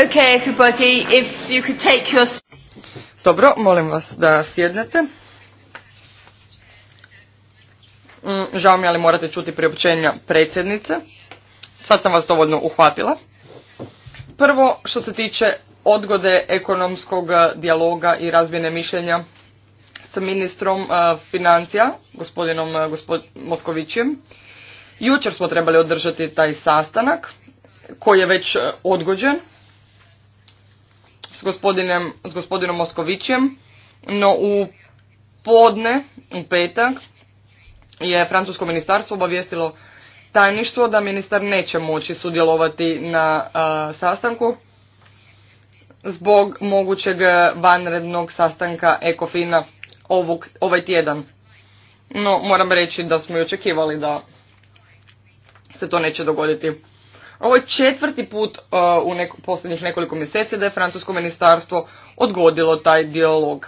Okay, everybody, if you could take your... Dobro, molim vas da sjednete. Mm, žao mi, ali morate čuti priopćenja predsjednice. Sad sam vas dovoljno uhvatila. Prvo, što se tiče odgode ekonomskog eh, dijaloga i razmjene mišljenja sa ministrom eh, financija, gospodinom uh, Moskovićem. Jučer smo trebali održati taj sastanak koji je već odgođen s s gospodinom Moskovićem, no u podne, u petak, je francusko ministarstvo obavijestilo tajništvo da ministar neće moći sudjelovati na sastanku zbog mogućeg vanrednog sastanka Ekofina ovog, ovaj tjedan. No, moram reći da smo i očekivali da se to neće dogoditi. Ovo je četvrti put e, u neko, posljednjih nekoliko mjeseci da je francusko ministarstvo odgodilo taj dijalog.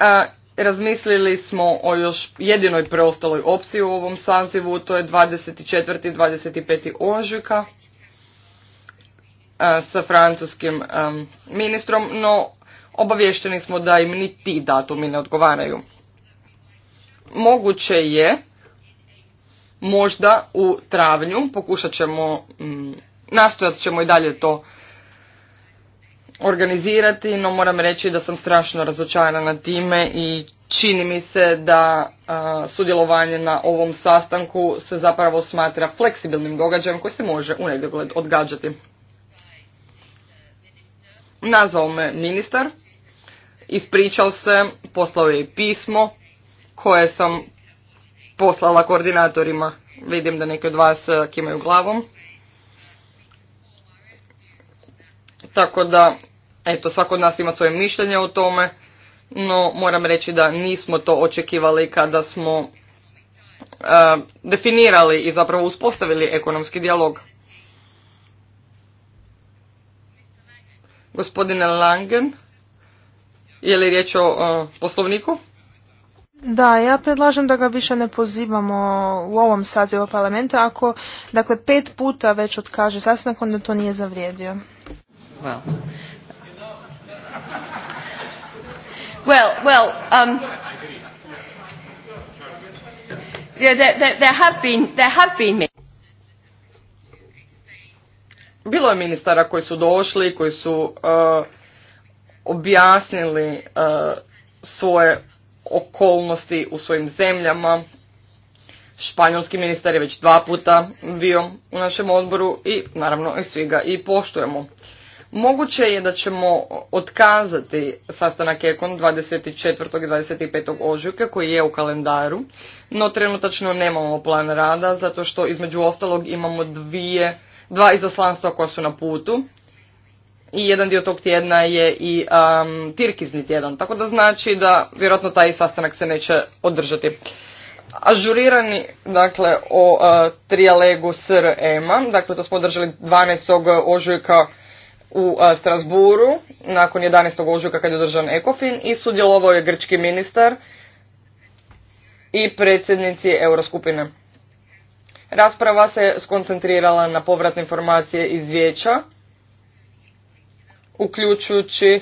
E, razmislili smo o još jedinoj preostaloj opciji u ovom sazivu, to je 24. i 25. ožujka e, sa francuskim ministrom, no obavješteni smo da im ni ti datumi ne odgovaraju. Moguće je možda u travnju pokušat ćemo, mm, nastojat ćemo i dalje to organizirati, no moram reći da sam strašno razočarana time i čini mi se da sudjelovanje na ovom sastanku se zapravo smatra fleksibilnim događajem koji se može u nedogled odgađati. Nazvao me ministar, ispričao se, poslao je i pismo koje sam poslala koordinatorima. Vidim da neki od vas eh, kimaju glavom. Tako da, eto, svako od nas ima svoje mišljenje o tome, no moram reći da nismo to očekivali kada smo eh, definirali i zapravo uspostavili ekonomski dijalog. Gospodine Langen, je li riječ o eh, poslovniku? Da, ja predlažem da ga više ne pozivamo u ovom sazivu parlamenta. Ako, dakle, pet puta već otkaže sastanak, onda to nije zavrijedio. Well. Well, um, bilo je ministara koji su došli, koji su uh, objasnili uh, svoje okolnosti u svojim zemljama. Španjolski ministar je već dva puta bio u našem odboru i naravno i svi ga i poštujemo. Moguće je da ćemo otkazati sastanak Ekon 24. i 25. ožujka koji je u kalendaru, no trenutačno nemamo plan rada zato što između ostalog imamo dvije, dva izaslanstva koja su na putu, i jedan dio tog tjedna je i um, Tirkizni tjedan, tako da znači da vjerojatno taj sastanak se neće održati. Ažurirani, dakle, o uh, trijalegu SRM-a, dakle to smo održali 12. ožujka u uh, Strasburu, nakon 11. ožujka kad je održan Ekofin i sudjelovao je grčki ministar i predsjednici Euroskupine. Rasprava se skoncentrirala na povratne informacije iz vijeća, uključujući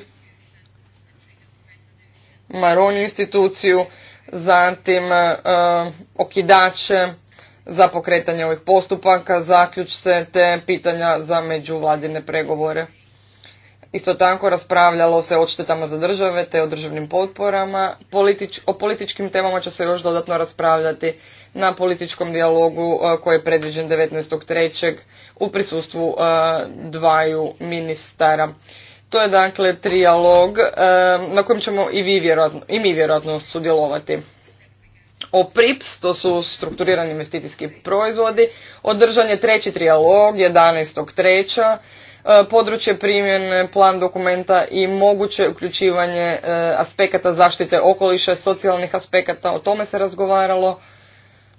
Maroni instituciju, zatim e, okidače za pokretanje ovih postupaka, zaključce te pitanja za međuvladine pregovore. Isto tako raspravljalo se o odštetama za države te o državnim potporama. Politič, o političkim temama će se još dodatno raspravljati na političkom dijalogu e, koji je predviđen 19.3. u prisustvu e, dvaju ministara. To je dakle trijalog e, na kojem ćemo i, i mi vjerojatno sudjelovati. O PRIPS, to su strukturirani investicijski proizvodi, održan je treći trijalog 11.3. E, područje primjene, plan dokumenta i moguće uključivanje e, aspekata zaštite okoliša, socijalnih aspekata, o tome se razgovaralo,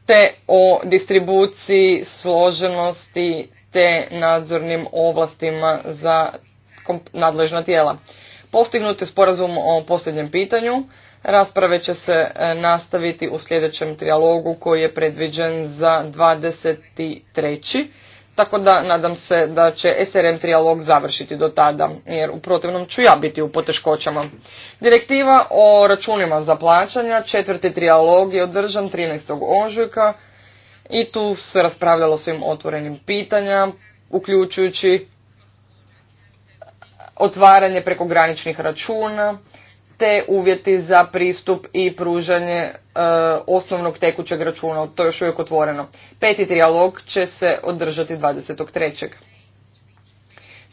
te o distribuciji, složenosti, te nadzornim ovlastima za nadležna tijela. Postignuti sporazum o posljednjem pitanju. Rasprave će se e, nastaviti u sljedećem trijalogu koji je predviđen za 23. Tako da nadam se da će SRM trijalog završiti do tada, jer u protivnom ću ja biti u poteškoćama. Direktiva o računima za plaćanja, četvrti trijalog je održan 13. ožujka i tu se raspravljalo svim otvorenim pitanja, uključujući otvaranje prekograničnih računa, te uvjeti za pristup i pružanje e, osnovnog tekućeg računa. To je još uvijek otvoreno. Peti trijalog će se održati 23.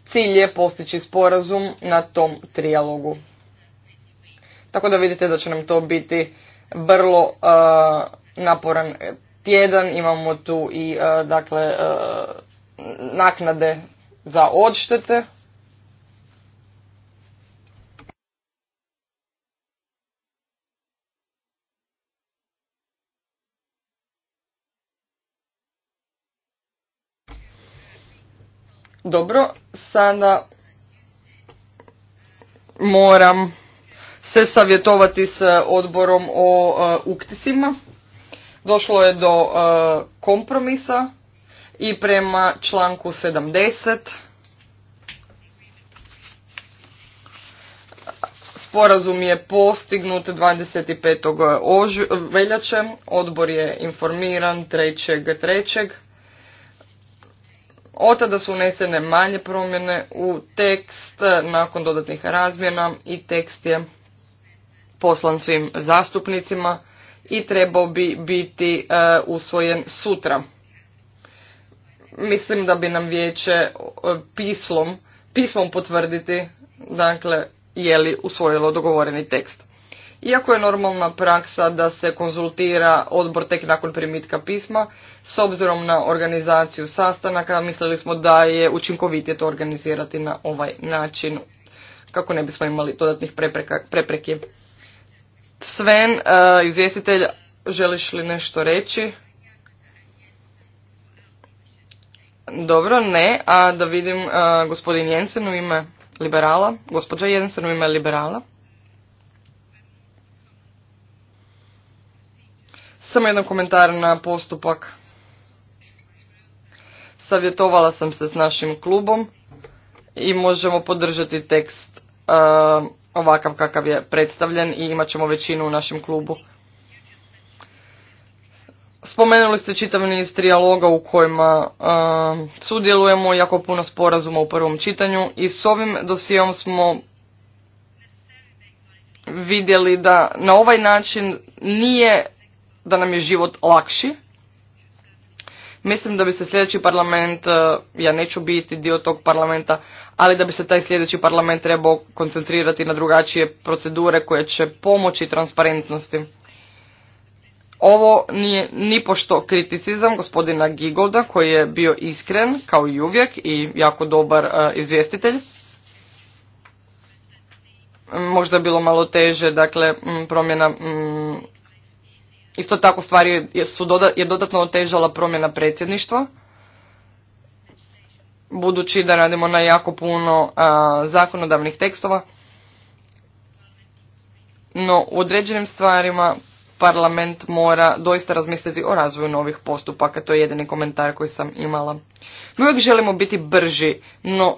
Cilj je postići sporazum na tom trijalogu. Tako da vidite da će nam to biti vrlo e, naporan tjedan. Imamo tu i e, dakle naknade za odštete Dobro, sada moram se savjetovati s odborom o e, uktisima. Došlo je do e, kompromisa i prema članku 70 sporazum je postignut 25. Ož, veljače, odbor je informiran 3.3. Od tada su unesene manje promjene u tekst nakon dodatnih razmjena i tekst je poslan svim zastupnicima i trebao bi biti e, usvojen sutra. Mislim da bi nam vijeće e, pismom potvrditi dakle, je li usvojilo dogovoreni tekst. Iako je normalna praksa da se konzultira odbor tek nakon primitka pisma, s obzirom na organizaciju sastanaka mislili smo da je učinkovitije to organizirati na ovaj način kako ne bismo imali dodatnih prepreka, prepreki. Sven, e, izvjestitelj, želiš li nešto reći? Dobro, ne. A da vidim e, gospodin Jensen u ime liberala, gospođa Jensen u ime liberala. Samo jedan komentar na postupak. Savjetovala sam se s našim klubom i možemo podržati tekst ovakav kakav je predstavljen i imat ćemo većinu u našem klubu. Spomenuli ste čitav iz trijaloga u kojima sudjelujemo jako puno sporazuma u prvom čitanju i s ovim dosijom smo vidjeli da na ovaj način nije da nam je život lakši. Mislim da bi se sljedeći parlament, e, ja neću biti dio tog parlamenta, ali da bi se taj sljedeći parlament trebao koncentrirati na drugačije procedure koje će pomoći transparentnosti. Ovo nije nipošto kriticizam gospodina Gigolda koji je bio iskren kao i uvijek i jako dobar e, izvjestitelj. Možda je bilo malo teže dakle, promjena Isto tako stvari je dodatno otežala promjena predsjedništva, budući da radimo na jako puno zakonodavnih tekstova, no u određenim stvarima parlament mora doista razmisliti o razvoju novih postupaka. To je jedini komentar koji sam imala. Mi uvijek želimo biti brži, no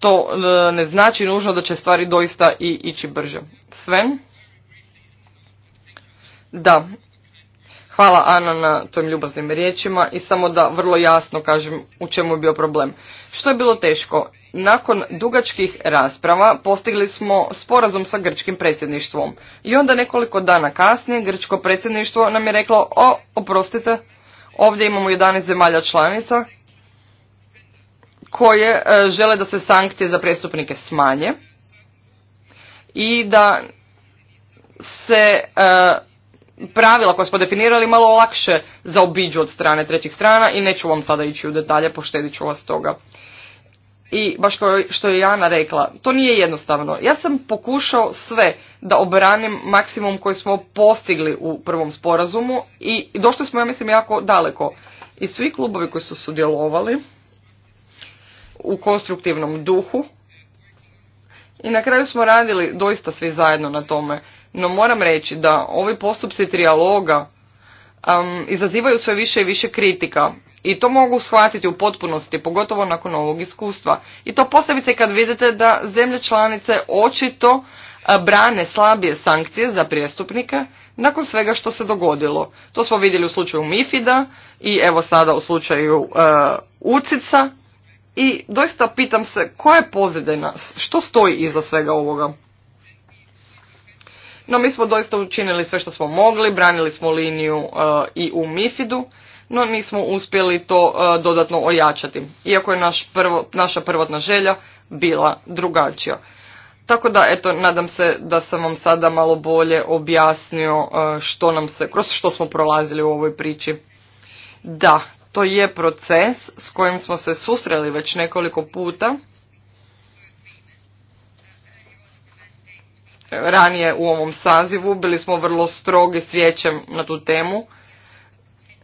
to e, ne znači nužno da će stvari doista i ići brže. Sve? Da, Hvala Ana na tvojim ljubaznim riječima i samo da vrlo jasno kažem u čemu je bio problem. Što je bilo teško? Nakon dugačkih rasprava postigli smo sporazum sa grčkim predsjedništvom i onda nekoliko dana kasnije grčko predsjedništvo nam je reklo o, oprostite, ovdje imamo 11 zemalja članica koje e, žele da se sankcije za prestupnike smanje i da se e, pravila koje smo definirali malo lakše zaobiđu od strane trećih strana i neću vam sada ići u detalje, poštedit ću vas toga. I baš kao što je Jana rekla, to nije jednostavno. Ja sam pokušao sve da obranim maksimum koji smo postigli u prvom sporazumu i došli smo, ja mislim, jako daleko. I svi klubovi koji su sudjelovali u konstruktivnom duhu i na kraju smo radili doista svi zajedno na tome no moram reći da ovi postupci trijaloga izazivaju sve više i više kritika. I to mogu shvatiti u potpunosti, pogotovo nakon ovog iskustva. I to posebice kad vidite da zemlje članice očito brane slabije sankcije za prijestupnike nakon svega što se dogodilo. To smo vidjeli u slučaju Mifida i evo sada u slučaju Ucica. I doista pitam se koja je pozadina, što stoji iza svega ovoga. No mi smo doista učinili sve što smo mogli, branili smo liniju e, i u Mifidu, no nismo uspjeli to e, dodatno ojačati, iako je naš prvo, naša prvotna želja bila drugačija. Tako da, eto, nadam se da sam vam sada malo bolje objasnio e, što nam se, kroz što smo prolazili u ovoj priči. Da, to je proces s kojim smo se susreli već nekoliko puta ranije u ovom sazivu, bili smo vrlo strogi s na tu temu.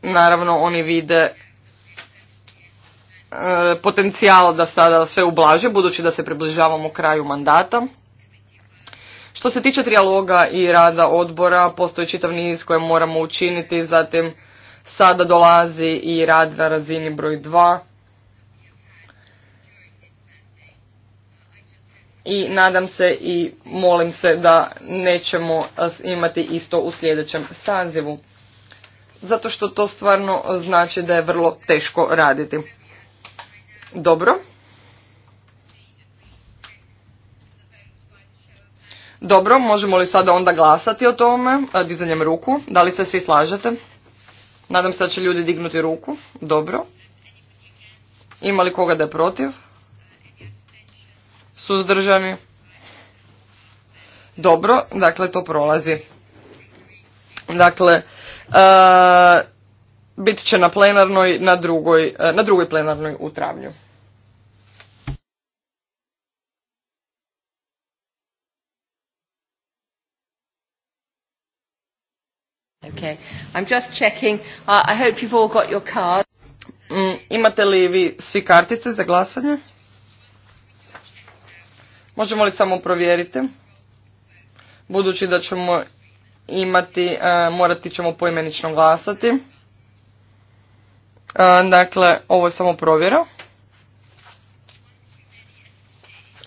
Naravno, oni vide e, potencijal da sada sve ublaže, budući da se približavamo kraju mandata. Što se tiče trijaloga i rada odbora, postoji čitav niz koje moramo učiniti, zatim sada dolazi i rad na razini broj dva. i nadam se i molim se da nećemo e, imati isto u sljedećem sazivu. Zato što to stvarno znači da je vrlo teško raditi. Dobro. Dobro, možemo li sada onda glasati o tome, e, dizanjem ruku? Da li se svi slažete? Nadam se da će ljudi dignuti ruku. Dobro. Ima li koga da je protiv? Suzdržani? Dobro, dakle to prolazi. Dakle, uh, bit će na plenarnoj, na drugoj, e, na drugoj plenarnoj u travnju. Okay. I'm just checking. I hope you've all got your mm, imate li vi svi kartice za glasanje? Možemo li samo provjeriti? Budući da ćemo imati, e, morati ćemo poimenično glasati. E, dakle, ovo je samo provjera.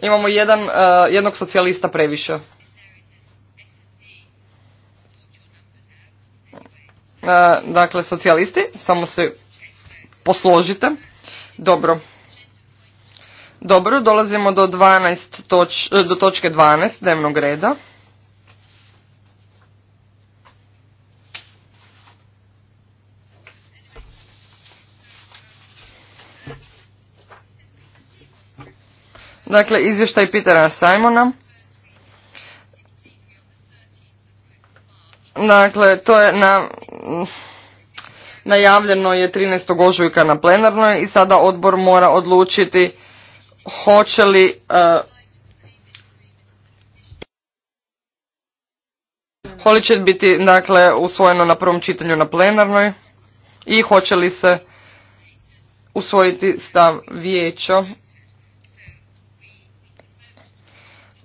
Imamo jedan, e, jednog socijalista previše. Dakle, socijalisti, samo se posložite. Dobro, dobro, dolazimo do, 12 toč, e, do točke 12 dnevnog reda. Dakle, izvještaj Pitera Simona. Dakle, to je na, najavljeno je 13. ožujka na plenarnoj i sada odbor mora odlučiti hoće li e, će biti dakle, usvojeno na prvom čitanju na plenarnoj i hoće li se usvojiti stav vijeća.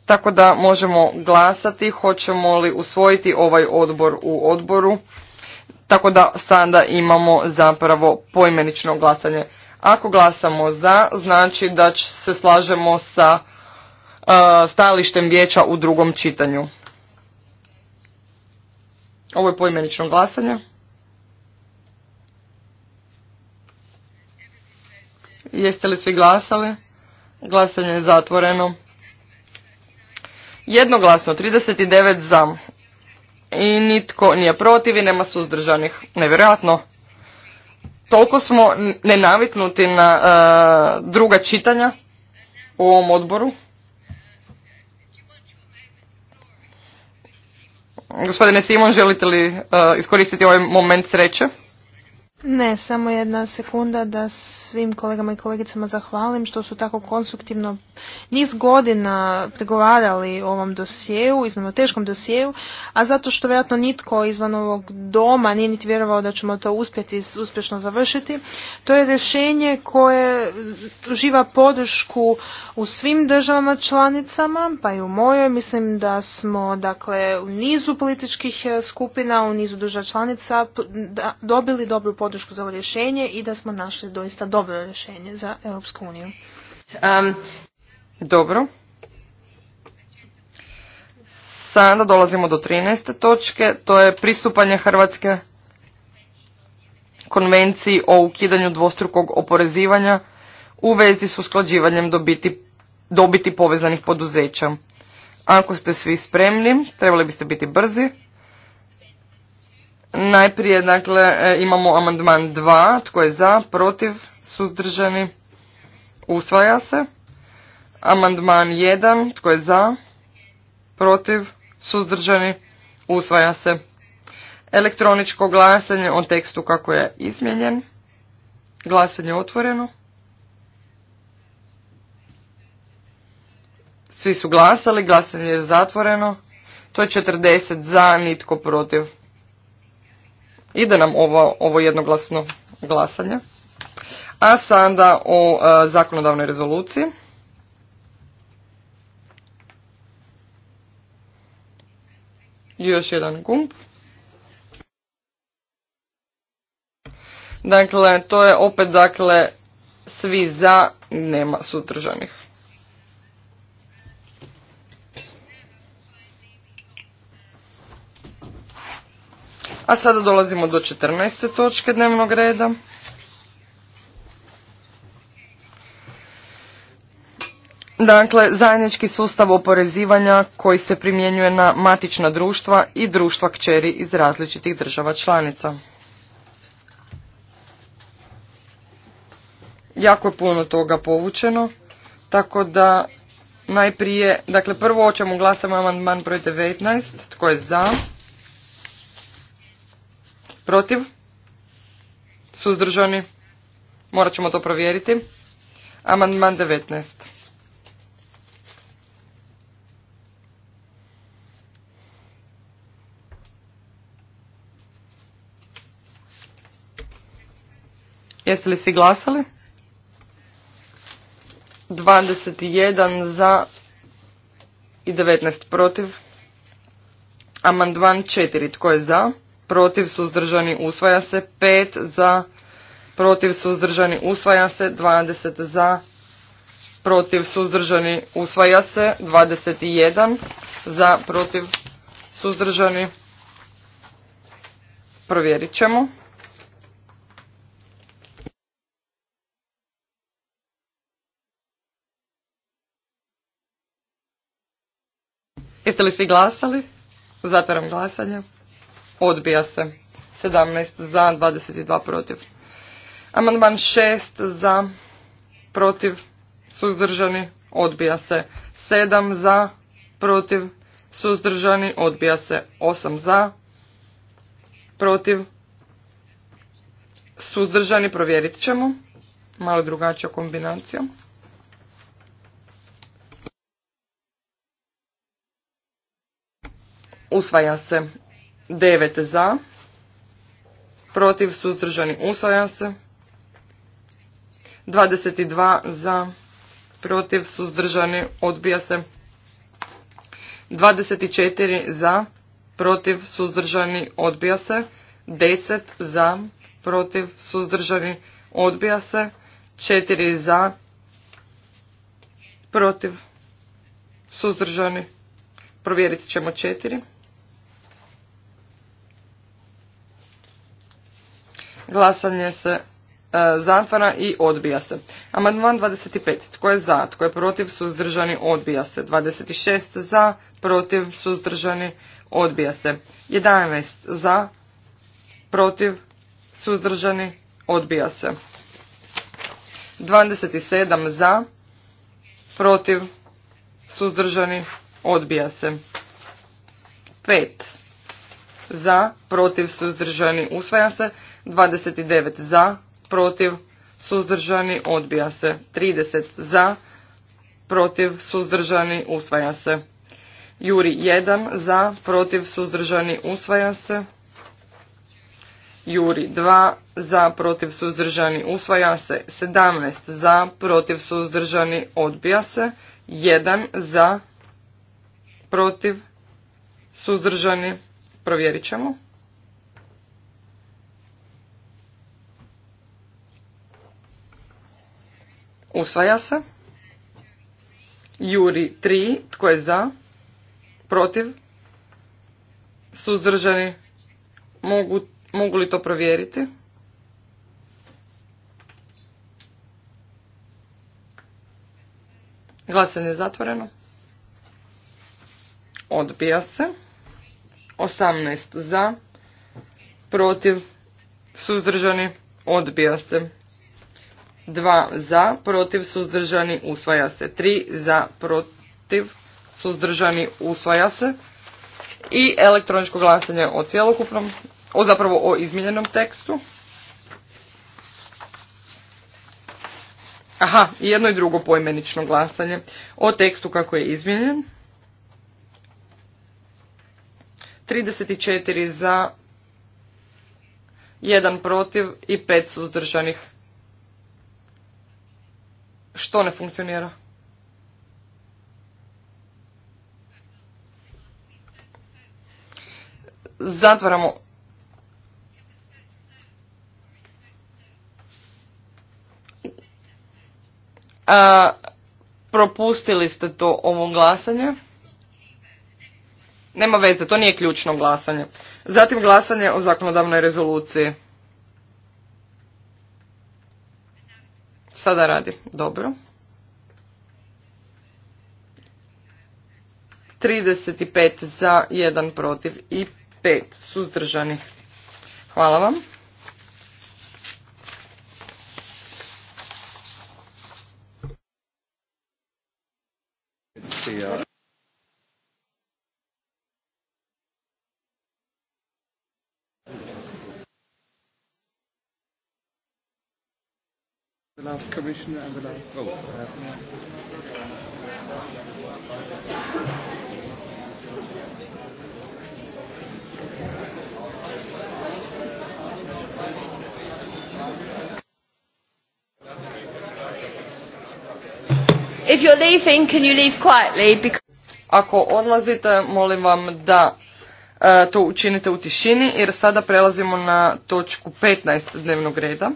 Tako da možemo glasati, hoćemo li usvojiti ovaj odbor u odboru. Tako da sada imamo zapravo poimenično glasanje. Ako glasamo za, znači da se slažemo sa e, stajalištem vijeća u drugom čitanju. Ovo je poimenično glasanje. Jeste li svi glasali? Glasanje je zatvoreno. Jednoglasno, 39 za. I nitko nije protiv i nema suzdržanih. Nevjerojatno toliko smo nenaviknuti na e, druga čitanja u ovom odboru. Gospodine Simon, želite li e, iskoristiti ovaj moment sreće? Ne, samo jedna sekunda da svim kolegama i kolegicama zahvalim što su tako konstruktivno niz godina pregovarali o ovom dosjeu, iznimno teškom dosjeu, a zato što vjerojatno nitko izvan ovog doma nije niti vjerovao da ćemo to uspjeti uspješno završiti. To je rješenje koje uživa podršku u svim državama članicama, pa i u mojoj. Mislim da smo dakle u nizu političkih e, skupina, u nizu država članica dobili dobru podršku podršku za ovo rješenje i da smo našli doista dobro rješenje za Europsku uniju. Um, dobro. Sada dolazimo do 13. točke, to je pristupanje Hrvatske konvenciji o ukidanju dvostrukog oporezivanja u vezi s usklađivanjem dobiti, dobiti povezanih poduzeća. Ako ste svi spremni, trebali biste biti brzi. Najprije, dakle, e, imamo amandman 2. Tko je za, protiv, suzdržani, usvaja se. Amandman 1. Tko je za, protiv, suzdržani, usvaja se. Elektroničko glasanje o tekstu kako je izmijenjen. Glasanje otvoreno. Svi su glasali, glasanje je zatvoreno. To je 40 za, nitko protiv. Ide nam ovo, ovo jednoglasno glasanje. A sada o e, zakonodavnoj rezoluciji. još jedan gumb. Dakle, to je opet dakle svi za nema sutržanih. A sada dolazimo do 14. točke dnevnog reda. Dakle, zajednički sustav oporezivanja koji se primjenjuje na matična društva i društva kćeri iz različitih država članica. Jako je puno toga povučeno, tako da najprije, dakle prvo o čemu glasamo amandman broj 19, tko je za, Protiv? Suzdržani? Morat ćemo to provjeriti. Amandman 19. Jeste li svi glasali? 21 za i 19 protiv. Amandman 4. Tko je za? protiv suzdržani usvaja se 5 za, protiv suzdržani usvaja se 20 za, protiv suzdržani usvaja se 21 za, protiv suzdržani provjerit ćemo. Jeste li svi glasali? Zatvaram glasanje. Odbija se. 17 za, 22 protiv. Amandman 6 za, protiv, suzdržani, odbija se. 7 za, protiv, suzdržani, odbija se. 8 za, protiv, suzdržani, provjerit ćemo. Malo drugačija kombinacija. Usvaja se 9 za, protiv suzdržani usvaja se, 22 za, protiv suzdržani odbija se, 24 za, protiv suzdržani odbija se, 10 za, protiv suzdržani odbija se, 4 za, protiv suzdržani, provjerit ćemo 4. Glasanje se e, zatvara i odbija se. Amandman 25. Tko je za? Tko je protiv? Suzdržani? Odbija se. 26. Za? Protiv? Suzdržani? Odbija se. 11. Za? Protiv? Suzdržani? Odbija se. 27. Za? Protiv? Suzdržani? Odbija se. 5. Za? Protiv? Suzdržani? Usvaja se. 29 za, protiv, suzdržani, odbija se. 30 za, protiv, suzdržani, usvaja se. Juri 1 za, protiv, suzdržani, usvaja se. Juri 2 za, protiv, suzdržani, usvaja se. 17 za, protiv, suzdržani, odbija se. 1 za, protiv, suzdržani, provjerit ćemo. Usvaja se. Juri 3. Tko je za? Protiv? Suzdržani? Mogu, li to provjeriti? Glasanje je zatvoreno. Odbija se. 18 za. Protiv. Suzdržani. Odbija se. 2 za, protiv, suzdržani, usvaja se. 3 za, protiv, suzdržani, usvaja se. I elektroničko glasanje o cjelokupnom, o zapravo o izmijenjenom tekstu. Aha, jedno i drugo poimenično glasanje o tekstu kako je izmijenjen. 34 za, 1 protiv i 5 suzdržanih. Što ne funkcionira? Zatvaramo. A, propustili ste to ovo glasanje. Nema veze, to nije ključno glasanje. Zatim glasanje o zakonodavnoj rezoluciji. Sada radi. Dobro. 35 za, 1 protiv i 5 suzdržani. Hvala vam. last commissioner and the last vote. Oh. If you're leaving, can you leave quietly? Because... Ako odlazite, molim vam da e, to učinite u tišini jer sada prelazimo na točku 15 dnevnog reda.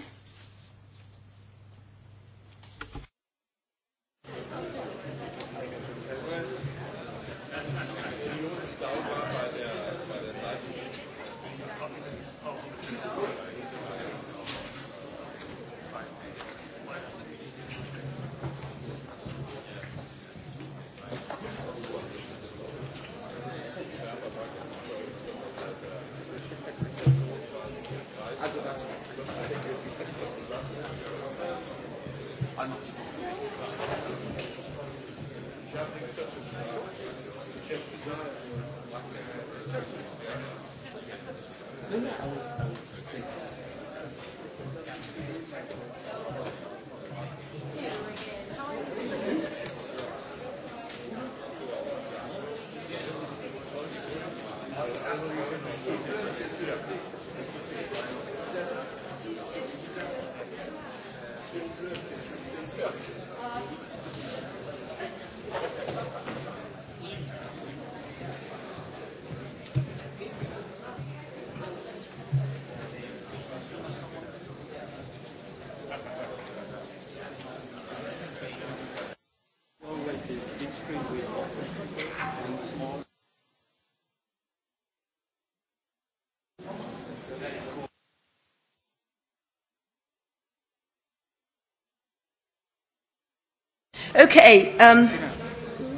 Okay, um,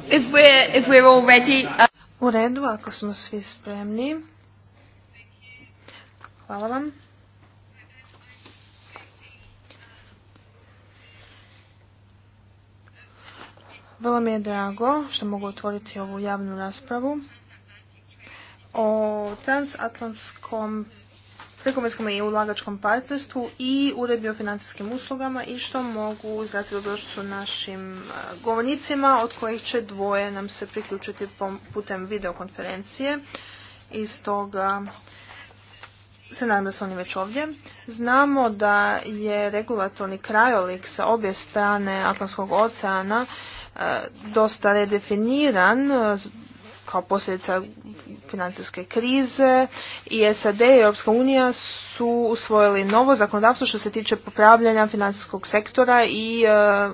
if we're, if we're all ready, uh... U redu, ako smo svi spremni. Hvala vam. Vrlo mi je drago što mogu otvoriti ovu javnu raspravu o transatlantskom trgovinskom i ulagačkom partnerstvu i uredbi o financijskim uslugama i što mogu zrati dobrošću našim e, govornicima od kojih će dvoje nam se priključiti putem videokonferencije. I stoga se nadam da su oni već ovdje. Znamo da je regulatorni krajolik sa obje strane Atlantskog oceana e, dosta redefiniran e, kao posljedica financijske krize i SAD i Europska unija su usvojili novo zakonodavstvo što se tiče popravljanja financijskog sektora i e,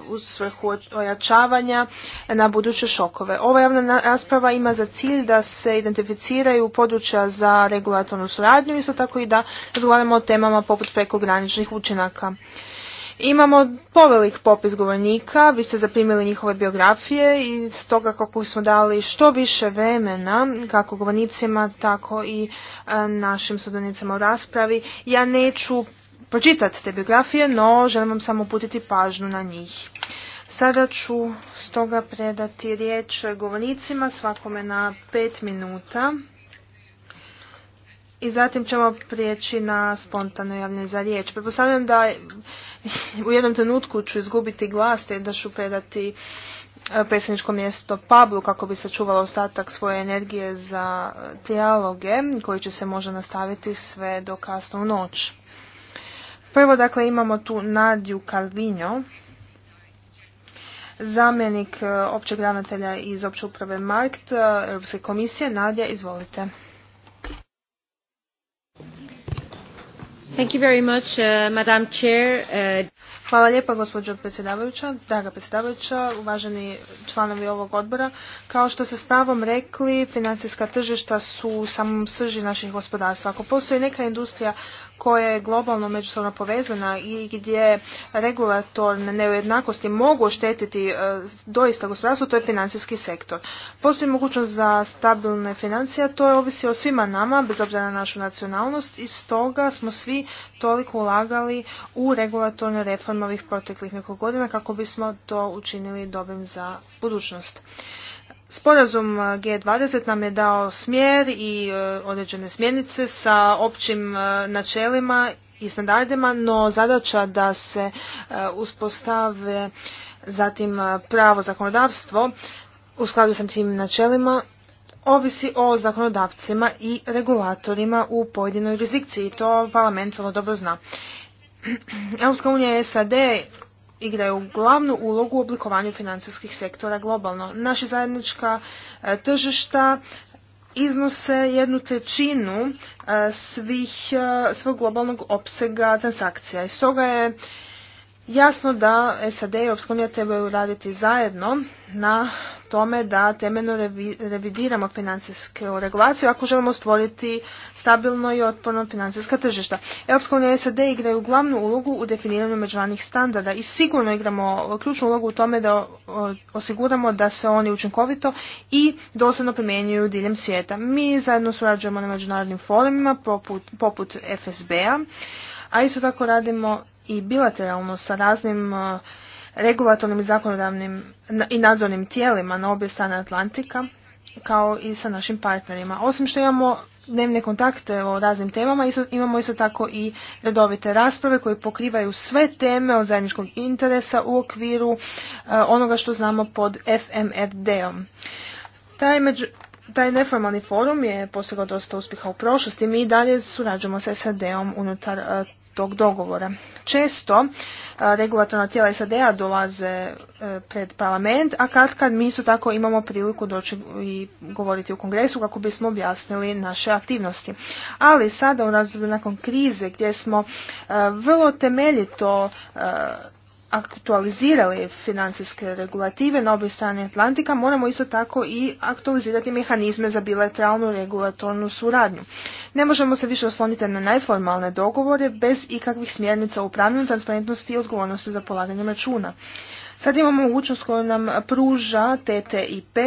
u svrhu ojačavanja na buduće šokove. Ova javna rasprava ima za cilj da se identificiraju područja za regulatornu suradnju, isto tako i da razgovaramo o temama poput prekograničnih učinaka. Imamo povelik popis govornika, vi ste zaprimili njihove biografije i stoga kako smo dali što više vremena kako govornicima tako i e, našim sudionicama u raspravi. Ja neću pročitati te biografije, no želim vam samo uputiti pažnju na njih. Sada ću stoga predati riječ govornicima, svakome na pet minuta. I zatim ćemo prijeći na spontano javne za riječ. Prepostavljam da u jednom trenutku ću izgubiti glas te da ću predati e, predsjedničko mjesto Pablu kako bi sačuvala ostatak svoje energije za dijaloge e, koji će se možda nastaviti sve do kasno u noć. Prvo dakle imamo tu Nadju Kalvinjo, zamjenik e, općeg ravnatelja iz opće uprave Markt Europske komisije. Nadja, izvolite. Thank you very much, uh, Madam Chair. Uh, Hvala lijepa gospođo predsjedavajuća, draga predsjedavajuća, uvaženi članovi ovog odbora. Kao što ste s pravom rekli, financijska tržišta su u samom srži naših gospodarstva. Ako postoji neka industrija koja je globalno međusobno povezana i gdje regulatorne neujednakosti mogu oštetiti e, doista gospodarstvo, to je financijski sektor. Postoji mogućnost za stabilne financije, to je ovisi o svima nama, bez obzira na našu nacionalnost i stoga smo svi toliko ulagali u regulatorne reforme ovih proteklih nekoliko godina kako bismo to učinili dobim za budućnost. Sporazum eh, G20 nam je dao smjer i eh, određene smjernice sa općim eh, načelima i standardima, no zadaća da se uspostave zatim pravo zakonodavstvo u skladu sa tim načelima ovisi o zakonodavcima i regulatorima u pojedinoj jurisdikciji. To parlament vrlo dobro zna. Europska unija i SAD igraju glavnu ulogu u oblikovanju financijskih sektora globalno. Naše zajednička e, tržišta iznose jednu trećinu e, svih, e, svog globalnog opsega transakcija. I stoga je Jasno da SAD i Europska trebaju raditi zajedno na tome da temeljno revidiramo financijsku regulaciju ako želimo stvoriti stabilno i otporno financijska tržišta. Europska unija i SAD igraju glavnu ulogu u definiranju međunarodnih standarda i sigurno igramo ključnu ulogu u tome da osiguramo da se oni učinkovito i dosljedno primjenjuju diljem svijeta. Mi zajedno surađujemo na međunarodnim forumima poput, poput FSB-a, a isto tako radimo i bilateralno sa raznim uh, regulatornim i zakonodavnim i nadzornim tijelima na obje strane Atlantika kao i sa našim partnerima. Osim što imamo dnevne kontakte o raznim temama, imamo isto tako i redovite rasprave koje pokrivaju sve teme od zajedničkog interesa u okviru uh, onoga što znamo pod FMRD-om. Taj, neformalni forum je postigao dosta uspjeha u prošlosti. Mi i dalje surađujemo sa SAD-om unutar uh, tog dogovora. Često regulatorna tijela SAD-a dolaze e, pred parlament, a kad kad mi su tako imamo priliku doći i govoriti u kongresu kako bismo objasnili naše aktivnosti. Ali sada u razdoblju nakon krize gdje smo e, vrlo temeljito e, aktualizirali financijske regulative na obje strane Atlantika, moramo isto tako i aktualizirati mehanizme za bilateralnu regulatornu suradnju. Ne možemo se više osloniti na najformalne dogovore bez ikakvih smjernica o upravljanju transparentnosti i odgovornosti za polaganje računa. Sad imamo mogućnost koju nam pruža TTIP,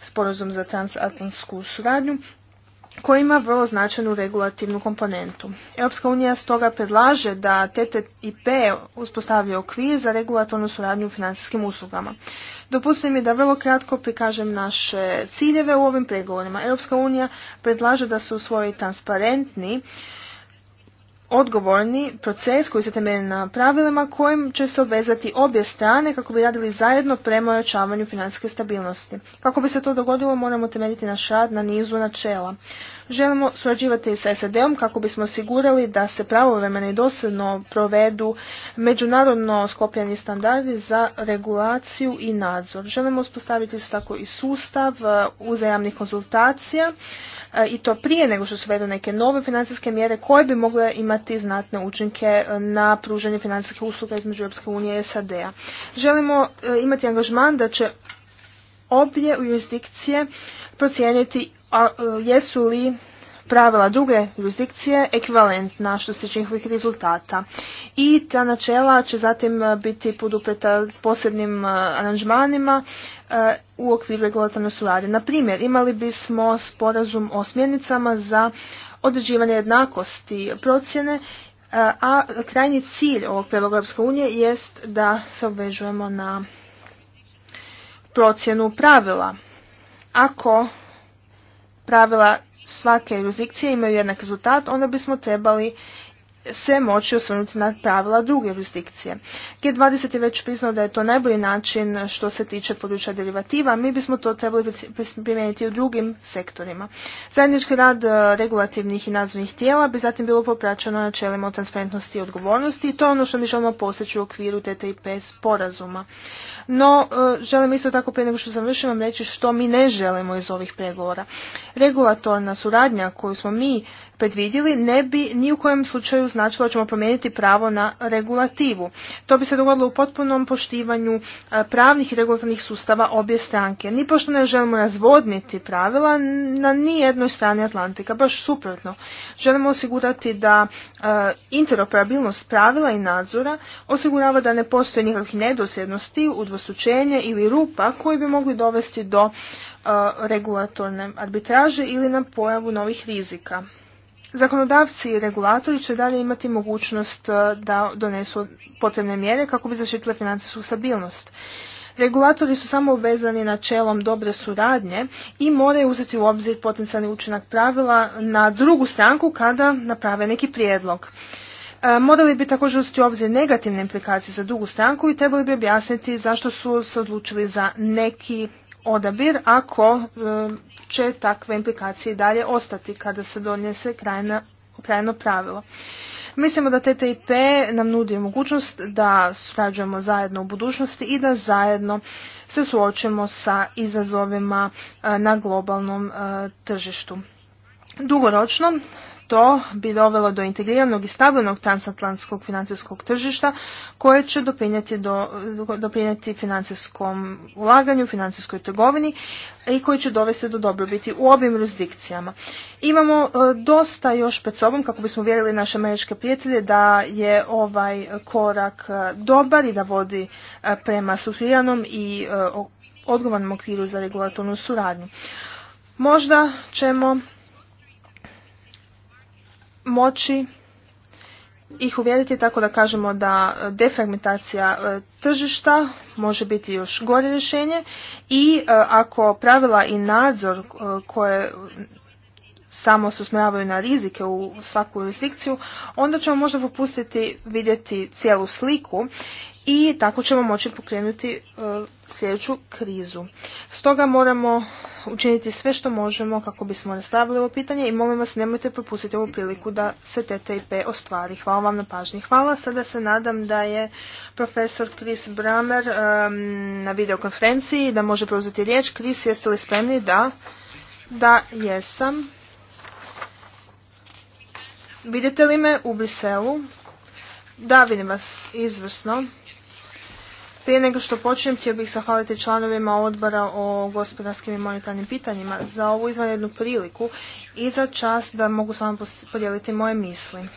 sporazum za transatlantsku suradnju, koji ima vrlo značajnu regulativnu komponentu. Europska unija stoga predlaže da TTIP uspostavlja okvir za regulatornu suradnju u financijskim uslugama. Dopustite mi da vrlo kratko prikažem naše ciljeve u ovim pregovorima. Europska unija predlaže da se usvoji transparentni odgovorni proces koji se temelji na pravilima kojim će se obvezati obje strane kako bi radili zajedno prema ojačavanju financijske stabilnosti. Kako bi se to dogodilo moramo temeljiti naš rad na nizu načela. Želimo surađivati sa SAD-om kako bismo osigurali da se pravovremeno i dosljedno provedu međunarodno sklopljeni standardi za regulaciju i nadzor. Želimo uspostaviti isto tako i sustav e, uzajamnih konzultacija E, i to prije nego što su vedu neke nove financijske mjere koje bi mogle imati znatne učinke e, na pružanje financijskih usluga između Europske unije i SAD-a. Želimo e, imati angažman da će obje jurisdikcije procijeniti jesu li pravila druge jurisdikcije ekvivalentna što se tiče njihovih rezultata. I ta načela će zatim e, biti podupreta posebnim e, aranžmanima e, u okviru regulatorne suradnje. Na primjer, imali bismo sporazum o smjernicama za određivanje jednakosti procjene a krajnji cilj ovog prijedloga Europske unije jest da se obvežujemo na procjenu pravila. Ako pravila svake jurisdikcije imaju jednak rezultat, onda bismo trebali se moći osvrnuti na pravila druge jurisdikcije. G20 je već priznao da je to najbolji način što se tiče područja derivativa, mi bismo to trebali primijeniti u drugim sektorima. Zajednički rad e, regulativnih i nadzornih tijela bi zatim bilo popraćeno načelima o transparentnosti i odgovornosti i to je ono što mi želimo posjeći u okviru TTIP sporazuma. No, e, želim isto tako prije nego što završim vam reći što mi ne želimo iz ovih pregovora. Regulatorna suradnja koju smo mi predvidjeli ne bi ni u kojem slučaju značilo da ćemo promijeniti pravo na regulativu. To bi se dogodilo u potpunom poštivanju e, pravnih i regulatornih sustava obje stranke. Ni pošto ne želimo razvodniti pravila na nijednoj strani Atlantika, baš suprotno. Želimo osigurati da e, interoperabilnost pravila i nadzora osigurava da ne postoje nikakvih nedosljednosti, udvostučenje ili rupa koji bi mogli dovesti do e, regulatorne arbitraže ili na pojavu novih rizika. Zakonodavci i regulatori će dalje imati mogućnost e, da donesu potrebne mjere kako bi zaštitile financijsku stabilnost. Regulatori su samo obvezani načelom dobre suradnje i moraju uzeti u obzir potencijalni učinak pravila na drugu stranku kada naprave neki prijedlog. E, morali bi također uzeti u obzir negativne implikacije za drugu stranku i trebali bi objasniti zašto su se odlučili za neki odabir ako će takve implikacije dalje ostati kada se donese krajno pravilo. Mislimo da TTIP nam nudi mogućnost da surađujemo zajedno u budućnosti i da zajedno se suočimo sa izazovima e, na globalnom e, tržištu. Dugoročno to bi dovelo do integriranog i stabilnog transatlantskog financijskog tržišta koje će doprinijeti, do, financijskom ulaganju, financijskoj trgovini i koji će dovesti do dobrobiti u obim jurisdikcijama. Imamo e, dosta još pred sobom kako bismo vjerili naše američke prijatelje da je ovaj korak e, dobar i da vodi e, prema sufiranom i odgovornom okviru za regulatornu suradnju. Možda ćemo moći ih uvjeriti tako da kažemo da e, defragmentacija e, tržišta može biti još gore rješenje i e, ako pravila i nadzor koje samo se usmjeravaju na rizike u svaku jurisdikciju, onda ćemo možda popustiti vidjeti cijelu sliku i tako ćemo moći pokrenuti e, sljedeću krizu. Stoga moramo učiniti sve što možemo kako bismo raspravili ovo pitanje i molim vas nemojte propustiti ovu priliku da se TTIP ostvari. Hvala vam na pažnji. Hvala. Sada se nadam da je profesor Chris Bramer e, na videokonferenciji da može preuzeti riječ. Chris, jeste li spremni? Da. Da, jesam. Vidite li me u Briselu? Da, vidim vas. Izvrsno. Prije nego što počnem, htio bih zahvaliti članovima odbora o gospodarskim i monetarnim pitanjima za ovu izvanrednu priliku i za čas da mogu s vama podijeliti moje misli.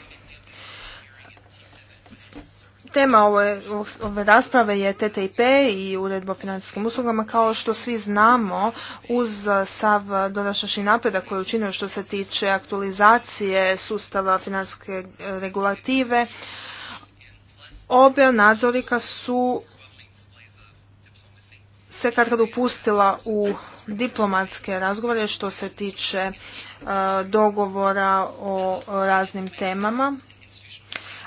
Tema ove, ove rasprave je TTIP i uredba o financijskim uslugama. Kao što svi znamo, uz sav dodašnji napredak koji je učinio što se tiče aktualizacije sustava financijske regulative, Obe nadzorika su se kad kad upustila u diplomatske razgovore što se tiče e, dogovora o, raznim temama.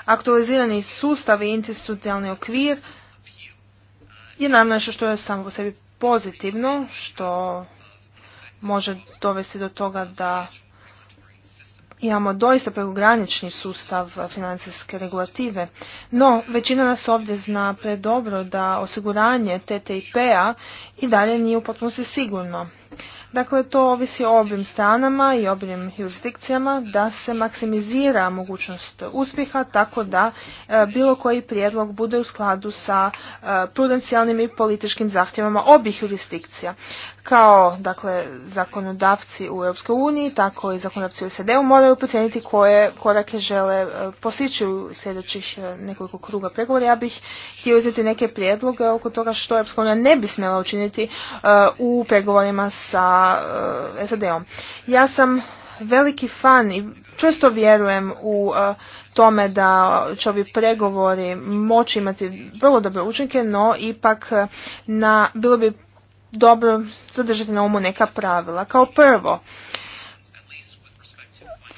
Aktualizirani sustav i institucionalni okvir je nam nešto što je samo po sebi pozitivno, što može dovesti do toga da imamo doista prekogranični sustav financijske regulative, no većina nas ovdje zna dobro da osiguranje TTIP-a i dalje nije u potpunosti sigurno. Dakle, to ovisi o obim stranama i obim jurisdikcijama da se maksimizira mogućnost uspjeha tako da e, bilo koji prijedlog bude u skladu sa e, prudencijalnim i političkim zahtjevama obih jurisdikcija kao dakle, zakonodavci u EU, tako i zakonodavci u SED-u moraju procijeniti koje korake žele e, postići u sljedećih e, nekoliko kruga pregovora. Ja bih htio uzeti neke prijedloge oko toga što EU ne bi smjela učiniti e, u pregovorima sa SAD-om. Ja sam veliki fan i često vjerujem u tome da će ovi pregovori moći imati vrlo dobre učinke, no ipak na, bilo bi dobro zadržati na umu neka pravila. Kao prvo,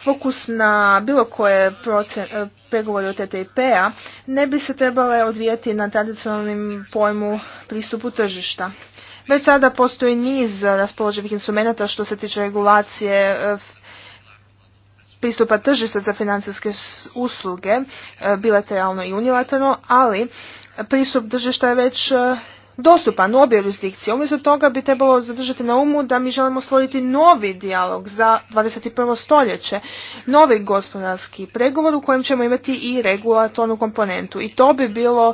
fokus na bilo koje e, pregovore o TTIP-a ne bi se trebale odvijati na tradicionalnim pojmu pristupu tržišta. Već sada postoji niz raspoloživih instrumenta što se tiče regulacije e, pristupa tržišta za financijske usluge, e, bilateralno i unilateralno, ali pristup tržišta je već dostupan u obje jurisdikcije. Umjesto toga bi trebalo zadržati na umu da mi želimo stvoriti novi dijalog za 21. stoljeće, novi gospodarski pregovor u kojem ćemo imati i regulatornu komponentu. I to bi bilo,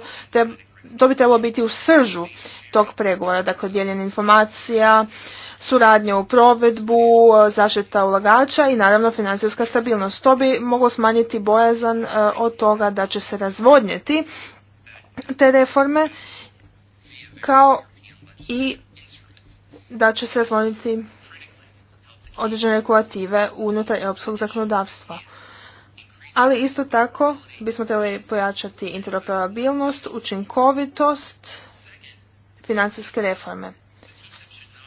to bi trebalo biti u sržu tog pregovora, dakle dijeljenje informacija, suradnja u provedbu, zaštita ulagača i naravno financijska stabilnost. To bi moglo smanjiti bojazan e, od toga da će se razvodnjeti te reforme kao i da će se razvoniti određene regulative unutar europskog zakonodavstva. Ali isto tako bismo trebali pojačati interoperabilnost, učinkovitost, financijske reforme.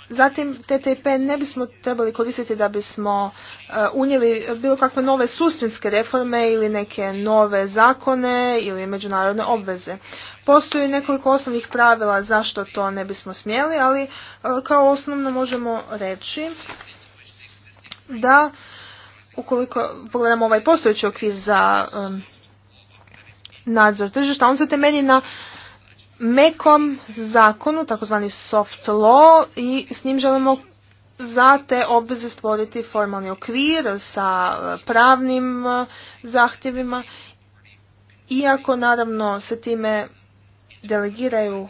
Zatim TTIP ne bismo trebali koristiti da bismo uh, unijeli bilo kakve nove sustinske reforme ili neke nove zakone ili međunarodne obveze. Postoji nekoliko osnovnih pravila zašto to ne bismo smjeli, ali e, kao osnovno možemo reći da ukoliko pogledamo ovaj postojeći okvir za nadzor tržišta, on se temelji na mekom zakonu, takozvani soft law i s njim želimo za te obveze stvoriti formalni okvir sa pravnim e, zahtjevima, iako naravno se time delegiraju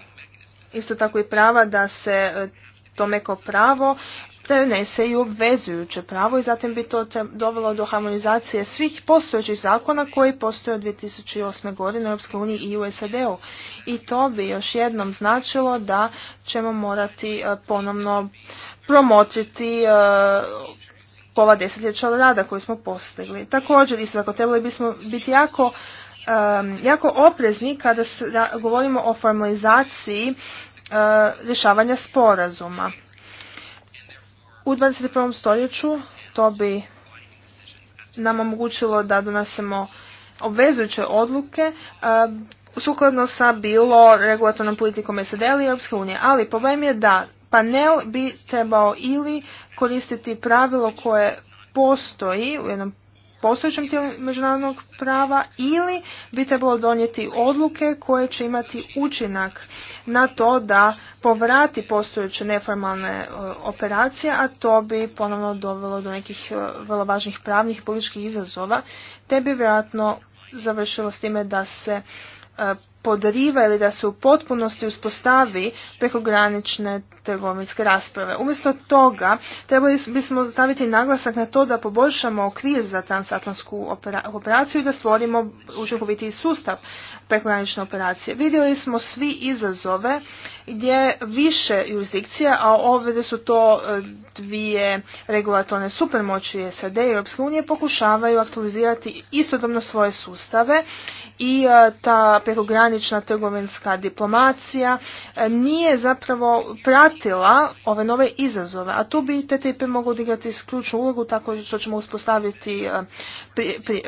isto tako i prava da se e, to meko pravo prenese i obvezujuće pravo i zatim bi to dovelo do harmonizacije svih postojećih zakona koji postoje od 2008. godine u EU i u SAD-u. I to bi još jednom značilo da ćemo morati e, ponovno promotriti e, pola desetljeća rada koji smo postigli. Također, isto tako, trebali bismo biti jako Um, jako oprezni kada govorimo o formalizaciji uh, rješavanja sporazuma. U 21. stoljeću to bi nam omogućilo da donesemo obvezujuće odluke uh, sukladno sa bilo regulatornom politikom sed ili Europske unije. Ali problem je da panel bi trebao ili koristiti pravilo koje postoji u jednom postojećem tijelu međunarodnog prava ili bi trebalo donijeti odluke koje će imati učinak na to da povrati postojeće neformalne e, operacije, a to bi ponovno dovelo do nekih e, vrlo važnih pravnih i političkih izazova, te bi vjerojatno završilo s time da se E, podriva ili da se u potpunosti uspostavi prekogranične trgovinske rasprave. Umjesto toga trebali bismo staviti naglasak na to da poboljšamo okvir za transatlantsku operaciju i da stvorimo učinkovitiji sustav prekogranične operacije. Vidjeli smo svi izazove gdje više jurisdikcija, a ovdje su to e, dvije regulatorne supermoći SAD i Europske unije, pokušavaju aktualizirati istodobno svoje sustave i e, ta prekogranična trgovinska diplomacija e, nije zapravo pratila ove nove izazove, a tu bi TTIP mogao odigrati ključnu ulogu tako što ćemo uspostaviti e, pri,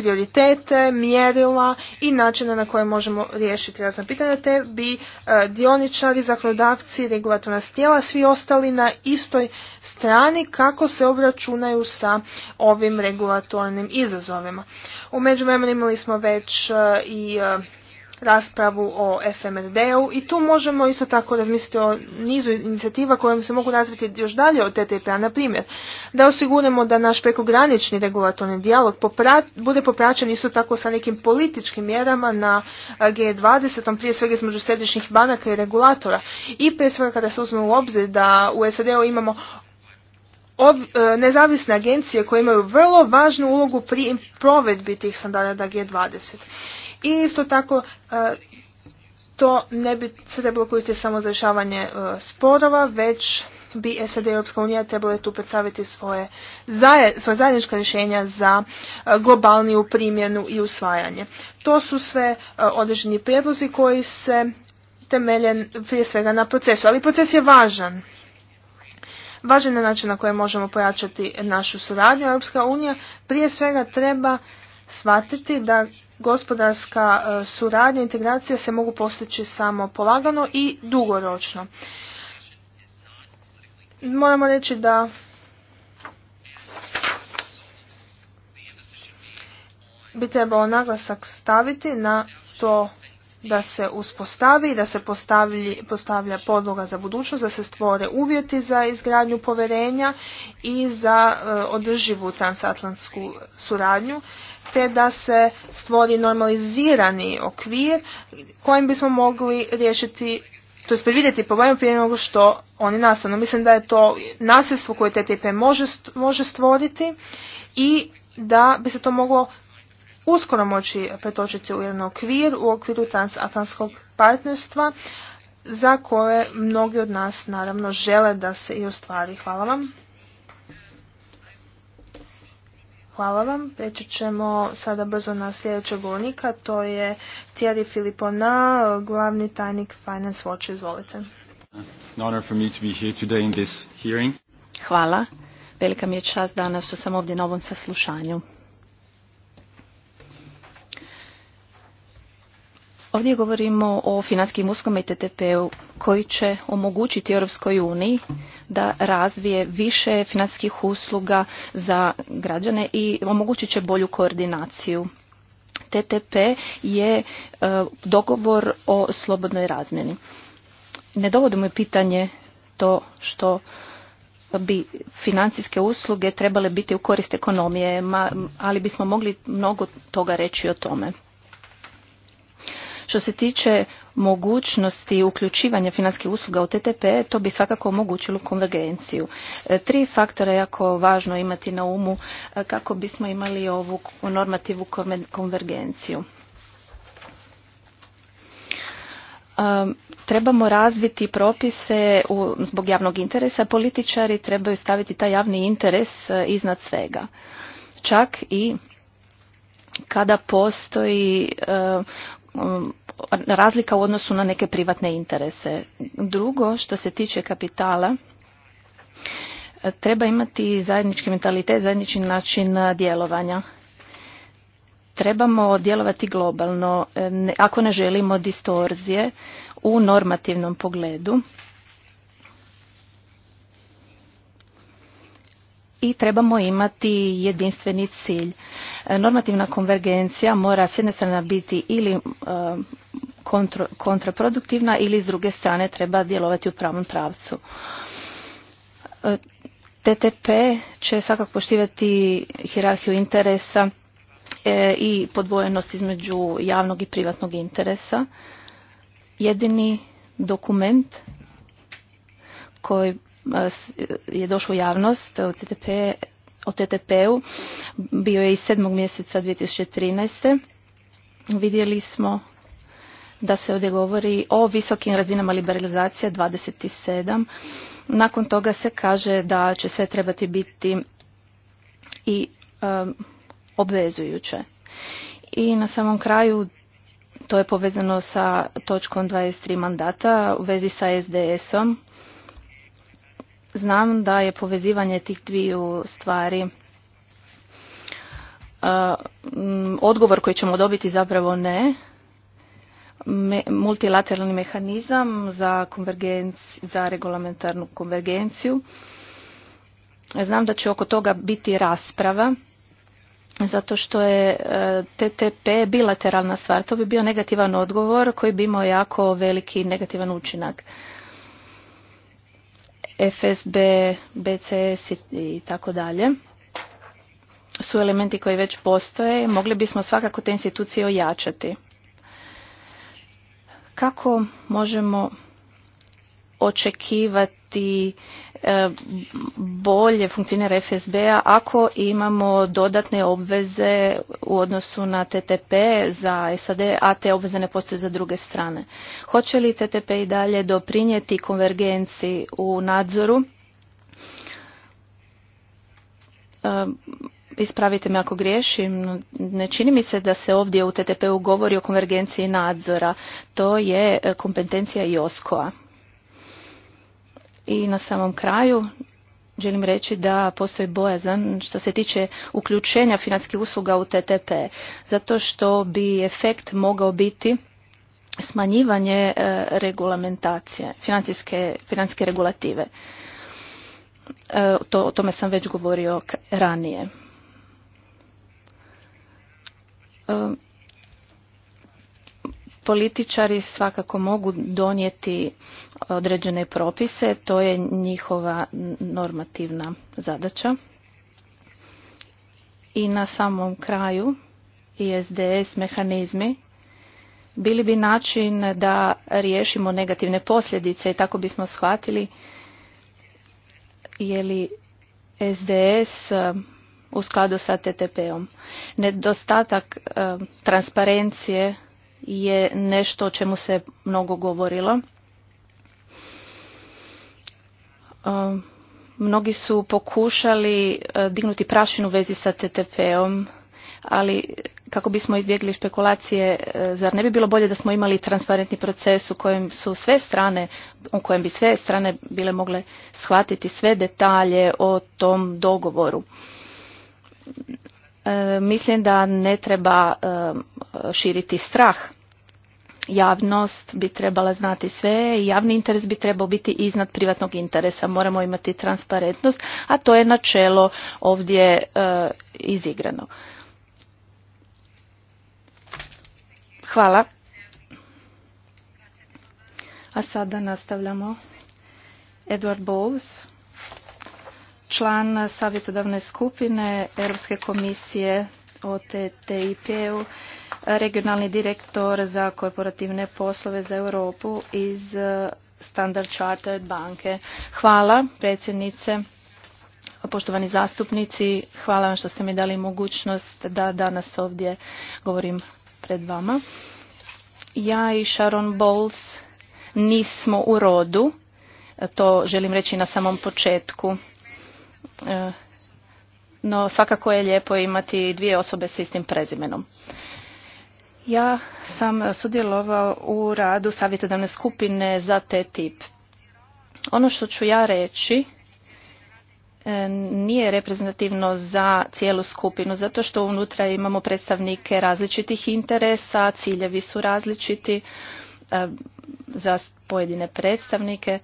prioritete, mjerila i načine na koje možemo riješiti razna pitanja, te bi e, dioničari, zakonodavci, regulatorna tijela, svi ostali na istoj strani kako se obračunaju sa ovim regulatornim izazovima. U međuvremenu imali smo već e, i e, raspravu o FMRD-u i tu možemo isto tako razmisliti o nizu inicijativa koje se mogu razviti još dalje od TTIP-a, na primjer, da osiguramo da naš prekogranični regulatorni dijalog bude popraćen isto tako sa nekim političkim mjerama na G20, prije svega između središnjih banaka i regulatora. I prije svega kada se uzme u obzir da u SAD-u imamo e, nezavisne agencije koje imaju vrlo važnu ulogu pri provedbi tih standarda G20. I isto tako e, to ne bi se trebalo koristiti samo za rješavanje e, sporova, već bi SAD i Europska unija trebale tu predstaviti svoje, svoje zajednička rješenja za e, globalniju primjenu i usvajanje. To su sve određeni prijedlozi koji se temeljen prije svega na procesu, ali proces je važan. Važan je način na koji možemo pojačati našu suradnju. Europska unija prije svega treba shvatiti da gospodarska e, suradnja i integracija se mogu postići samo polagano i dugoročno. Moramo reći da bi trebalo naglasak staviti na to da se uspostavi i da se postavlja podloga za budućnost, da se stvore uvjeti za izgradnju povjerenja i za e, održivu transatlantsku suradnju te da se stvori normalizirani okvir kojim bismo mogli riješiti to je predvidjeti probleme prije nego što oni nastanu. Mislim da je to nasljedstvo koje TTIP može stvoriti i da bi se to moglo uskoro moći pretočiti u jedan okvir, u okviru transatlantskog partnerstva za koje mnogi od nas naravno žele da se i ostvari. Hvala vam. Hvala vam. Preći ćemo sada brzo na sljedećeg govornika, to je Thierry Filipona, glavni tajnik Finance Watch. Izvolite. Hvala. Velika mi je čast danas što sam ovdje na ovom saslušanju. Ovdje govorimo o finanskim uskom i e TTP-u koji će omogućiti Europskoj uniji da razvije više finanskih usluga za građane i omogućit će bolju koordinaciju. TTP je e, dogovor o slobodnoj razmjeni. Ne dovodimo je pitanje to što bi financijske usluge trebale biti u korist ekonomije, ali bismo mogli mnogo toga reći o tome. Što se tiče mogućnosti uključivanja financijskih usluga u TTP, to bi svakako omogućilo konvergenciju. E, tri faktora je jako važno imati na umu e, kako bismo imali ovu normativu konvergenciju. E, trebamo razviti propise zbog javnog interesa. Političari trebaju staviti taj javni interes iznad svega. Čak i kada postoji razlika u odnosu na neke privatne interese. Drugo, što se tiče kapitala, treba imati zajednički mentalitet, zajednički način djelovanja. Trebamo djelovati globalno, ako ne želimo distorzije u normativnom pogledu i trebamo imati jedinstveni cilj. E, normativna konvergencija mora s jedne strane biti ili e, kontraproduktivna ili s druge strane treba djelovati u pravom pravcu. E, TTP će svakako poštivati hirarhiju interesa i podvojenost između javnog i privatnog interesa. Jedini dokument koji je došlo u javnost o TTP o TTP-u bio je i sedmog mjeseca 2013. Vidjeli smo da se ovdje govori o visokim razinama liberalizacije 27. Nakon toga se kaže da će sve trebati biti i obvezujuće. I na samom kraju to je povezano sa točkom 23 mandata u vezi sa SDS-om znam da je povezivanje tih dviju stvari e, odgovor koji ćemo dobiti zapravo ne multilateralni mehanizam za, za regulamentarnu konvergenciju. Znam da će oko toga biti rasprava, zato što je e, TTP bilateralna stvar. To bi bio negativan odgovor koji bi imao jako veliki negativan učinak. FSB, BCS i tako dalje su elementi koji već postoje. Mogli bismo svakako te institucije ojačati. Kako možemo očekivati E, bolje funkcionira FSB-a ako imamo dodatne obveze u odnosu na TTP za SAD, a te obveze ne postoje za druge strane. Hoće li TTP i dalje doprinijeti konvergenciji u nadzoru? E, ispravite me ako griješim, ne čini mi se da se ovdje u TTP-u govori o konvergenciji nadzora. To je kompetencija i a i na samom kraju želim reći da postoji bojazan što se tiče uključenja financijskih usluga u TTP, zato što bi efekt mogao biti smanjivanje e, regulamentacije, financijske, financijske regulative. E, to, o tome sam već govorio ranije. E, Političari svakako mogu donijeti određene propise, to je njihova normativna zadaća. I na samom kraju ISDS mehanizmi bili bi način da riješimo negativne posljedice i tako bismo shvatili je li SDS e, u skladu sa TTP-om. Nedostatak e, transparencije je nešto o čemu se mnogo govorilo. E, mnogi su pokušali e, dignuti prašinu u vezi sa TTP-om, ali kako bismo izbjegli špekulacije, e, zar ne bi bilo bolje da smo imali transparentni proces u kojem su sve strane, u kojem bi sve strane bile mogle shvatiti sve detalje o tom dogovoru. E, mislim da ne treba e, širiti strah javnost bi trebala znati sve i javni interes bi trebao biti iznad privatnog interesa. Moramo imati transparentnost, a to je načelo ovdje e, izigrano. Hvala. A sada nastavljamo. Edward Bowles član savjetodavne skupine Europske komisije o u regionalni direktor za korporativne poslove za Europu iz e, Standard Chartered banke. Hvala predsjednice. Poštovani zastupnici, hvala vam što ste mi dali mogućnost da danas ovdje govorim pred vama. Ja i Sharon Bowles nismo u rodu, to želim reći na samom početku. E, no svakako je lijepo imati dvije osobe s istim prezimenom. Ja sam sudjelovao u radu savjetodavne skupine za te tip. Ono što ću ja reći e, nije reprezentativno za cijelu skupinu, zato što unutra imamo predstavnike različitih interesa, ciljevi su različiti e, za pojedine predstavnike,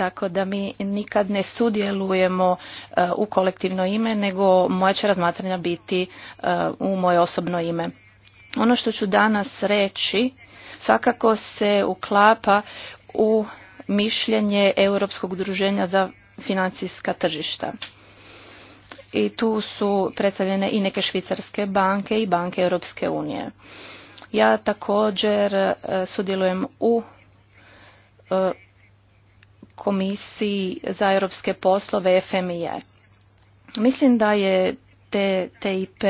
tako da mi nikad ne sudjelujemo e, u kolektivno ime, nego moja će razmatranja biti e, u moje osobno ime. Ono što ću danas reći svakako se uklapa u mišljenje Europskog udruženja za financijska tržišta. I tu su predstavljene i neke švicarske banke i banke Europske unije. Ja također e, sudjelujem u Komisiji za europske poslove FMI. E. Mislim da je TIP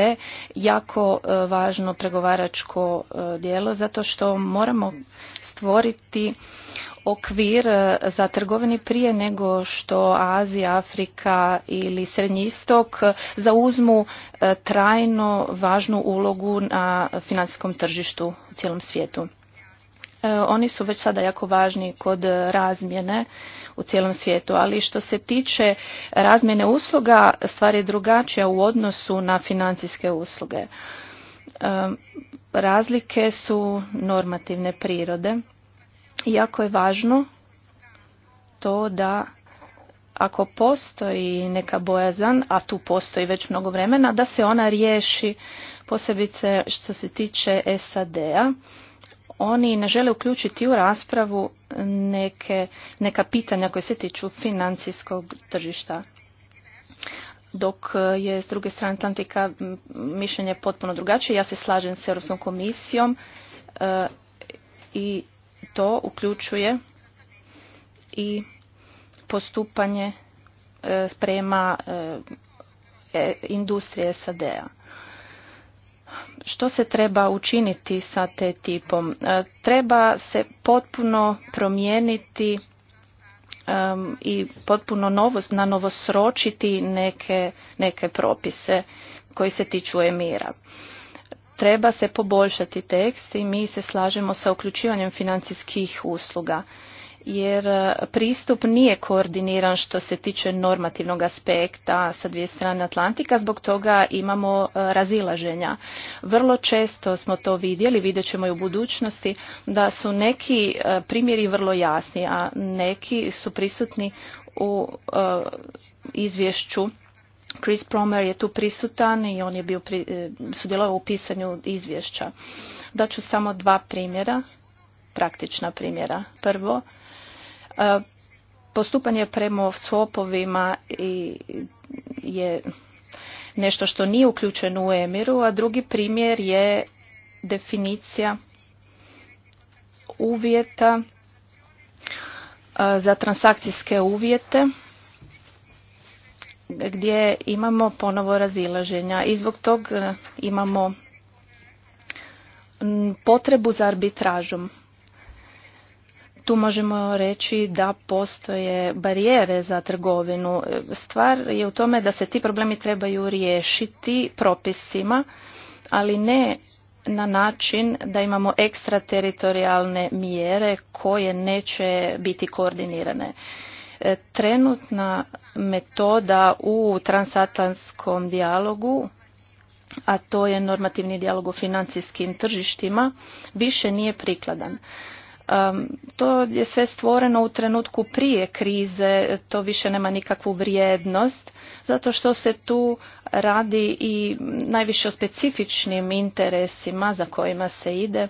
jako e, važno pregovaračko e, dijelo zato što moramo stvoriti okvir za trgovini prije nego što Azija, Afrika ili Srednji istok zauzmu trajno važnu ulogu na financijskom tržištu u cijelom svijetu. E, oni su već sada jako važni kod razmjene u cijelom svijetu, ali što se tiče razmjene usluga, stvar je drugačija u odnosu na financijske usluge. E, razlike su normativne prirode Iako jako je važno to da ako postoji neka bojazan, a tu postoji već mnogo vremena, da se ona riješi posebice što se tiče SAD-a oni ne žele uključiti u raspravu neke, neka pitanja koje se tiču financijskog tržišta dok je s druge strane Atlantika mišljenje potpuno drugačije. Ja se slažem s Europskom komisijom e, i to uključuje i postupanje e, prema e, e industrije SAD-a što se treba učiniti sa te tipom? E, treba se potpuno promijeniti i potpuno novo, na novo sročiti neke, neke propise koji se tiču emira. Treba se poboljšati tekst i mi se slažemo sa uključivanjem financijskih usluga jer e, pristup nije koordiniran što se tiče normativnog aspekta sa dvije strane Atlantika, zbog toga imamo e, razilaženja. Vrlo često smo to vidjeli, vidjet ćemo i u budućnosti, da su neki e, primjeri vrlo jasni, a neki su prisutni u izvješću Chris Promer je tu prisutan i on je bio sudjelovao u pisanju izvješća. Daću samo dva primjera, praktična primjera. Prvo, E, postupanje prema swapovima je nešto što nije uključeno u emiru, a drugi primjer je definicija uvjeta e, za transakcijske uvjete gdje imamo ponovo razilaženja i zbog tog e, imamo potrebu za arbitražom tu možemo reći da postoje barijere za trgovinu. Stvar je u tome da se ti problemi trebaju riješiti propisima, ali ne na način da imamo ekstrateritorijalne mjere koje neće biti koordinirane. E, trenutna metoda u transatlantskom dijalogu a to je normativni dijalog o financijskim tržištima, više nije prikladan. To je sve stvoreno u trenutku prije krize, to više nema nikakvu vrijednost, zato što se tu radi i najviše o specifičnim interesima za kojima se ide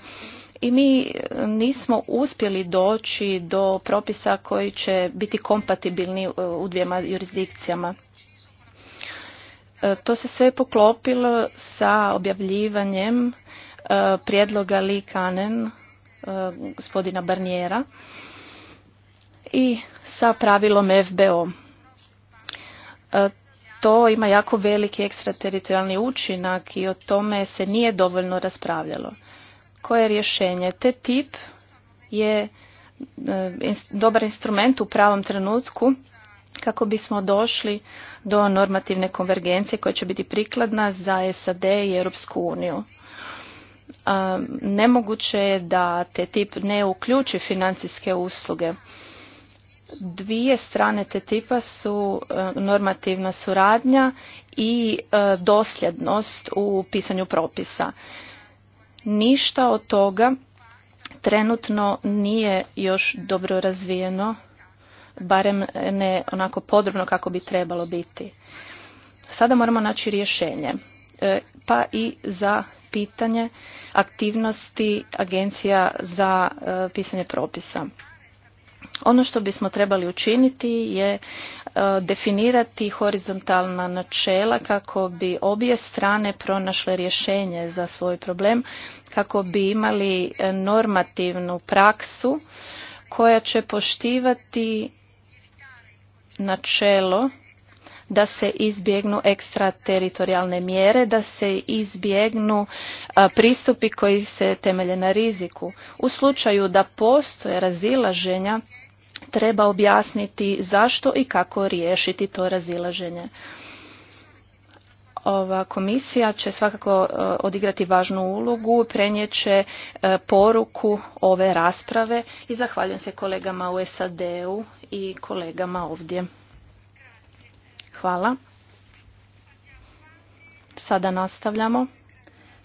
i mi nismo uspjeli doći do propisa koji će biti kompatibilni u dvijema jurisdikcijama. E, to se sve poklopilo sa objavljivanjem e, prijedloga Lee Kanen gospodina Barnijera i sa pravilom FBO. E, to ima jako veliki ekstrateritorijalni učinak i o tome se nije dovoljno raspravljalo. Koje je rješenje? Te tip je e, dobar instrument u pravom trenutku kako bismo došli do normativne konvergencije koja će biti prikladna za SAD i Europsku uniju nemoguće je da te tip ne uključi financijske usluge. Dvije strane te tipa su e, normativna suradnja i e, dosljednost u pisanju propisa. Ništa od toga trenutno nije još dobro razvijeno, barem ne onako podrobno kako bi trebalo biti. Sada moramo naći rješenje, e, pa i za pitanje aktivnosti agencija za e, pisanje propisa. Ono što bismo trebali učiniti je e, definirati horizontalna načela kako bi obje strane pronašle rješenje za svoj problem, kako bi imali e, normativnu praksu koja će poštivati načelo da se izbjegnu ekstrateritorijalne mjere, da se izbjegnu pristupi koji se temelje na riziku. U slučaju da postoje razilaženja, treba objasniti zašto i kako riješiti to razilaženje. Ova komisija će svakako e, odigrati važnu ulogu, prenijeće e, poruku ove rasprave i zahvaljujem se kolegama u SAD-u i kolegama ovdje. Hvala. Sada nastavljamo.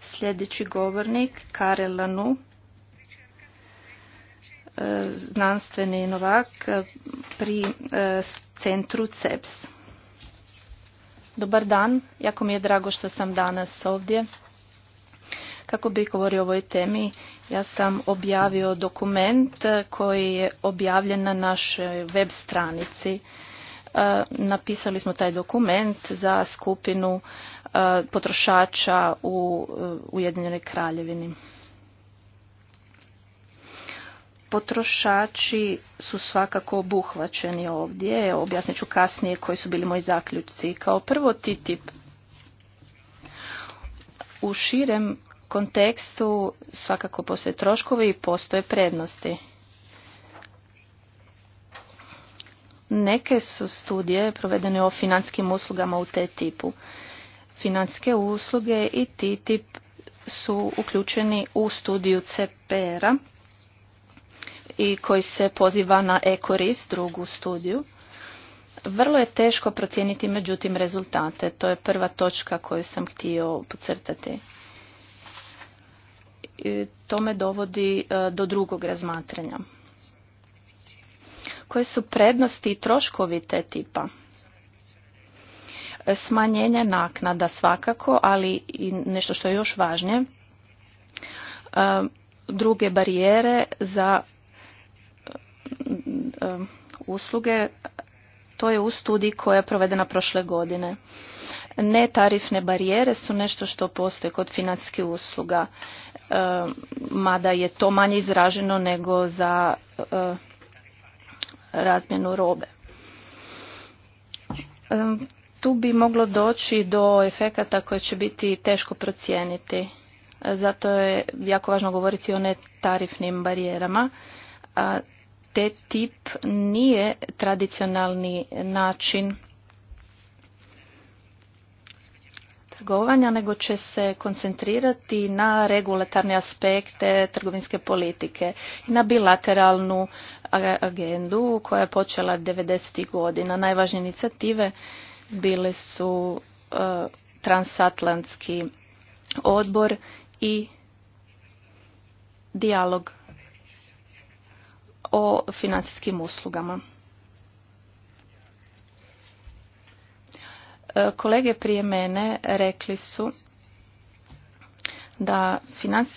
Sljedeći govornik, Karel Lanu, e, znanstveni novak pri e, centru CEPS. Dobar dan, jako mi je drago što sam danas ovdje. Kako bih govorio o ovoj temi, ja sam objavio dokument koji je objavljen na našoj web stranici E, napisali smo taj dokument za skupinu e, potrošača u e, Ujedinjenoj kraljevini. Potrošači su svakako obuhvaćeni ovdje. Objasnit ću kasnije koji su bili moji zaključci. Kao prvo TTIP u širem kontekstu svakako postoje troškovi i postoje prednosti. Neke su studije provedene o financijskim uslugama u te tipu. Financijske usluge i T-tip su uključeni u studiju CPR-a i koji se poziva na ECORIS, drugu studiju. Vrlo je teško procijeniti međutim rezultate. To je prva točka koju sam htio pocrtati. to me dovodi e, do drugog razmatranja koje su prednosti i troškovi te tipa e, smanjenje naknada svakako, ali i nešto što je još važnije, e, druge barijere za e, usluge, to je u studiji koja je provedena prošle godine. Netarifne barijere su nešto što postoje kod financijskih usluga, mada je to manje izraženo nego za razmjenu robe. Tu bi moglo doći do efekata koje će biti teško procijeniti. Zato je jako važno govoriti o netarifnim barijerama. Te tip nije tradicionalni način trgovanja, nego će se koncentrirati na regulatarne aspekte trgovinske politike i na bilateralnu agendu koja je počela 90. godina. Najvažnije inicijative bile su e, transatlantski odbor i dijalog o financijskim uslugama. E, kolege prije mene rekli su da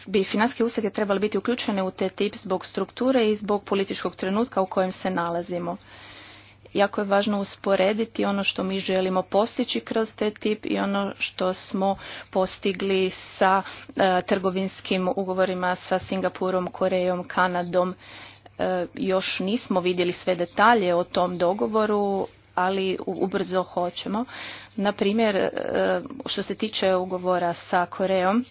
bi financijske usluge trebali biti uključene u te tip zbog strukture i zbog političkog trenutka u kojem se nalazimo. Jako je važno usporediti ono što mi želimo postići kroz te tip i ono što smo postigli sa e, trgovinskim ugovorima sa Singapurom, Korejom, Kanadom. E, još nismo vidjeli sve detalje o tom dogovoru, ali ubrzo hoćemo. Na primjer, e, što se tiče ugovora sa Korejom,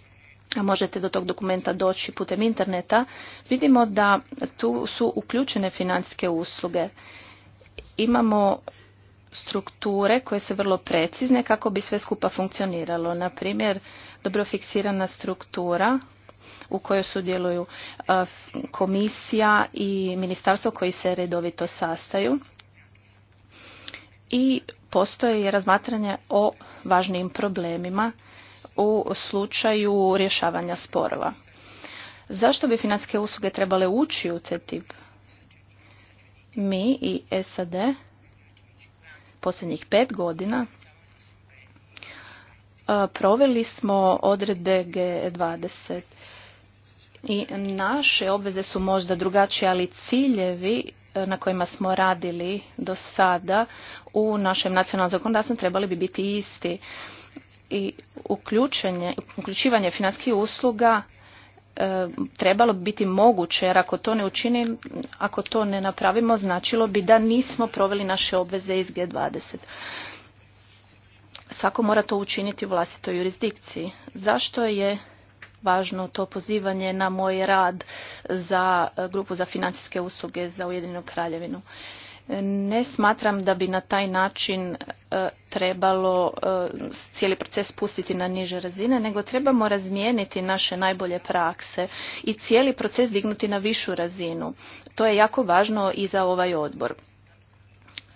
a možete do tog dokumenta doći putem interneta, vidimo da tu su uključene financijske usluge. Imamo strukture koje su vrlo precizne kako bi sve skupa funkcioniralo. Na primjer, dobro fiksirana struktura u kojoj sudjeluju komisija i ministarstvo koji se redovito sastaju. I postoje razmatranje o važnim problemima u slučaju rješavanja sporova. Zašto bi financijske usluge trebale ući u CETIP? Mi i SAD posljednjih pet godina e, proveli smo odredbe G20 i naše obveze su možda drugačije, ali ciljevi e, na kojima smo radili do sada u našem nacionalnom zakonodavstvu trebali bi biti isti i uključivanje financijskih usluga e, trebalo bi biti moguće jer ako to ne učini, ako to ne napravimo značilo bi da nismo proveli naše obveze iz G20. Svako mora to učiniti u vlastitoj jurisdikciji. Zašto je važno to pozivanje na moj rad za e, grupu za financijske usluge za Ujedinu kraljevinu? ne smatram da bi na taj način e, trebalo e, cijeli proces pustiti na niže razine, nego trebamo razmijeniti naše najbolje prakse i cijeli proces dignuti na višu razinu. To je jako važno i za ovaj odbor.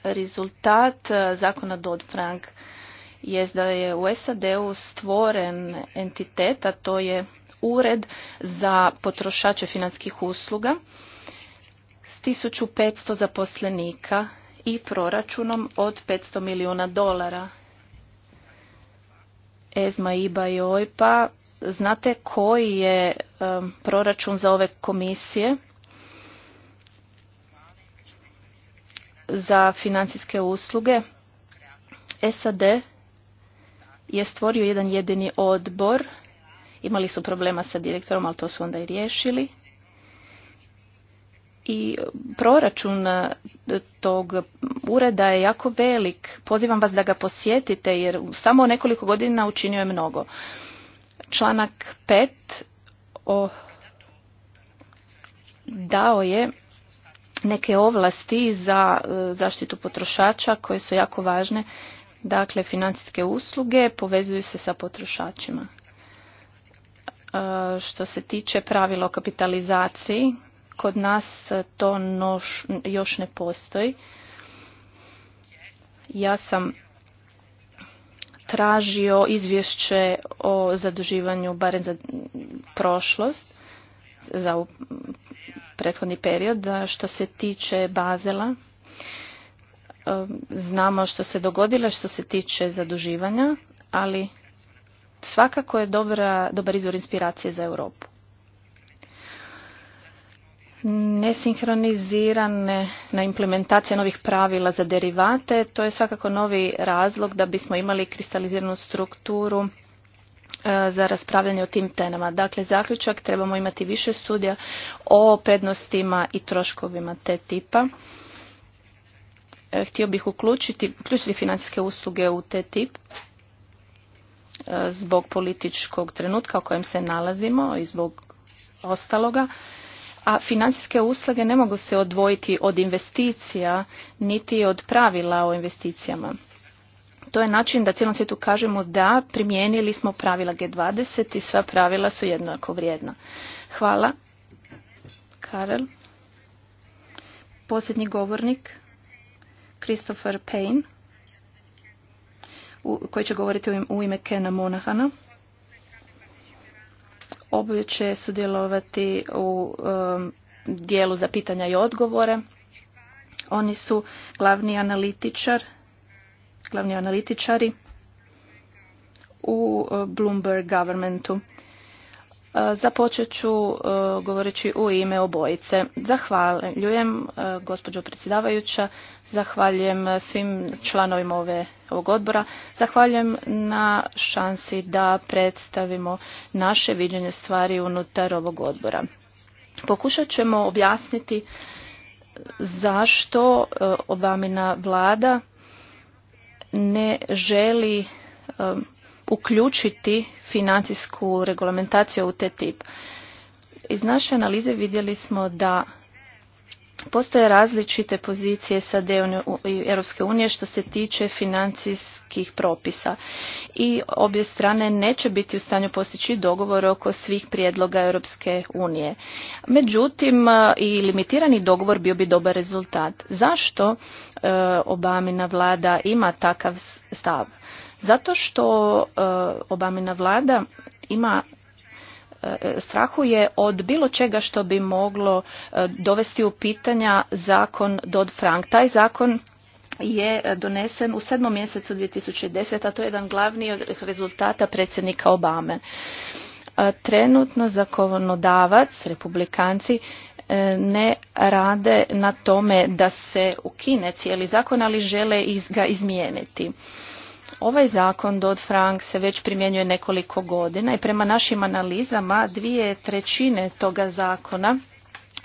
Rezultat e, zakona Dodd-Frank je da je u SAD-u stvoren entitet, a to je ured za potrošače financijskih usluga 1500 zaposlenika i proračunom od 500 milijuna dolara. Ezma, Iba i Ojpa, znate koji je um, proračun za ove komisije? za financijske usluge. SAD je stvorio jedan jedini odbor. Imali su problema sa direktorom, ali to su onda i riješili i proračun e, tog ureda je jako velik. Pozivam vas da ga posjetite jer samo nekoliko godina učinio je mnogo. Članak 5 o, dao je neke ovlasti za e, zaštitu potrošača koje su jako važne. Dakle, financijske usluge povezuju se sa potrošačima. E, što se tiče pravila o kapitalizaciji, Kod nas to još ne postoji. Ja sam tražio izvješće o zaduživanju barem za prošlost, za prethodni period, što se tiče Bazela. Um, znamo što se dogodilo što se tiče zaduživanja, ali svakako je dobra, dobar izvor inspiracije za Europu nesinhronizirane na implementacije novih pravila za derivate. To je svakako novi razlog da bismo imali kristaliziranu strukturu e, za raspravljanje o tim tenama. Dakle, zaključak trebamo imati više studija o prednostima i troškovima te tipa. E, htio bih uključiti, uključiti financijske usluge u te tip e, zbog političkog trenutka u kojem se nalazimo i zbog ostaloga a financijske usluge ne mogu se odvojiti od investicija niti od pravila o investicijama. To je način da cijelom svijetu kažemo da primijenili smo pravila G20 i sva pravila su jednako vrijedna. Hvala. Karel. Posljednji govornik, Christopher Payne, koji će govoriti u ime Kena Monahana. Oboje će sudjelovati u um, dijelu za pitanja i odgovore. Oni su glavni analitičar, glavni analitičari u uh, Bloomberg governmentu. Započet ću e, govoreći u ime obojice. Zahvaljujem e, gospođo predsjedavajuća, zahvaljujem svim članovima ove, ovog odbora, zahvaljujem na šansi da predstavimo naše viđenje stvari unutar ovog odbora. Pokušat ćemo objasniti zašto e, Obamina vlada ne želi uključiti financijsku regulamentaciju u tip. Iz naše analize vidjeli smo da Postoje različite pozicije sa i Europske unije što se tiče financijskih propisa i obje strane neće biti u stanju postići dogovor oko svih prijedloga Europske unije. Međutim, i limitirani dogovor bio bi dobar rezultat. Zašto e, Obamina vlada ima takav stav? Zato što e, Obamina vlada ima e, strahuje od bilo čega što bi moglo e, dovesti u pitanja zakon Dodd-Frank. Taj zakon je donesen u sedmom mjesecu 2010, a to je jedan glavni od rezultata predsjednika Obame. Trenutno zakonodavac, republikanci, ne rade na tome da se ukine cijeli zakon, ali žele ga izmijeniti. Ovaj zakon Dodd-Frank se već primjenjuje nekoliko godina i prema našim analizama dvije trećine toga zakona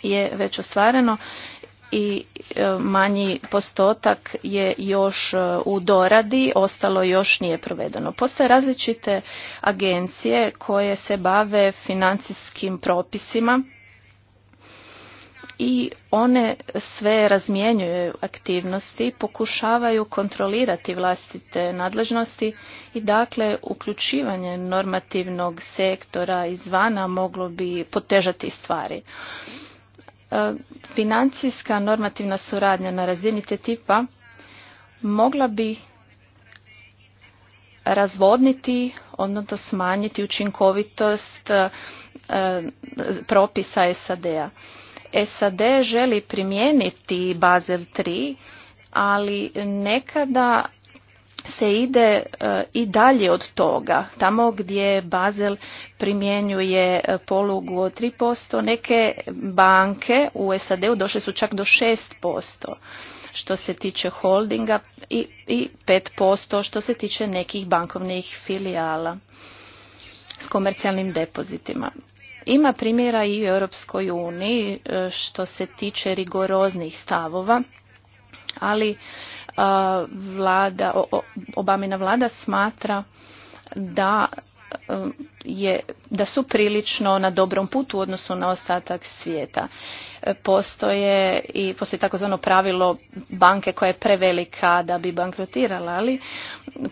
je već ostvareno i e, manji postotak je još e, u doradi, ostalo još nije provedeno. Postoje različite agencije koje se bave financijskim propisima i one sve razmjenjuju aktivnosti, pokušavaju kontrolirati vlastite nadležnosti i dakle uključivanje normativnog sektora izvana moglo bi potežati stvari. E, financijska normativna suradnja na razini te tipa mogla bi razvodniti, odnosno smanjiti učinkovitost e, propisa SAD-a. SAD želi primijeniti Basel 3, ali nekada se ide e, i dalje od toga. Tamo gdje Basel primjenjuje polugu od 3%, neke banke u SAD-u došle su čak do 6% što se tiče holdinga i, i 5% što se tiče nekih bankovnih filijala s komercijalnim depozitima. Ima primjera i u Europskoj uniji e, što se tiče rigoroznih stavova, ali e, vlada, Obamina vlada smatra da e, je, da su prilično na dobrom putu u odnosu na ostatak svijeta. Postoje i postoji takozvano pravilo banke koja je prevelika da bi bankrotirala, ali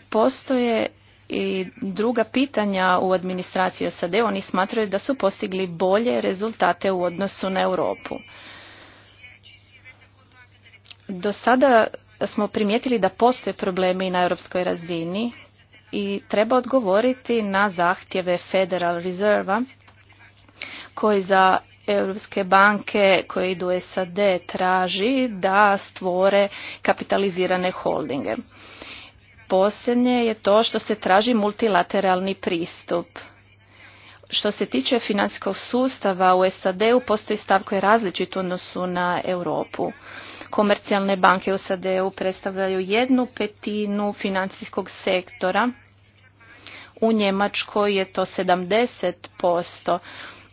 postoje i druga pitanja u administraciji SAD, oni smatraju da su postigli bolje rezultate u odnosu na Europu. Do sada smo primijetili da postoje problemi na europskoj razini i treba odgovoriti na zahtjeve Federal Reserva koji za europske banke koje idu SAD traži da stvore kapitalizirane holdinge. Posljednje je to što se traži multilateralni pristup. Što se tiče financijskog sustava u SAD-u postoji stav koji je različit u odnosu na Europu. Komercijalne banke u SAD-u predstavljaju jednu petinu financijskog sektora. U Njemačkoj je to 70%.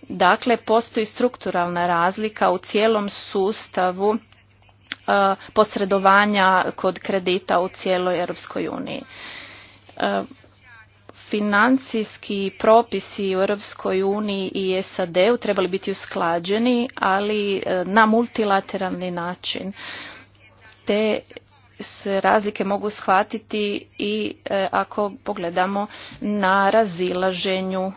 Dakle, postoji strukturalna razlika u cijelom sustavu E, posredovanja kod kredita u cijeloj Europskoj uniji. E, financijski propisi u Europskoj uniji i SAD-u trebali biti usklađeni, ali e, na multilateralni način. Te se razlike mogu shvatiti i ako pogledamo na razilaženju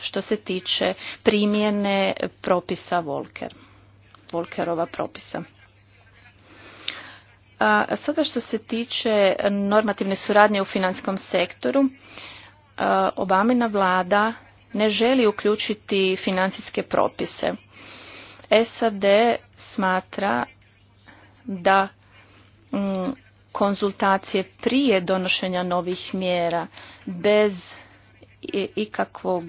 što se tiče primjene propisa Volker, Volkerova propisa sada što se tiče normativne suradnje u finanskom sektoru, e, Obamina vlada ne želi uključiti financijske propise. SAD smatra da mm, konzultacije prije donošenja novih mjera bez ikakvog,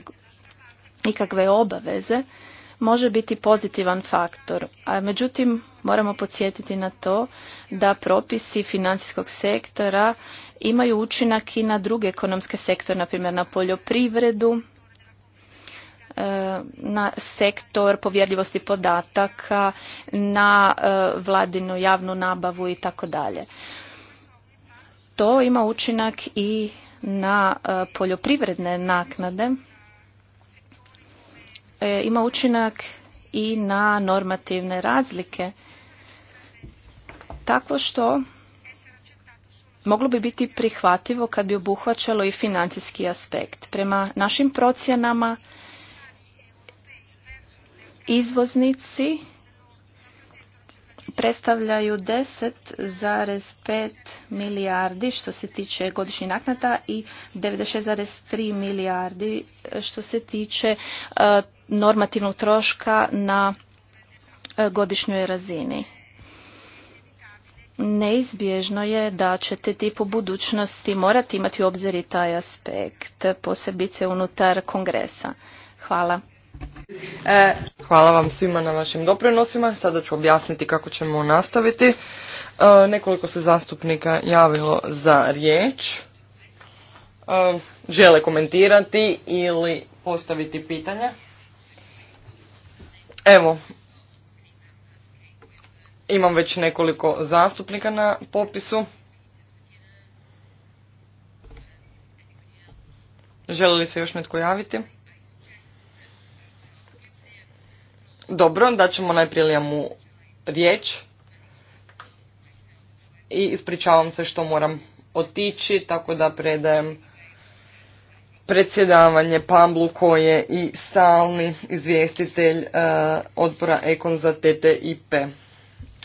ikakve obaveze može biti pozitivan faktor. A međutim, moramo podsjetiti na to da propisi financijskog sektora imaju učinak i na druge ekonomske sektore, na primjer na poljoprivredu, e, na sektor povjerljivosti podataka, na e, vladinu javnu nabavu i tako dalje. To ima učinak i na e, poljoprivredne naknade E, ima učinak i na normativne razlike tako što moglo bi biti prihvativo kad bi obuhvaćalo i financijski aspekt. Prema našim procjenama izvoznici predstavljaju 10,5 milijardi što se tiče godišnjih naknada i 96,3 milijardi što se tiče e, normativnog troška na e, godišnjoj razini. Neizbježno je da ćete te tip budućnosti morati imati u obzir i taj aspekt, posebice unutar kongresa. Hvala. E, hvala vam svima na vašim doprinosima. Sada ću objasniti kako ćemo nastaviti. E, nekoliko se zastupnika javilo za riječ. žele komentirati ili postaviti pitanja. Evo, imam već nekoliko zastupnika na popisu. Želi li se još netko javiti? Dobro, da ćemo najprije mu riječ. I ispričavam se što moram otići, tako da predajem predsjedavanje Pamblu koji je i stalni izvjestitelj e, odbora Ekon za TTIP.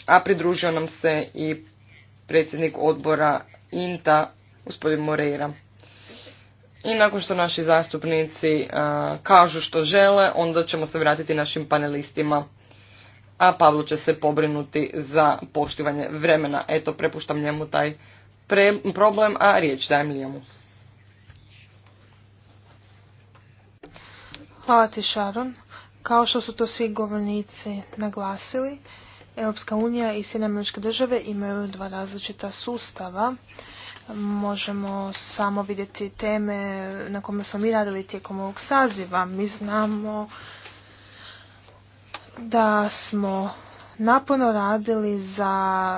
A pridružio nam se i predsjednik odbora INTA, gospodin Moreira. I nakon što naši zastupnici e, kažu što žele, onda ćemo se vratiti našim panelistima. A Pavlo će se pobrinuti za poštivanje vremena. Eto, prepuštam njemu taj problem, a riječ dajem njemu. Hvala ti Sharon. Kao što su to svi govornici naglasili, Europska unija i Sjedinjene države imaju dva različita sustava. Možemo samo vidjeti teme na kome smo mi radili tijekom ovog saziva. Mi znamo da smo napono radili za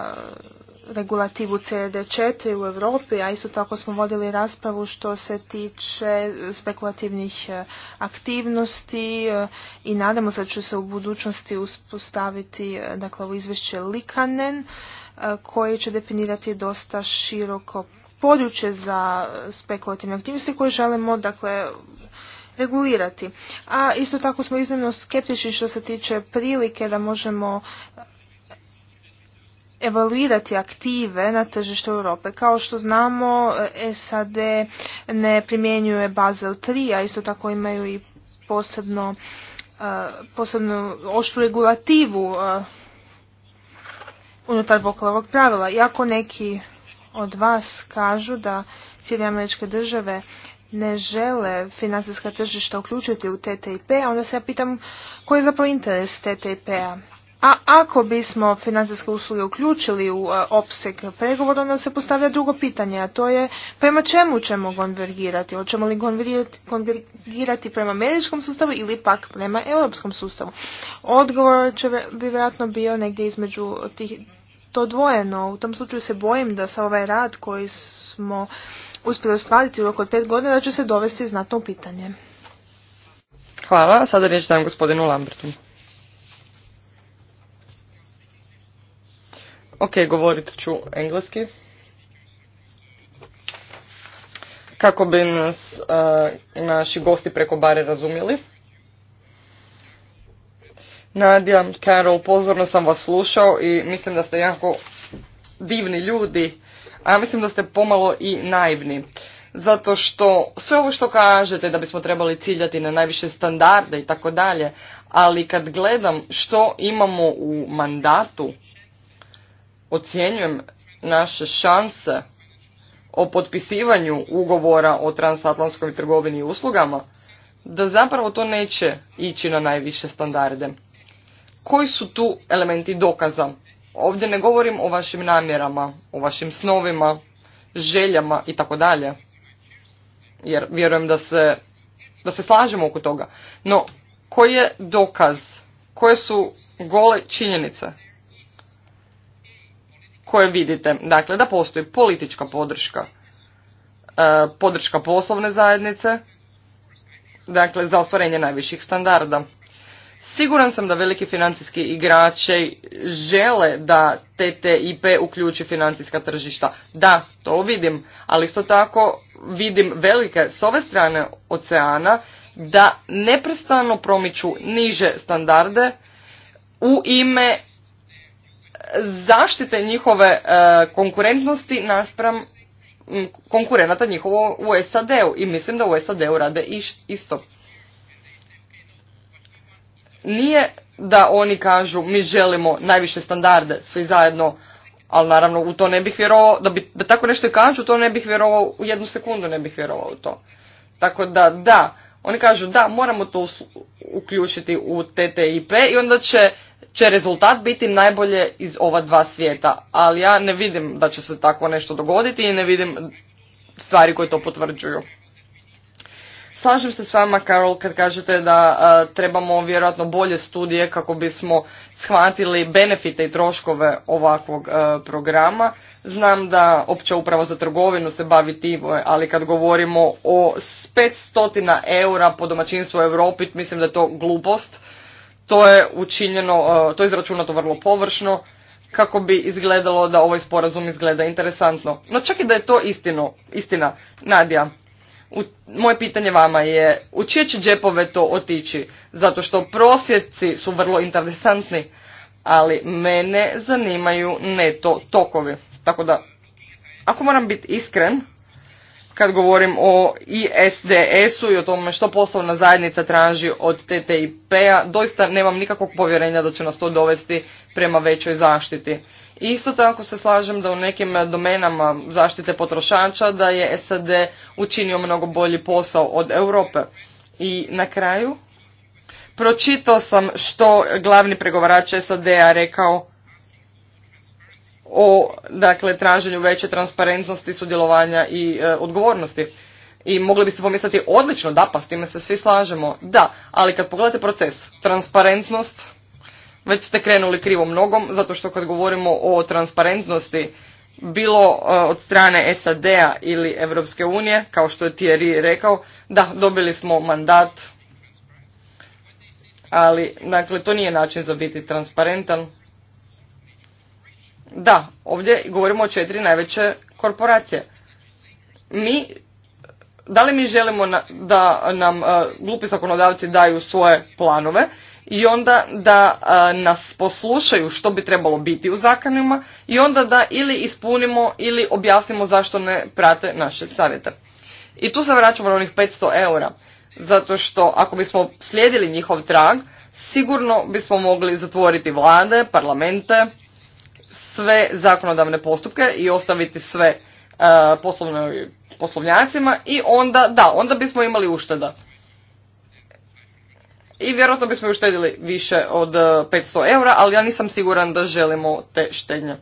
regulativu cd 4 u Europi, a isto tako smo vodili raspravu što se tiče spekulativnih e, aktivnosti e, i nadamo se da će se u budućnosti uspostaviti e, dakle, u izvješće Likanen koji će definirati dosta široko područje za spekulativne aktivnosti koje želimo dakle, regulirati. A isto tako smo iznimno skeptični što se tiče prilike da možemo evaluirati aktive na tržištu Europe. Kao što znamo, e, SAD ne primjenjuje Basel 3, a isto tako imaju i posebno, e, posebno oštru regulativu e, unutar vokalovog pravila. Iako neki od vas kažu da Sjedinje američke države ne žele financijska tržišta uključiti u TTIP, onda se ja pitam koji je zapravo interes TTIP-a. A ako bismo financijske usluge uključili u e, opseg pregovora, onda se postavlja drugo pitanje, a to je prema čemu ćemo konvergirati? Hoćemo li konvergirati prema američkom sustavu ili pak prema europskom sustavu? Odgovor će bi vjerojatno bio negdje između tih, to dvojeno. U tom slučaju se bojim da sa ovaj rad koji smo uspjeli ostvariti u roku pet godina da će se dovesti znatno u pitanje. Hvala. Sada riječ dam gospodinu Lambertu. Ok, govorit ću engleski. Kako bi nas eh, naši gosti preko bare razumjeli. Nadja, Carol, pozorno sam vas slušao i mislim da ste jako divni ljudi, a ja mislim da ste pomalo i naivni. Zato što sve ovo što kažete da bismo trebali ciljati na najviše standarde i tako dalje, ali kad gledam što imamo u mandatu ocjenjujem naše šanse o potpisivanju ugovora o transatlantskoj trgovini i uslugama, da zapravo to neće ići na najviše standarde. Koji su tu elementi dokaza? Ovdje ne govorim o vašim namjerama, o vašim snovima, željama i tako dalje. Jer vjerujem da se, da se slažemo oko toga. No, koji je dokaz? Koje su gole činjenice? koje vidite. Dakle, da postoji politička podrška, e, podrška poslovne zajednice, dakle, za ostvarenje najviših standarda. Siguran sam da veliki financijski igrači žele da TTIP uključi financijska tržišta. Da, to vidim, ali isto tako vidim velike s ove strane oceana da neprestano promiču niže standarde u ime zaštite njihove e, konkurentnosti naspram konkurenata njihovo u SAD-u i mislim da u SAD-u rade isto. Nije da oni kažu mi želimo najviše standarde svi zajedno, ali naravno u to ne bih vjerovao, da, bi, da tako nešto i kažu, to ne bih vjerovao, u jednu sekundu ne bih vjerovao u to. Tako da, da, oni kažu da, moramo to uključiti u TTIP i onda će će rezultat biti najbolje iz ova dva svijeta, ali ja ne vidim da će se tako nešto dogoditi i ne vidim stvari koje to potvrđuju. Slažem se s vama, Karol, kad kažete da e, trebamo vjerojatno bolje studije kako bismo shvatili benefite i troškove ovakvog e, programa. Znam da opća uprava za trgovinu se bavi timo, ali kad govorimo o 500 eura po domaćinstvu u Europi, mislim da je to glupost to je učinjeno, e, to je izračunato vrlo površno kako bi izgledalo da ovaj sporazum izgleda interesantno. No čak i da je to istino, istina, Nadija, moje pitanje vama je u čije će džepove to otići? Zato što prosjeci su vrlo interesantni, ali mene zanimaju neto tokovi. Tako da, ako moram biti iskren, kad govorim o ISDS-u i o tome što poslovna zajednica traži od TTIP-a, doista nemam nikakvog povjerenja da će nas to dovesti prema većoj zaštiti. Isto tako se slažem da u nekim domenama zaštite potrošača da je SAD učinio mnogo bolji posao od Europe. I na kraju, pročitao sam što glavni pregovarač SAD-a rekao o dakle, traženju veće transparentnosti, sudjelovanja i e, odgovornosti. I mogli biste pomisliti odlično, da pa s time se svi slažemo, da, ali kad pogledate proces, transparentnost, već ste krenuli krivom nogom, zato što kad govorimo o transparentnosti, bilo e, od strane SAD-a ili Europske unije, kao što je Thierry rekao, da, dobili smo mandat, ali, dakle, to nije način za biti transparentan da, ovdje govorimo o četiri najveće korporacije. Mi, da li mi želimo da nam e, glupi zakonodavci daju svoje planove i onda da e, nas poslušaju što bi trebalo biti u zakonima i onda da ili ispunimo ili objasnimo zašto ne prate naše savjete. I tu se vraćamo na onih 500 eura, zato što ako bismo slijedili njihov trag, sigurno bismo mogli zatvoriti vlade, parlamente, sve zakonodavne postupke i ostaviti sve uh, poslovnjacima i onda, da, onda bismo imali ušteda. I vjerojatno bismo uštedili više od 500 e, eura, ali ja nisam siguran da želimo te štednje.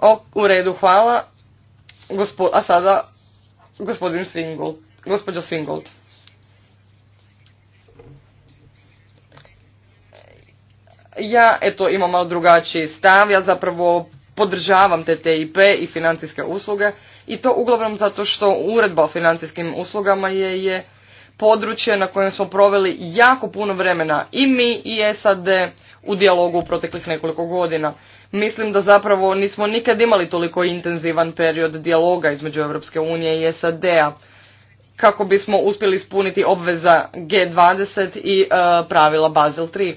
O, u redu, hvala. a sada gospodin Svingold, gospođa Svingold. Ja, eto, imam malo drugačiji stav, ja zapravo podržavam TTIP i financijske usluge i to uglavnom zato što uredba o financijskim uslugama je, je područje na kojem smo proveli jako puno vremena i mi i SAD u dijalogu u proteklih nekoliko godina. Mislim da zapravo nismo nikad imali toliko intenzivan period dijaloga između Europske unije i SAD-a kako bismo uspjeli ispuniti obveza G20 i e, pravila Basel 3.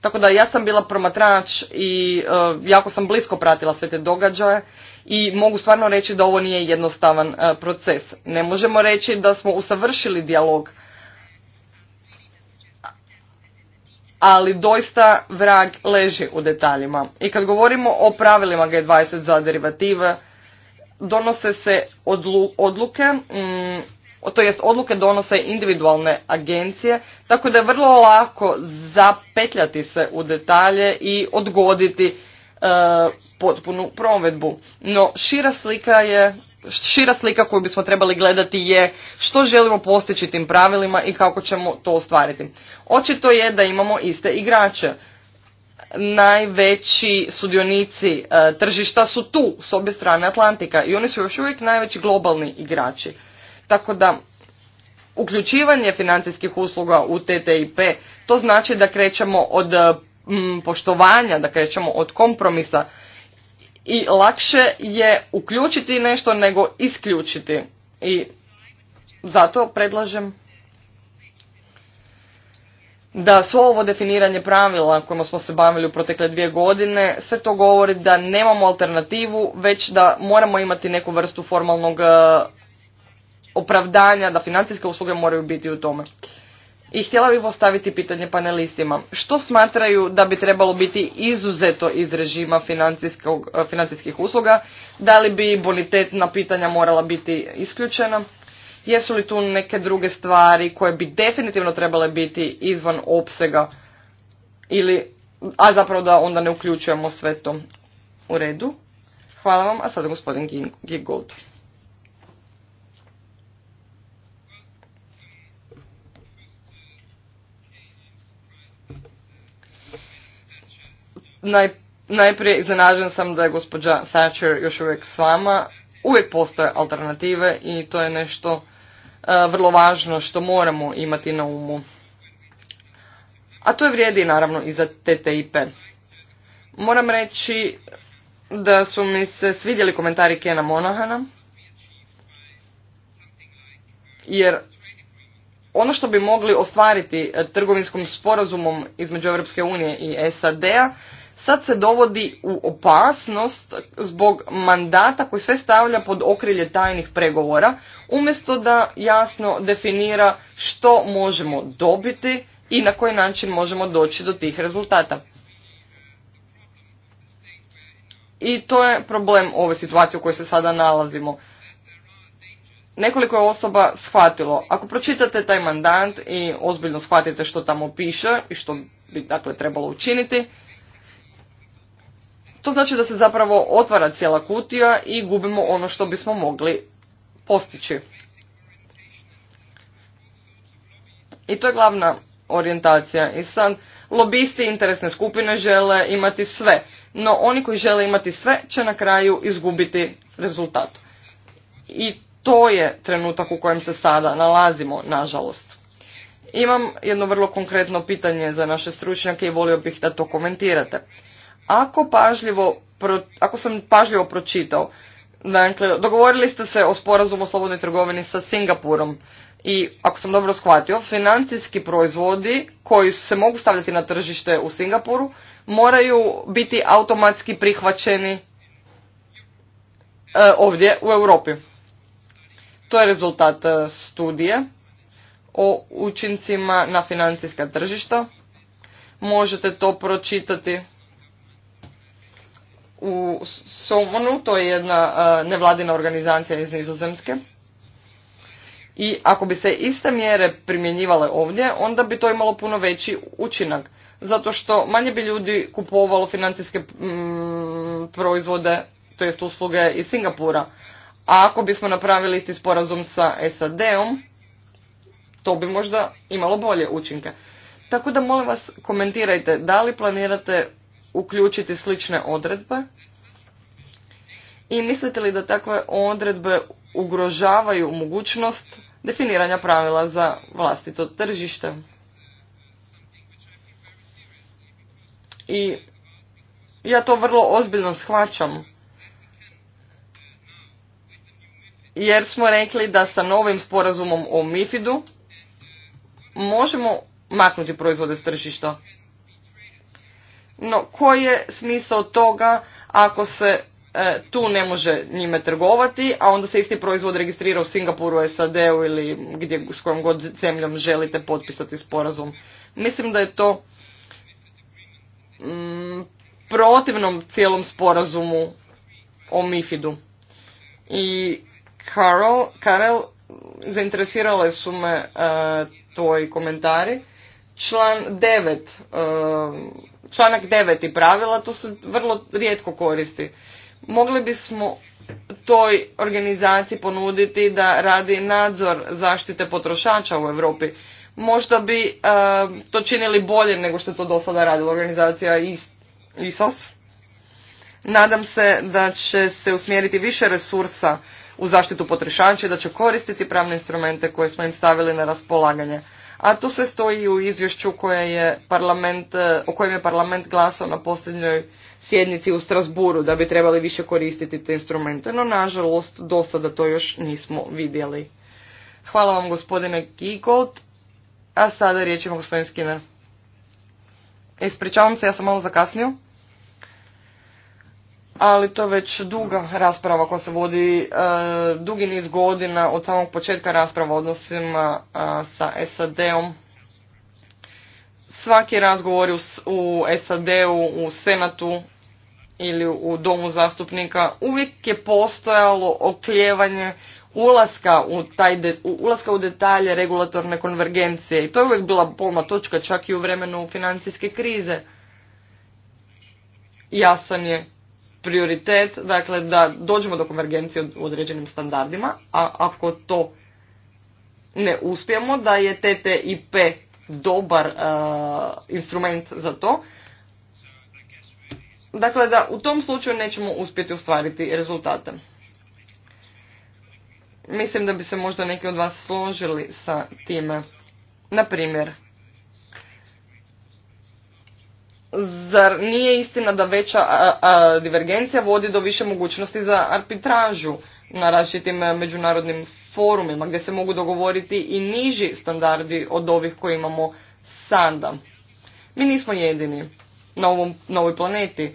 Tako da ja sam bila promatrač i e, jako sam blisko pratila sve te događaje i mogu stvarno reći da ovo nije jednostavan e, proces. Ne možemo reći da smo usavršili dijalog, ali doista vrag leži u detaljima. I kad govorimo o pravilima G20 za derivative, donose se odluke mm, to jest odluke donose individualne agencije, tako da je vrlo lako zapetljati se u detalje i odgoditi e, potpunu provedbu. No šira slika je šira slika koju bismo trebali gledati je što želimo postići tim pravilima i kako ćemo to ostvariti. Očito je da imamo iste igrače. Najveći sudionici e, tržišta su tu s obje strane Atlantika i oni su još uvijek najveći globalni igrači. Tako da uključivanje financijskih usluga u TTIP to znači da krećemo od eh, poštovanja, da krećemo od kompromisa i lakše je uključiti nešto nego isključiti. I zato predlažem da svo ovo definiranje pravila kojima smo se bavili u protekle dvije godine, sve to govori da nemamo alternativu, već da moramo imati neku vrstu formalnog eh, opravdanja da financijske usluge moraju biti u tome. I htjela bih postaviti pitanje panelistima. Što smatraju da bi trebalo biti izuzeto iz režima e, financijskih usluga? Da li bi bonitetna pitanja morala biti isključena? Jesu li tu neke druge stvari koje bi definitivno trebale biti izvan opsega? Ili, a zapravo da onda ne uključujemo sve to u redu? Hvala vam, a sada gospodin Gigold. Naj, najprije iznenađen sam da je gospođa Thatcher još uvijek s vama. Uvijek postoje alternative i to je nešto e, vrlo važno što moramo imati na umu. A to je vrijedi naravno i za TTIP. Moram reći da su mi se svidjeli komentari Kena Monahana, jer ono što bi mogli ostvariti e, trgovinskom sporazumom između Europske unije i SAD-a sad se dovodi u opasnost zbog mandata koji sve stavlja pod okrilje tajnih pregovora, umjesto da jasno definira što možemo dobiti i na koji način možemo doći do tih rezultata. I to je problem ove situacije u kojoj se sada nalazimo. Nekoliko je osoba shvatilo. Ako pročitate taj mandant i ozbiljno shvatite što tamo piše i što bi dakle trebalo učiniti, to znači da se zapravo otvara cijela kutija i gubimo ono što bismo mogli postići. I to je glavna orijentacija. I sad, lobisti interesne skupine žele imati sve, no oni koji žele imati sve će na kraju izgubiti rezultat. I to je trenutak u kojem se sada nalazimo, nažalost. Imam jedno vrlo konkretno pitanje za naše stručnjake i volio bih da to komentirate. Ako pažljivo, ako sam pažljivo pročitao, dakle, dogovorili ste se o sporazumu o slobodnoj trgovini sa Singapurom i ako sam dobro shvatio, financijski proizvodi koji se mogu stavljati na tržište u Singapuru moraju biti automatski prihvaćeni e, ovdje u Europi. To je rezultat e, studije o učincima na financijska tržišta. Možete to pročitati u Somonu, to je jedna nevladina organizacija iz Nizozemske. I ako bi se iste mjere primjenjivale ovdje, onda bi to imalo puno veći učinak. Zato što manje bi ljudi kupovalo financijske mm, proizvode, to jest usluge iz Singapura. A ako bismo napravili isti sporazum sa SAD-om, to bi možda imalo bolje učinke. Tako da molim vas komentirajte da li planirate uključiti slične odredbe? I mislite li da takve odredbe ugrožavaju mogućnost definiranja pravila za vlastito tržište? I ja to vrlo ozbiljno shvaćam. Jer smo rekli da sa novim sporazumom o MIFID-u možemo maknuti proizvode s tržišta. No, koji je smisao toga ako se e, tu ne može njime trgovati, a onda se isti proizvod registrira u Singapuru, SAD-u ili gdje s kojom god zemljom želite potpisati sporazum. Mislim da je to mm, protivnom cijelom sporazumu o MIFID-u. I Karel, zainteresirale su me e, tvoji komentari član 9, um, članak 9 i pravila, to se vrlo rijetko koristi. Mogli bismo toj organizaciji ponuditi da radi nadzor zaštite potrošača u Europi. Možda bi um, to činili bolje nego što je to do sada radila organizacija ISOS. Nadam se da će se usmjeriti više resursa u zaštitu potrošača i da će koristiti pravne instrumente koje smo im stavili na raspolaganje a to sve stoji u izvješću koje je parlament, o e, kojem je parlament glasao na posljednjoj sjednici u Strasburu da bi trebali više koristiti te instrumente, no nažalost do sada to još nismo vidjeli. Hvala vam gospodine Kikot, a sada riječ ima gospodin Skinner. Ispričavam se, ja sam malo zakasnio ali to je već duga rasprava koja se vodi e, dugi niz godina od samog početka rasprava odnosima e, sa SAD-om. Svaki razgovor u SAD-u, u Senatu ili u Domu zastupnika uvijek je postojalo okljevanje ulaska u, taj ulaska u detalje regulatorne konvergencije i to je uvijek bila polna točka čak i u vremenu financijske krize. Jasan je prioritet, dakle da dođemo do konvergencije u određenim standardima, a ako to ne uspijemo, da je TTIP dobar e, instrument za to. Dakle, da u tom slučaju nećemo uspjeti ostvariti rezultate. Mislim da bi se možda neki od vas složili sa time. Na primjer, Zar nije istina da veća divergencija vodi do više mogućnosti za arbitražu na različitim e, međunarodnim forumima gdje se mogu dogovoriti i niži standardi od ovih koje imamo sada? Mi nismo jedini na, ovom, na ovoj planeti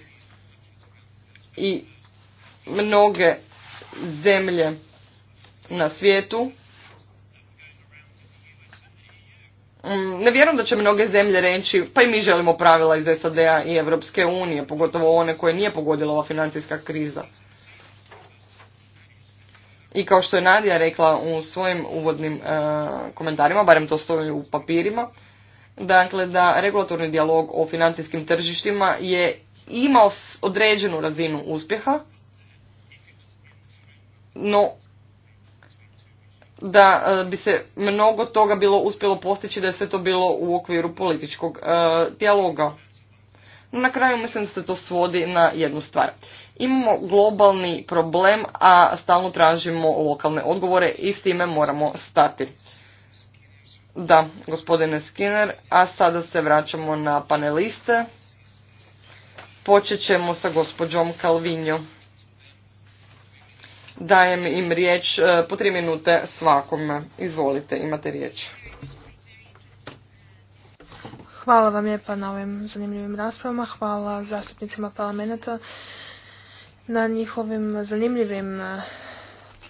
i mnoge zemlje na svijetu Mm, ne vjerujem da će mnoge zemlje reći pa i mi želimo pravila iz SAD-a i Europske unije, pogotovo one koje nije pogodila ova financijska kriza. I kao što je Nadija rekla u svojim uvodnim e, komentarima, barem to stoji u papirima, dakle da regulatorni dijalog o financijskim tržištima je imao određenu razinu uspjeha, no da e, bi se mnogo toga bilo uspjelo postići da je sve to bilo u okviru političkog e, dijaloga. Na kraju mislim da se to svodi na jednu stvar. Imamo globalni problem, a stalno tražimo lokalne odgovore i s time moramo stati. Da, gospodine Skinner, a sada se vraćamo na paneliste. Počet ćemo sa gospođom Kalvinjo. Dajem im riječ e, po tri minute svakome. Izvolite, imate riječ. Hvala vam lijepa na ovim zanimljivim raspravama. Hvala zastupnicima parlamenta na njihovim zanimljivim e,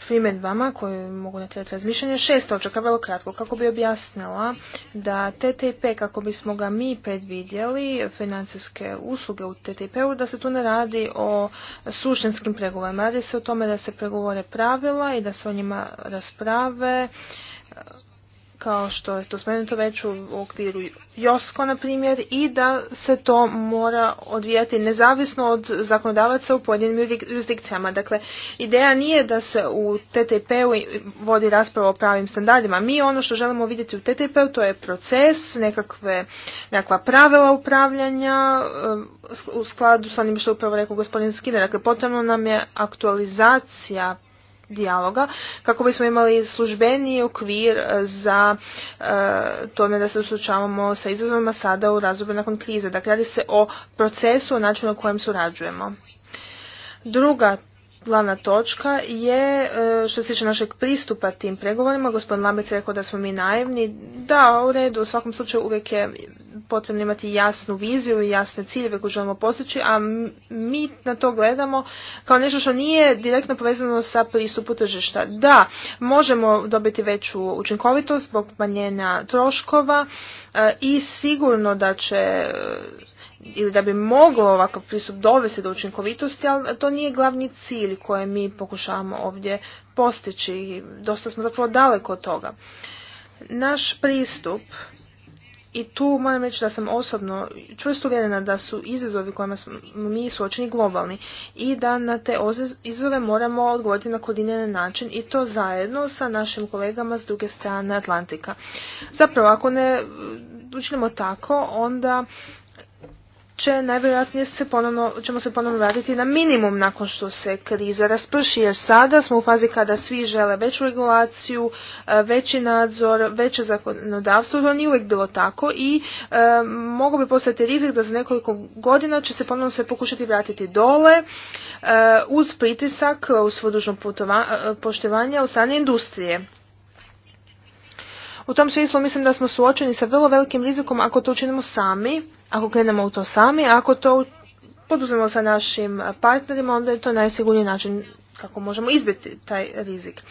primjedbama koje mogu natjerati razmišljanje. Šest točaka, vrlo kratko, kako bi objasnila da TTP, kako bismo ga mi predvidjeli, financijske usluge u TTIP-u, da se tu ne radi o suštinskim pregovorima. Radi se o tome da se pregovore pravila i da se o njima rasprave kao što je to spomenuto već u okviru Josko, na primjer, i da se to mora odvijati nezavisno od zakonodavaca u pojedinim jurisdikcijama. Dakle, ideja nije da se u TTP-u vodi rasprava o pravim standardima. Mi ono što želimo vidjeti u TTP-u to je proces, nekakve, nekakva pravila upravljanja eh, u skladu sa onim što upravo rekao gospodin Skine. Dakle, potrebno nam je aktualizacija dijaloga kako bismo imali službeniji okvir e, za e, tome da se suočavamo sa izazovima sada u razdoblju nakon krize. Dakle, radi se o procesu, o načinu na kojem surađujemo. Druga glavna točka je e, što se tiče našeg pristupa tim pregovorima. Gospodin Lamec je rekao da smo mi naivni. Da, u redu, u svakom slučaju uvijek je potrebno imati jasnu viziju i jasne ciljeve koje želimo postići, a mi na to gledamo kao nešto što nije direktno povezano sa pristupu tržišta. Da, možemo dobiti veću učinkovitost zbog manjenja troškova e, i sigurno da će ili da bi moglo ovakav pristup dovesti do učinkovitosti, ali to nije glavni cilj koje mi pokušavamo ovdje postići. Dosta smo zapravo daleko od toga. Naš pristup i tu moram reći da sam osobno čvrsto uvjerena da su izazovi kojima smo mi suočeni globalni i da na te izazove moramo odgovoriti na koordinirani način i to zajedno sa našim kolegama s druge strane Atlantika. Zapravo, ako ne učinimo tako, onda će najvjerojatnije se ponovno, ćemo se ponovno vratiti na minimum nakon što se kriza rasprši, jer sada smo u fazi kada svi žele veću regulaciju, e, veći nadzor, veće zakonodavstvo, to nije uvijek bilo tako i e, bi postati rizik da za nekoliko godina će se ponovno se pokušati vratiti dole e, uz pritisak, uz svodužno e, poštovanje od strane industrije. U tom smislu mislim da smo suočeni sa vrlo velikim rizikom ako to učinimo sami, ako krenemo u to sami, ako to poduzmemo sa našim partnerima, onda je to najsigurniji način kako možemo izbiti taj rizik.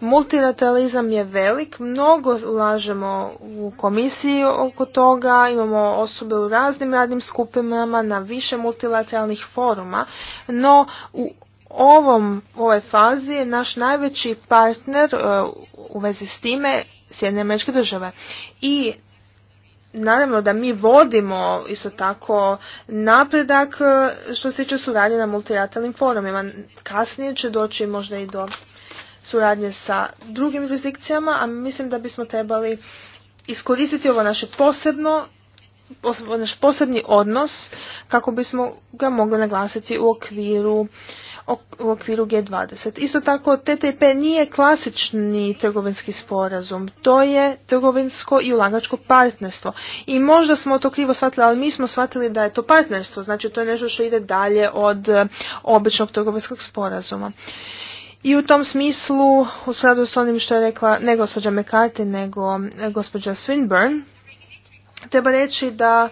Multilateralizam je velik, mnogo ulažemo u komisiji oko toga, imamo osobe u raznim radnim skupinama na više multilateralnih foruma, no u ovom, ovoj fazi naš najveći partner e, u vezi s time SAD. američke I naravno da mi vodimo isto tako napredak e, što se tiče suradnje na multilateralnim forumima. Kasnije će doći možda i do suradnje sa drugim jurisdikcijama, a mislim da bismo trebali iskoristiti ovo naše posebno naš posebni odnos kako bismo ga mogli naglasiti u okviru u okviru G20. Isto tako TTP nije klasični trgovinski sporazum, to je trgovinsko i ulagačko partnerstvo. I možda smo to krivo shvatili, ali mi smo shvatili da je to partnerstvo, znači to je nešto što ide dalje od eh, običnog trgovinskog sporazuma. I u tom smislu, u skladu s onim što je rekla ne gospođa McCarthy, nego eh, gospođa Swinburne, treba reći da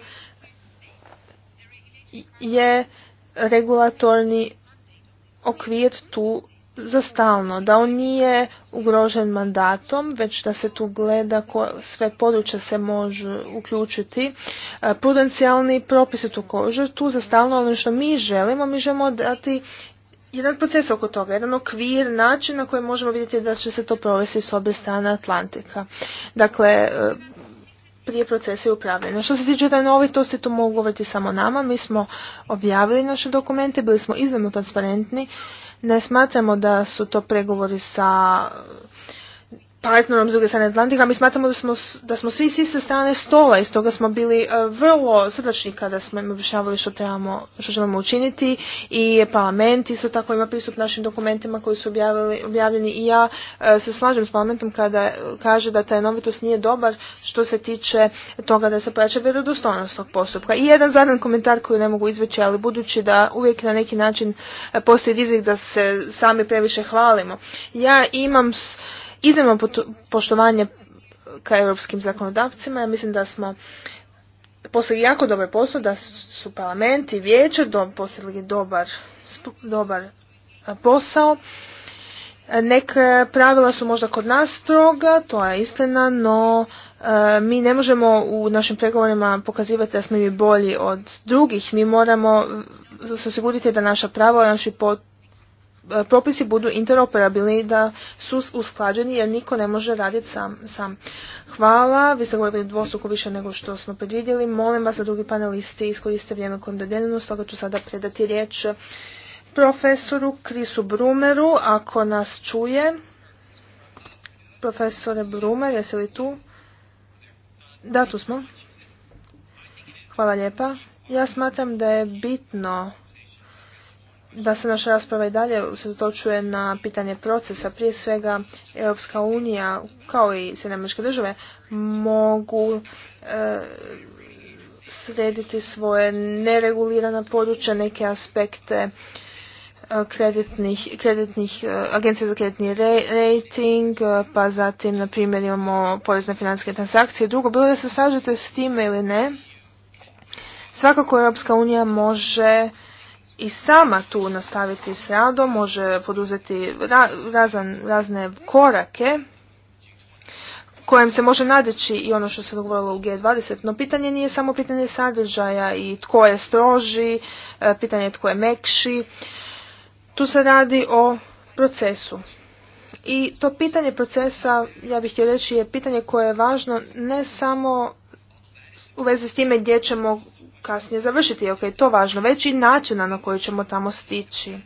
je regulatorni okvir tu za stalno, da on nije ugrožen mandatom, već da se tu gleda ko, sve područja se može uključiti. E, prudencijalni propisi tu tu za stalno ono što mi želimo, mi želimo dati jedan proces oko toga, jedan okvir, način na koji možemo vidjeti da će se to provesti s obje strane Atlantika. Dakle, e, prije procesa upravljanja. Što se tiče tajnovitosti, to mogu govoriti samo nama. Mi smo objavili naše dokumente, bili smo iznimno transparentni. Ne smatramo da su to pregovori sa partnerom s druge strane Atlantika, mi smatramo da smo, da smo svi s iste strane stola i stoga smo bili e, vrlo srdačni kada smo im objašnjavali što, trebamo, što želimo učiniti i parlament isto tako ima pristup našim dokumentima koji su objavljeni i ja e, se slažem s parlamentom kada kaže da taj novitost nije dobar što se tiče toga da se pojača vjerodostojnost tog postupka. I jedan zadan komentar koji ne mogu izveći, ali budući da uvijek na neki način e, postoji rizik da se sami previše hvalimo. Ja imam s, iznimno poštovanje ka europskim zakonodavcima. Ja mislim da smo poslali jako dobar posao, da su parlament i vijeće poslali dobar, dobar posao. E, neka pravila su možda kod nas stroga, to je istina, no e, mi ne možemo u našim pregovorima pokazivati da smo mi bolji od drugih. Mi moramo se osigurati da naša prava, naši propisi budu interoperabilni, da su usklađeni jer niko ne može raditi sam. sam. Hvala, vi ste govorili dvostruko više nego što smo predvidjeli. Molim vas da drugi panelisti iskoriste vrijeme kojim dodeljeno, stoga ću sada predati riječ profesoru Krisu Brumeru, ako nas čuje. Profesore Brumer, jesi li tu? Da, tu smo. Hvala lijepa. Ja smatram da je bitno da se naša rasprava i dalje usredotočuje na pitanje procesa. Prije svega, Europska unija, kao i Sjedinamečke države, mogu e, srediti svoje neregulirana područja, neke aspekte e, kreditnih, kreditnih, e, agencije za kreditni rating, pa zatim, na primjer, imamo porezne financijske transakcije. Drugo, bilo da se slažete s time ili ne, svakako Europska unija može i sama tu nastaviti s radom, može poduzeti razan, razne korake kojem se može nadeći i ono što se dogodilo u G20, no pitanje nije samo pitanje sadržaja i tko je stroži, e, pitanje tko je mekši. Tu se radi o procesu. I to pitanje procesa, ja bih htio reći, je pitanje koje je važno ne samo u vezi s time gdje ćemo kasnije završiti, ok, to važno, već i načina na koji ćemo tamo stići.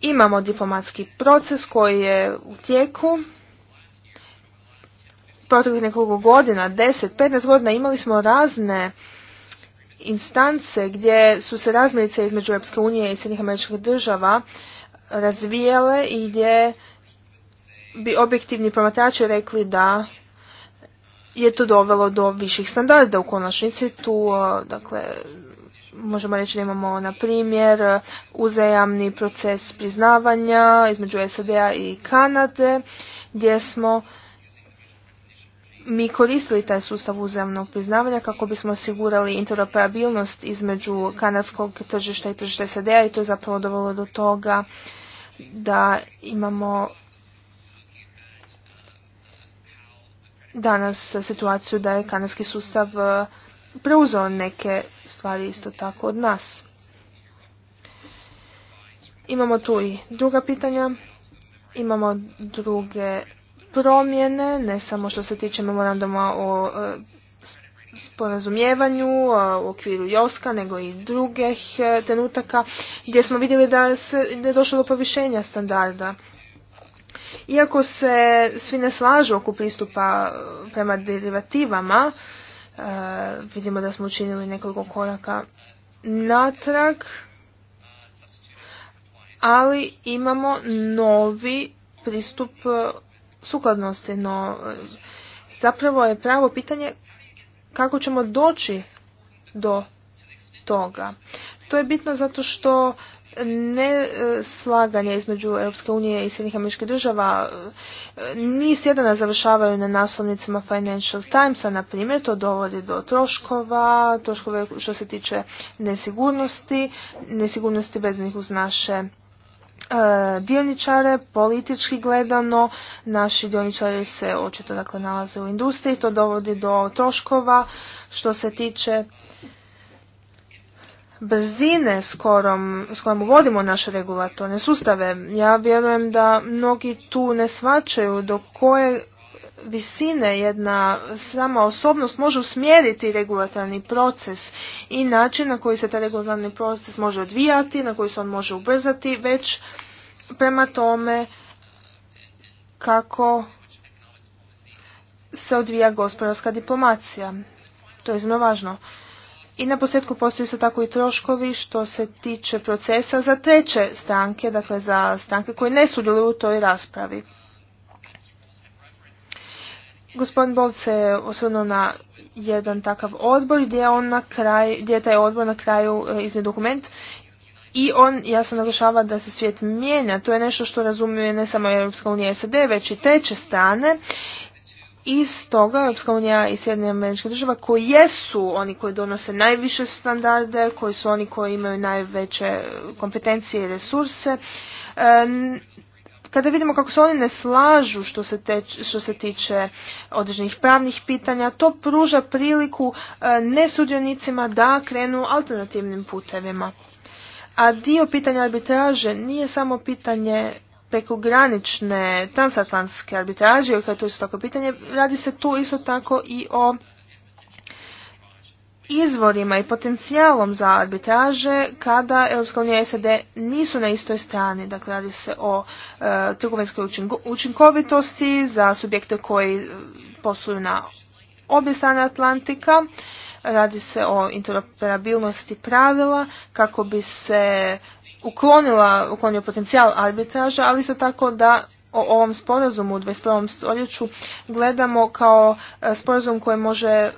Imamo diplomatski proces koji je u tijeku. Proteklih nekoliko godina, 10, 15 godina imali smo razne instance gdje su se razmirice između Europske unije i Sjednih američkih država razvijale i gdje bi objektivni promatrači rekli da je to dovelo do viših standarda u konačnici. Tu, uh, dakle, možemo reći da imamo, na primjer, uzajamni proces priznavanja između SAD-a i Kanade, gdje smo mi koristili taj sustav uzajamnog priznavanja kako bismo osigurali interoperabilnost između kanadskog tržišta i tržišta SAD-a i to je zapravo dovelo do toga da imamo danas situaciju da je kanadski sustav e, preuzeo neke stvari isto tako od nas. Imamo tu i druga pitanja, imamo druge promjene, ne samo što se tiče memoranduma o e, sporazumijevanju e, u okviru Joska, nego i drugih trenutaka gdje smo vidjeli da, se, da je došlo do povišenja standarda iako se svi ne slažu oko pristupa eh, prema derivativama, eh, vidimo da smo učinili nekoliko koraka natrag, ali imamo novi pristup eh, sukladnosti, no zapravo je pravo pitanje kako ćemo doći do toga. To je bitno zato što neslaganje između Europske unije i Srednjih američkih država e, niz jedana završavaju na naslovnicama Financial Timesa, na primjer, to dovodi do troškova, troškove što se tiče nesigurnosti, nesigurnosti vezanih uz naše e, dioničare, politički gledano, naši dioničari se očito dakle nalaze u industriji, to dovodi do troškova što se tiče brzine s kojom, s kojom uvodimo naše regulatorne sustave, ja vjerujem da mnogi tu ne svačaju do koje visine jedna sama osobnost može usmjeriti regulatorni proces i način na koji se taj regulatorni proces može odvijati, na koji se on može ubrzati, već prema tome kako se odvija gospodarska diplomacija. To je iznimno važno. I na posljedku postoji isto tako i troškovi što se tiče procesa za treće stranke, dakle za stranke koje ne sudjeluju u toj raspravi. Gospodin Bolt se osvrnuo na jedan takav odbor gdje, on na kraj, gdje je taj odbor na kraju e, izni dokument i on jasno naglašava da se svijet mijenja. To je nešto što razumije ne samo Europska unija SAD, već i treće strane i stoga Europska unija i Sjedinja američka država koji jesu oni koji donose najviše standarde, koji su oni koji imaju najveće kompetencije i resurse, kada vidimo kako se oni ne slažu što se, što se tiče određenih pravnih pitanja, to pruža priliku e, nesudionicima da krenu alternativnim putevima. A dio pitanja arbitraže nije samo pitanje prekogranične transatlantske arbitraže, jer je to isto tako pitanje, radi se tu isto tako i o izvorima i potencijalom za arbitraže kada EU i SAD nisu na istoj strani. Dakle, radi se o e, trgovinskoj učinkovitosti za subjekte koji e, posluju na obje strane Atlantika. Radi se o interoperabilnosti pravila kako bi se uklonila, uklonio potencijal arbitraža, ali isto tako da o ovom sporazumu u 21. stoljeću gledamo kao e, sporazum koji može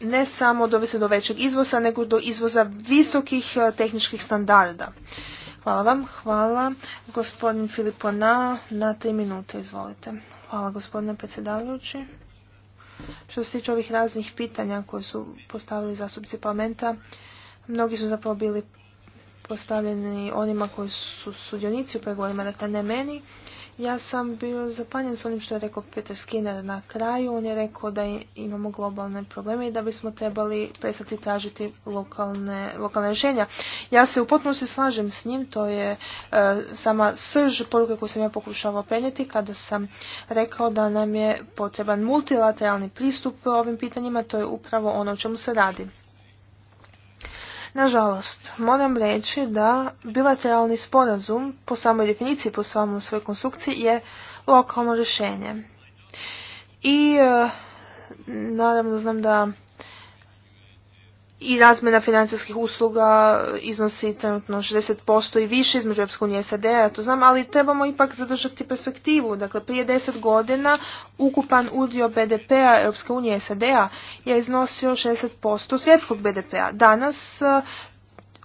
ne samo dovesti do većeg izvoza, nego do izvoza visokih e, tehničkih standarda. Hvala vam, hvala. Gospodin Filipona, na tri minute, izvolite. Hvala gospodine predsjedavajući. Što se tiče ovih raznih pitanja koje su postavili zastupci parlamenta, mnogi su zapravo bili postavljeni onima koji su sudionici u pregovorima, dakle ne meni. Ja sam bio zapanjen s onim što je rekao Peter Skinner na kraju. On je rekao da imamo globalne probleme i da bismo trebali prestati tražiti lokalne, lokalne rješenja. Ja se u potpunosti slažem s njim, to je e, sama srž poruke koju sam ja pokušavao prenijeti kada sam rekao da nam je potreban multilateralni pristup ovim pitanjima, to je upravo ono o čemu se radi. Nažalost, moram reći da bilateralni sporazum po samoj definiciji, po samom svojoj konstrukciji je lokalno rješenje. I e, naravno znam da i razmjena financijskih usluga iznosi trenutno 60% i više između EU unije i SAD-a, to znam, ali trebamo ipak zadržati perspektivu. Dakle, prije 10 godina ukupan udio BDP-a Europske unije i SAD-a je iznosio 60% svjetskog BDP-a. Danas eh,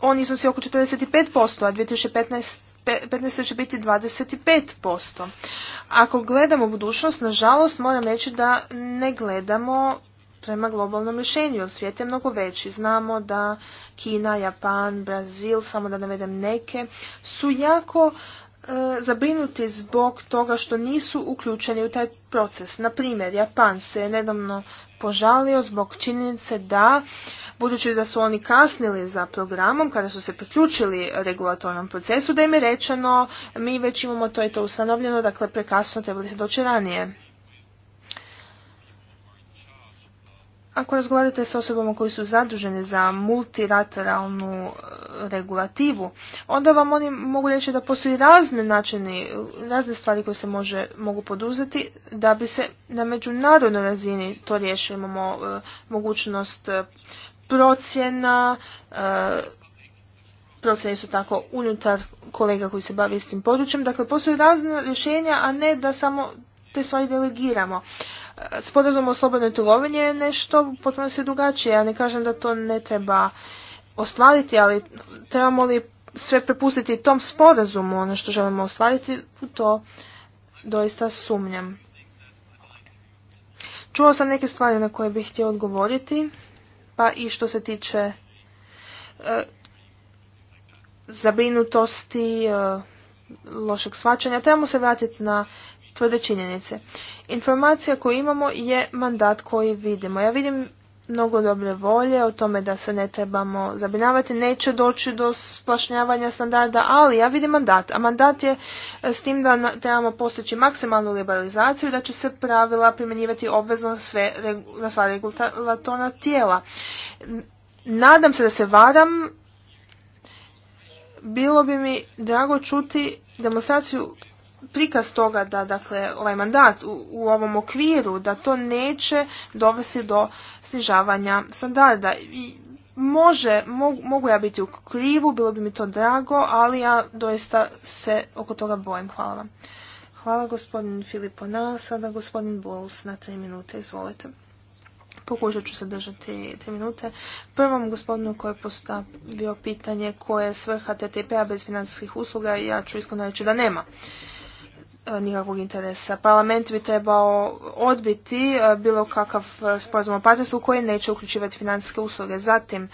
on iznosi oko 45%, a 2015 15 će biti 25%. Ako gledamo budućnost, nažalost moram reći da ne gledamo prema globalnom rješenju, jer svijet je mnogo veći. Znamo da Kina, Japan, Brazil, samo da navedem neke, su jako e, zabrinuti zbog toga što nisu uključeni u taj proces. Na Japan se je nedavno požalio zbog činjenice da budući da su oni kasnili za programom, kada su se priključili regulatornom procesu, da im je rečeno mi već imamo to i to ustanovljeno, dakle prekasno trebali se doći ranije. Ako razgovarate sa osobama koji su zadužene za multilateralnu e, regulativu, onda vam oni mogu reći da postoji razne načini, razne stvari koje se može, mogu poduzeti da bi se na međunarodnoj razini to riješilo. Imamo e, mogućnost e, procjena, e, procjene su tako unutar kolega koji se bavi tim područjem. Dakle, postoji razne rješenja, a ne da samo te stvari delegiramo sporazum o slobodnoj trgovini je nešto potpuno se drugačije. Ja ne kažem da to ne treba ostvariti, ali trebamo li sve prepustiti tom sporazumu, ono što želimo ostvariti, u to doista sumnjam. Čuo sam neke stvari na koje bih htio odgovoriti, pa i što se tiče e, zabrinutosti, e, lošeg svačanja. Trebamo se vratiti na tvrde činjenice. Informacija koju imamo je mandat koji vidimo. Ja vidim mnogo dobre volje o tome da se ne trebamo zabinavati, neće doći do splašnjavanja standarda, ali ja vidim mandat. A mandat je e, s tim da trebamo postići maksimalnu liberalizaciju i da će se pravila primjenjivati obvezno na, sve, na sva regulatorna tijela. Nadam se da se varam. Bilo bi mi drago čuti demonstraciju prikaz toga da dakle ovaj mandat u, ovom okviru da to neće dovesti do snižavanja standarda i može, mogu ja biti u krivu, bilo bi mi to drago, ali ja doista se oko toga bojim. Hvala vam. Hvala gospodin Filipona, sada gospodin Bols na tri minute, izvolite. Pokušat ću se držati tri minute. Prvom gospodinu koji je postavio pitanje koje je svrha ttp p-a bez financijskih usluga, ja ću iskreno reći da nema. E, nikakvog interesa. Parlament bi trebao odbiti e, bilo kakav e, sporazum o partnerstvu koji neće uključivati financijske usluge. Zatim,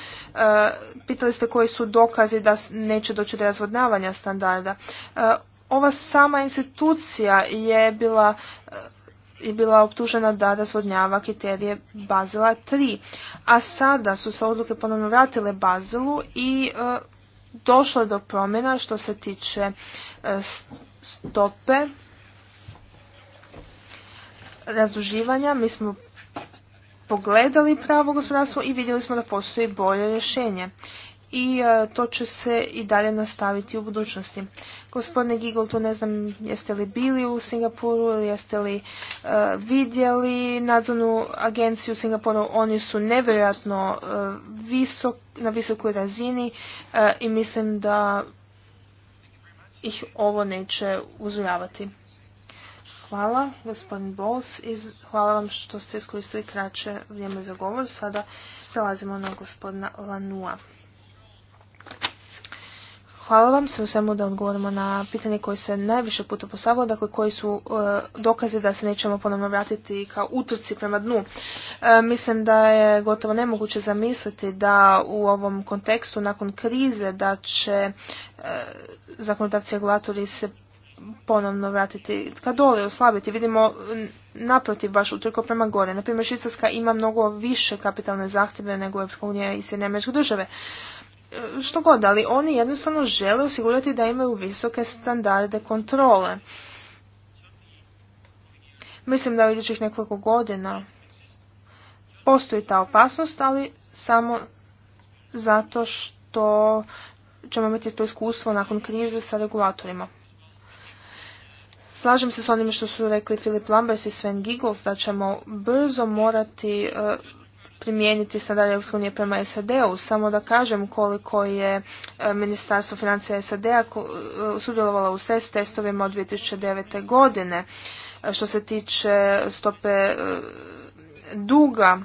pitali ste koji su dokazi da neće doći do razvodnavanja standarda. Ova sama institucija je bila i bila optužena da razvodnjava kriterije Bazila 3. A sada su se odluke ponovno vratile Bazelu i došlo do promjena što se tiče e, stope razduživanja. Mi smo pogledali pravo gospodarstvo i vidjeli smo da postoji bolje rješenje i e, to će se i dalje nastaviti u budućnosti. Gospodine Gigol, tu ne znam jeste li bili u Singapuru ili jeste li e, vidjeli nadzornu agenciju u Singapuru. Oni su nevjerojatno e, na visokoj razini i mislim da ih ovo neće uzoravati Hvala, gospodin Bols, i hvala vam što ste iskoristili kraće vrijeme za govor. Sada prelazimo na gospodina Lanua. Hvala vam se u svemu da odgovorimo na pitanje koje se najviše puta postavilo, dakle koji su e, dokazi dokaze da se nećemo ponovno vratiti kao utrci prema dnu. E, mislim da je gotovo nemoguće zamisliti da u ovom kontekstu nakon krize da će e, zakonodavci regulatori se ponovno vratiti ka dole, oslabiti. Vidimo naprotiv baš utrko prema gore. Naprimjer, Švicarska ima mnogo više kapitalne zahtjeve nego EU i Sjedinjene države što god, ali oni jednostavno žele osigurati da imaju visoke standarde kontrole. Mislim da u idućih nekoliko godina postoji ta opasnost, ali samo zato što ćemo imati to iskustvo nakon krize sa regulatorima. Slažem se s onim što su rekli Filip Lambers i Sven Giggles da ćemo brzo morati e, primijeniti standard Europske prema SAD-u. Samo da kažem koliko je e, Ministarstvo financija SAD-a e, sudjelovalo u SES e testovima od 2009. godine. Što se tiče stope duga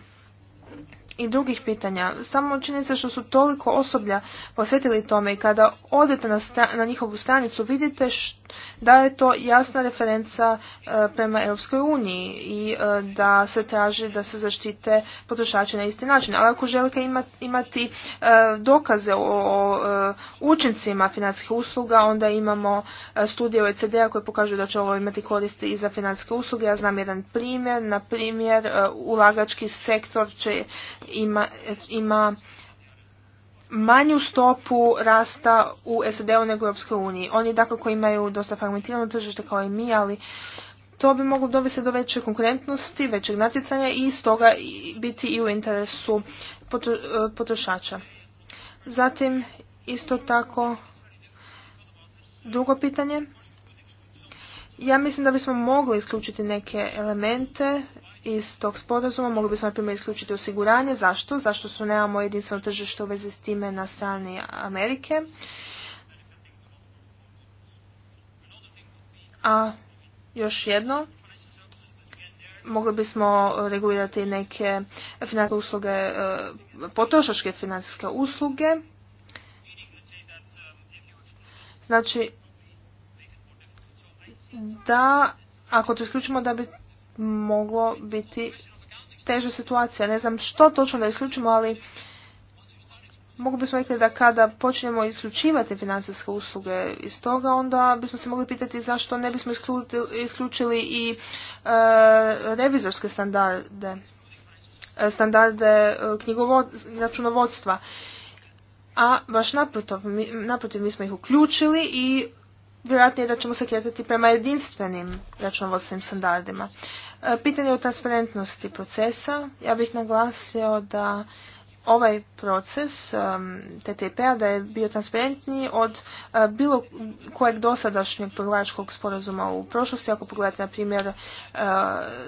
i drugih pitanja. Samo činjenica što su toliko osoblja posvetili tome i kada odete na, na njihovu stranicu vidite što da je to jasna referenca e, prema Europskoj uniji i e, da se traži da se zaštite potrošači na isti način. Ali ako želite imati e, dokaze o učincima financijskih usluga, onda imamo studije OECD-a koje pokažu da će ovo imati koristi i za financijske usluge. Ja znam jedan primjer, na primjer ulagački sektor će ima manju stopu rasta u SAD-u nego u Europskoj uniji. Oni dakako imaju dosta fragmentirano tržište kao i mi, ali to bi moglo dovesti do veće konkurentnosti, većeg natjecanja i stoga biti i u interesu e, potrošača. Zatim, isto tako, drugo pitanje. Ja mislim da bismo mogli isključiti neke elemente iz tog sporazuma. Mogli bismo, na primjer, isključiti osiguranje. Zašto? Zašto su nemamo jedinstveno tržište u vezi s time na strani Amerike. A još jedno, mogli bismo regulirati neke usluge, e, potrošačke financijske usluge. Znači, da, ako to isključimo, da bi moglo biti teža situacija. Ne znam što točno da isključimo, ali mogli bismo rekli da kada počnemo isključivati financijske usluge iz toga, onda bismo se mogli pitati zašto ne bismo isključili i e, revizorske standarde, e, standarde e, računovodstva. A baš naprotiv, naprotiv mi smo ih uključili i vjerojatno je da ćemo se kretati prema jedinstvenim računovodstvenim standardima. E, pitanje o transparentnosti procesa. Ja bih naglasio da ovaj proces ttp a da je bio transparentniji od eh, bilo kojeg dosadašnjeg pregovaračkog sporazuma u prošlosti. Ako pogledate, na primjer, eh,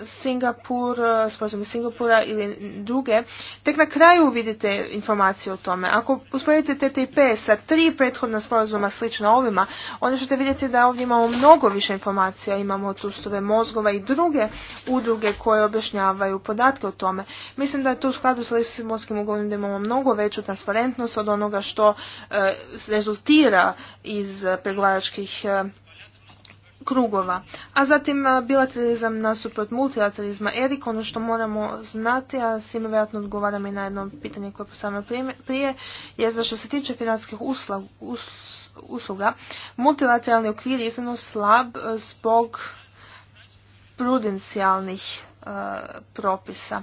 Singapur, eh, sporazum Singapura ili druge, tek na kraju vidite informaciju o tome. Ako usporedite TTP sa tri prethodna sporazuma slična ovima, onda ćete vidjeti da ovdje imamo mnogo više informacija. Imamo tustove mozgova i druge udruge koje objašnjavaju podatke o tome. Mislim da je to u skladu sa Lisabonskim ugovorom da imamo mnogo veću transparentnost od onoga što e, rezultira iz pregovaračkih e, krugova. A zatim e, bilateralizam nasuprot multilateralizma. Erik, ono što moramo znati, a s vjerojatno odgovaram i na jedno pitanje koje postavljamo prije, je da što se tiče financijskih usluga, multilateralni okvir je iznimno slab zbog prudencijalnih propisa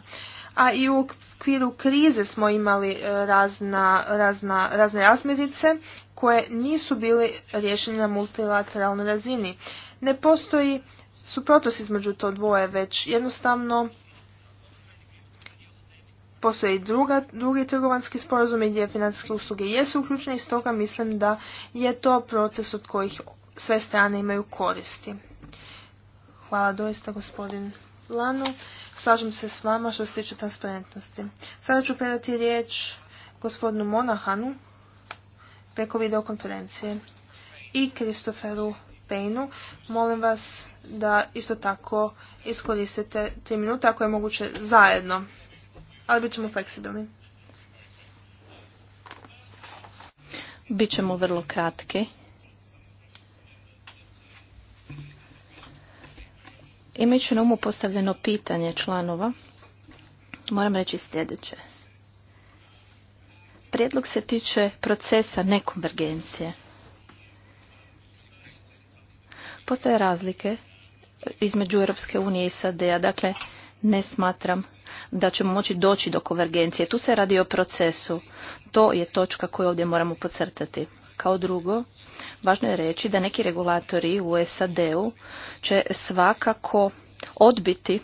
a i u okviru krize smo imali e, razna, razna, razne razmirice koje nisu bili riješene na multilateralnoj razini. Ne postoji suprotnost između to dvoje, već jednostavno postoje i drugi trgovanski sporazumi gdje financijske usluge jesu uključene i stoga mislim da je to proces od kojih sve strane imaju koristi. Hvala doista gospodin Lano. Slažem se s vama što se tiče transparentnosti. Sada ću predati riječ gospodinu Monahanu preko videokonferencije i Kristoferu Paynu. Molim vas da isto tako iskoristite tri minuta ako je moguće zajedno, ali bit ćemo fleksibilni. Bit ćemo vrlo kratki Imajući na umu postavljeno pitanje članova, moram reći sljedeće. Prijedlog se tiče procesa nekonvergencije. Postoje razlike između Europske unije i SAD-a, dakle ne smatram da ćemo moći doći do konvergencije. Tu se radi o procesu. To je točka koju ovdje moramo pocrtati. Kao drugo, važno je reći da neki regulatori u SAD-u će svakako odbiti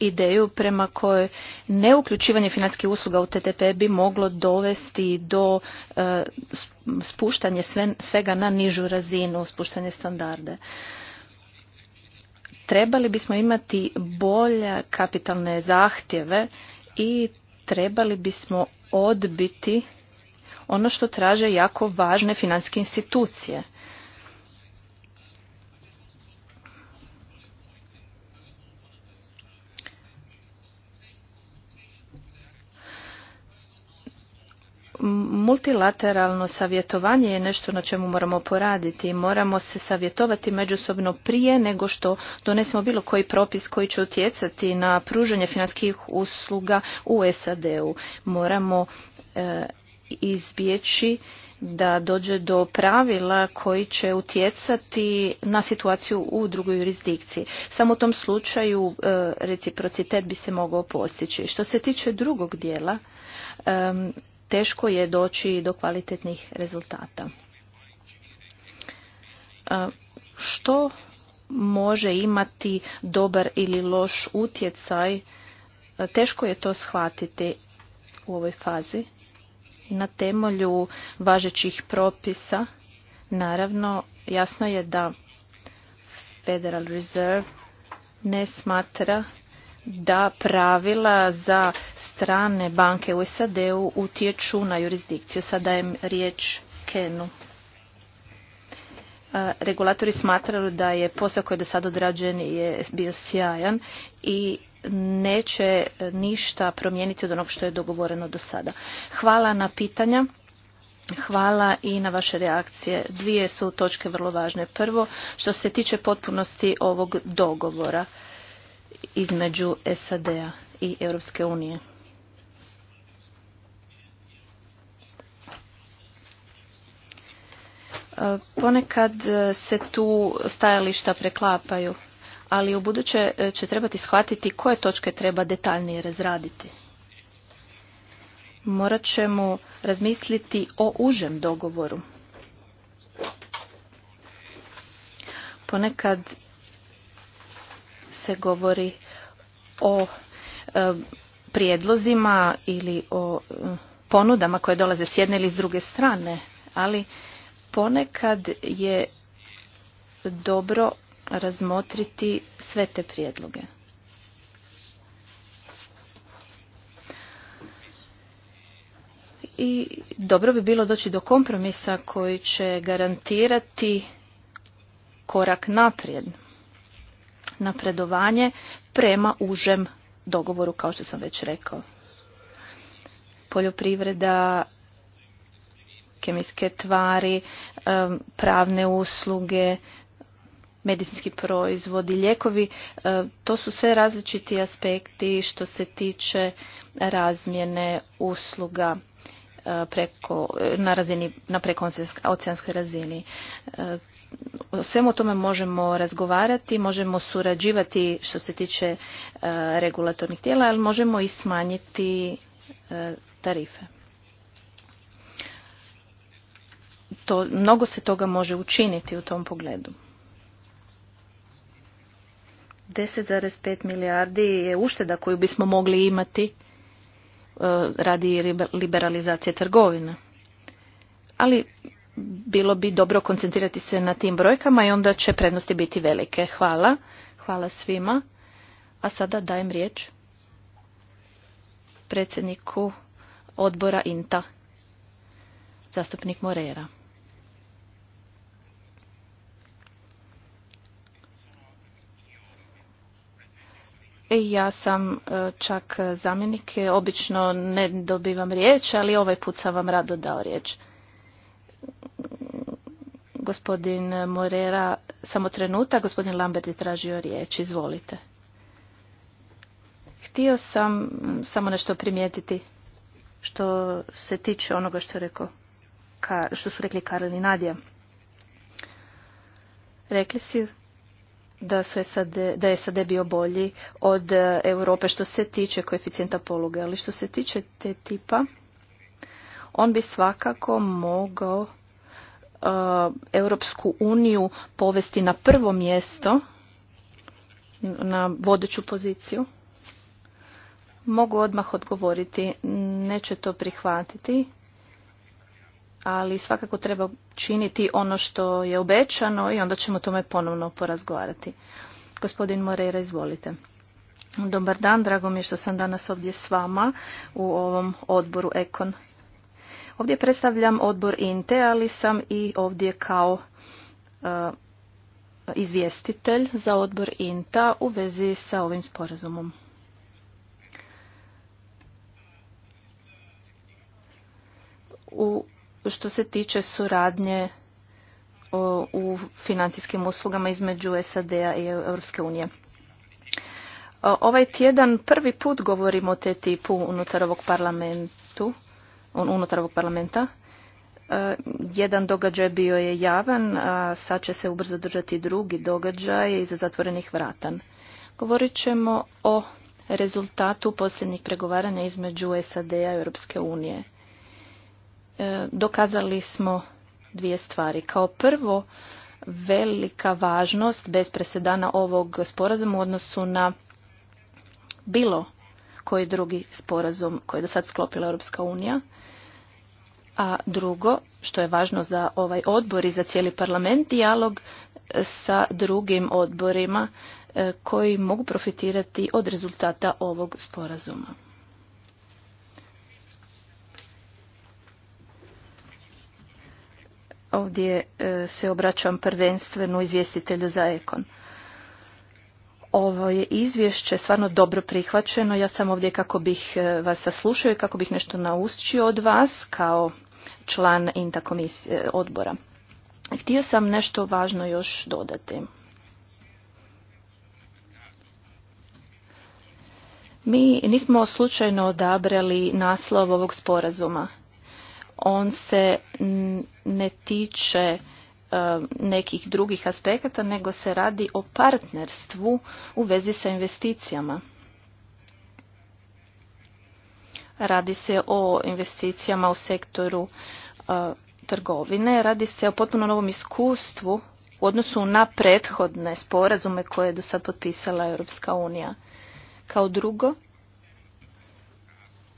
ideju prema kojoj neuključivanje financijskih usluga u TTP bi moglo dovesti do e, spuštanje svega na nižu razinu, spuštanje standarde. Trebali bismo imati bolje kapitalne zahtjeve i trebali bismo odbiti ono što traže jako važne financijske institucije. multilateralno savjetovanje je nešto na čemu moramo poraditi. Moramo se savjetovati međusobno prije nego što donesemo bilo koji propis koji će utjecati na pružanje finanskih usluga u SAD-u. Moramo e, izbjeći da dođe do pravila koji će utjecati na situaciju u drugoj jurisdikciji. Samo u tom slučaju e, reciprocitet bi se mogao postići. Što se tiče drugog dijela, e, teško je doći do kvalitetnih rezultata. E, što može imati dobar ili loš utjecaj, teško je to shvatiti u ovoj fazi na temelju važećih propisa naravno jasno je da Federal Reserve ne smatra da pravila za strane banke u SAD-u utječu na jurisdikciju. Sada je riječ Kenu. E, regulatori smatraju da je posao koji je do sada odrađen je bio sjajan i neće ništa promijeniti od onog što je dogovoreno do sada. Hvala na pitanja. Hvala i na vaše reakcije. Dvije su točke vrlo važne. Prvo, što se tiče potpunosti ovog dogovora između SAD-a i Europske unije. Ponekad se tu stajališta preklapaju ali u buduće e, će trebati shvatiti koje točke treba detaljnije razraditi. Morat ćemo razmisliti o užem dogovoru. Ponekad se govori o e, prijedlozima ili o e, ponudama koje dolaze s jedne ili s druge strane, ali ponekad je dobro razmotriti sve te prijedloge. I dobro bi bilo doći do kompromisa koji će garantirati korak naprijed, napredovanje prema užem dogovoru, kao što sam već rekao. Poljoprivreda, kemijske tvari, pravne usluge, medicinski proizvodi, lijekovi, e, to su sve različiti aspekti što se tiče razmjene usluga e, preko, na, razini, na razini. E, o svemu tome možemo razgovarati, možemo surađivati što se tiče regulatornih tijela, ali možemo i smanjiti tarife. To, mnogo se toga može učiniti u tom pogledu. 10,5 milijardi je ušteda koju bismo mogli imati e, radi liberalizacije trgovine. Ali bilo bi dobro koncentrirati se na tim brojkama i onda će prednosti biti velike. Hvala. Hvala svima. A sada dajem riječ predsjedniku odbora INTA, zastupnik Morera. E, ja sam e, čak zamjenik, e, obično ne dobivam riječ, ali ovaj put sam vam rado dao riječ. Gospodin Morera, samo trenutak, gospodin Lambert je tražio riječ, izvolite. Htio sam samo nešto primijetiti što se tiče onoga što, je rekao, što su rekli Karel i Nadija. Rekli si da, SAD, da je SAD bio bolji od e, Europe što se tiče koeficijenta poluge, ali što se tiče te tipa, on bi svakako mogao uh, Europsku uniju povesti na prvo mjesto, na vodeću poziciju. Mogu odmah odgovoriti, neće to prihvatiti ali svakako treba činiti ono što je obećano i onda ćemo o tome ponovno porazgovarati. Gospodin Moreira, izvolite. Dobar dan, drago mi je što sam danas ovdje s vama u ovom odboru Ekon. Ovdje predstavljam odbor INTE, ali sam i ovdje kao e, izvjestitelj za odbor INTA u vezi sa ovim sporazumom. U što se tiče suradnje u financijskim uslugama između SAD-a i Europske unije. Ovaj tjedan prvi put govorimo o te tipu unutar ovog parlamentu, unutar ovog parlamenta. E, jedan događaj bio je javan, a sad će se ubrzo držati drugi događaj iza zatvorenih vratan. Govorit ćemo o rezultatu posljednjih pregovaranja između SAD-a i Europske unije. E, dokazali smo dvije stvari. Kao prvo, velika važnost bez presedana ovog sporazuma u odnosu na bilo koji drugi sporazum koji je do sad sklopila Europska unija. A drugo, što je važno za ovaj odbor i za cijeli parlament, dijalog sa drugim odborima e, koji mogu profitirati od rezultata ovog sporazuma. Ovdje e, se obraćam prvenstveno izvjestitelju za ekon. Ovo je izvješće stvarno dobro prihvaćeno. Ja sam ovdje kako bih e, vas saslušao i kako bih nešto naučio od vas kao član INTA komisije, odbora. Htio sam nešto važno još dodati. Mi nismo slučajno odabrali naslov ovog sporazuma on se ne tiče e, nekih drugih aspekata, nego se radi o partnerstvu u vezi sa investicijama. Radi se o investicijama u sektoru e, trgovine, radi se o potpuno novom iskustvu u odnosu na prethodne sporazume koje je do sad potpisala Europska unija. Kao drugo,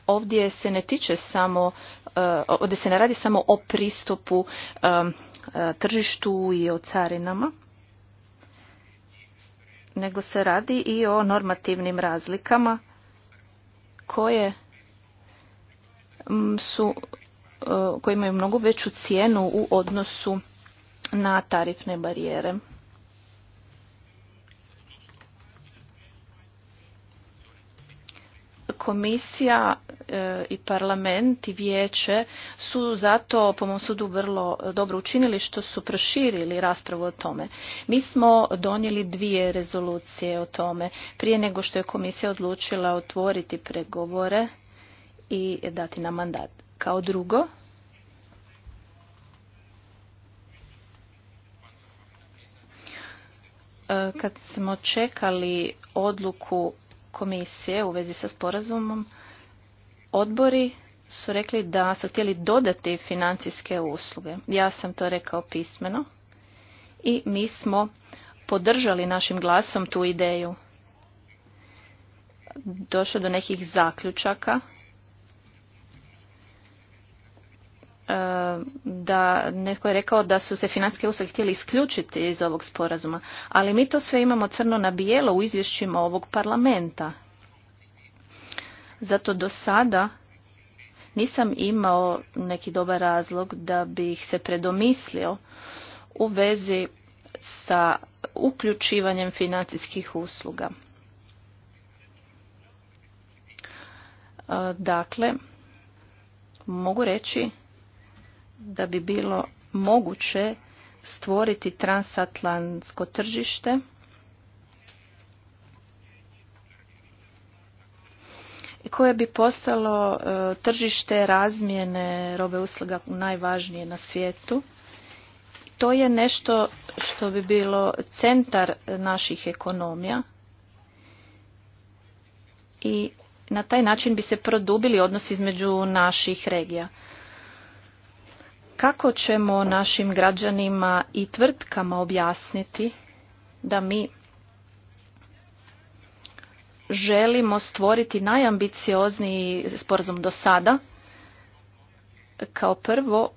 ovdje se ne tiče samo, eh, ovdje se ne radi samo o pristupu eh, tržištu i o carinama, nego se radi i o normativnim razlikama koje mm, su eh, koje imaju mnogo veću cijenu u odnosu na tarifne barijere. Komisija e, i parlament i vijeće su zato po mom sudu vrlo dobro učinili što su proširili raspravu o tome. Mi smo donijeli dvije rezolucije o tome prije nego što je komisija odlučila otvoriti pregovore i dati nam mandat. Kao drugo, e, kad smo čekali odluku komisije u vezi sa sporazumom, odbori su rekli da su htjeli dodati financijske usluge. Ja sam to rekao pismeno i mi smo podržali našim glasom tu ideju. Došlo do nekih zaključaka E, da netko je rekao da su se financijske usluge htjeli isključiti iz ovog sporazuma, ali mi to sve imamo crno na bijelo u izvješćima ovog parlamenta. Zato do sada nisam imao neki dobar razlog da bih se predomislio u vezi sa uključivanjem financijskih usluga. E, dakle, mogu reći da bi bilo moguće stvoriti transatlantsko tržište koje bi postalo e, tržište razmjene robe usluga najvažnije na svijetu. To je nešto što bi bilo centar naših ekonomija i na taj način bi se produbili odnos između naših regija. Kako ćemo našim građanima i tvrtkama objasniti da mi želimo stvoriti najambiciozniji sporazum do sada? Kao prvo,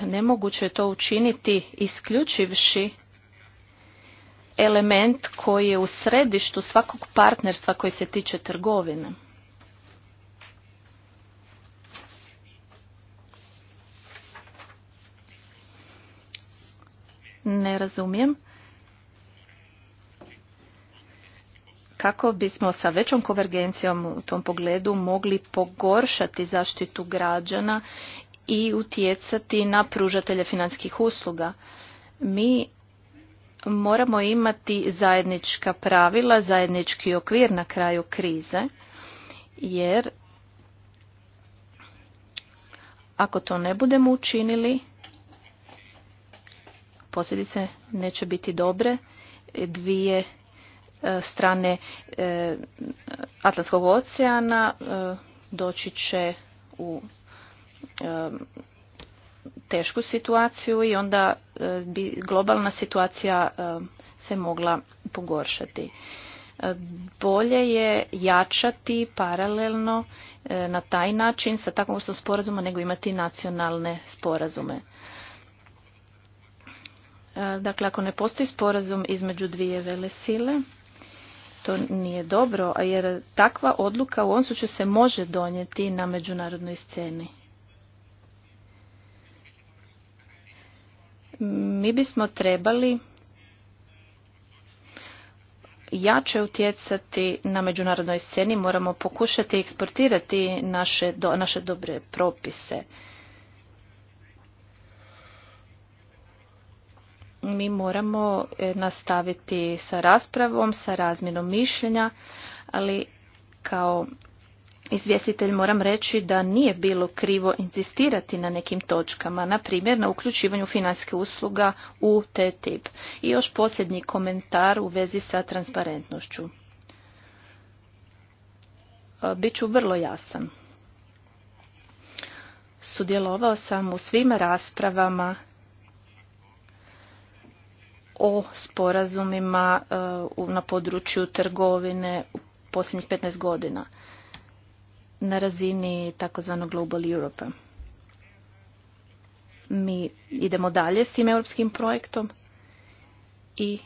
nemoguće je to učiniti isključivši element koji je u središtu svakog partnerstva koji se tiče trgovine. ne razumijem kako bismo sa većom konvergencijom u tom pogledu mogli pogoršati zaštitu građana i utjecati na pružatelje financijskih usluga. Mi moramo imati zajednička pravila, zajednički okvir na kraju krize, jer ako to ne budemo učinili, posljedice neće biti dobre. Dvije e, strane e, Atlantskog oceana e, doći će u tešku situaciju i onda bi globalna situacija se mogla pogoršati. Bolje je jačati paralelno na taj način sa takvom vrstom sporazuma nego imati nacionalne sporazume. E, dakle, ako ne postoji sporazum između dvije sile, to nije dobro, jer takva odluka u ovom slučaju se može donijeti na međunarodnoj sceni. Mi bismo trebali jače utjecati na međunarodnoj sceni, moramo pokušati eksportirati naše, naše dobre propise. mi moramo e, nastaviti sa raspravom, sa razmjenom mišljenja, ali kao izvjestitelj moram reći da nije bilo krivo inzistirati na nekim točkama, na primjer na uključivanju financijskih usluga u TTIP. I još posljednji komentar u vezi sa transparentnošću. E, Biću vrlo jasan. Sudjelovao sam u svim raspravama o sporazumima e, na području trgovine u posljednjih 15 godina na razini takozvanog Global Europe. Mi idemo dalje s tim europskim projektom i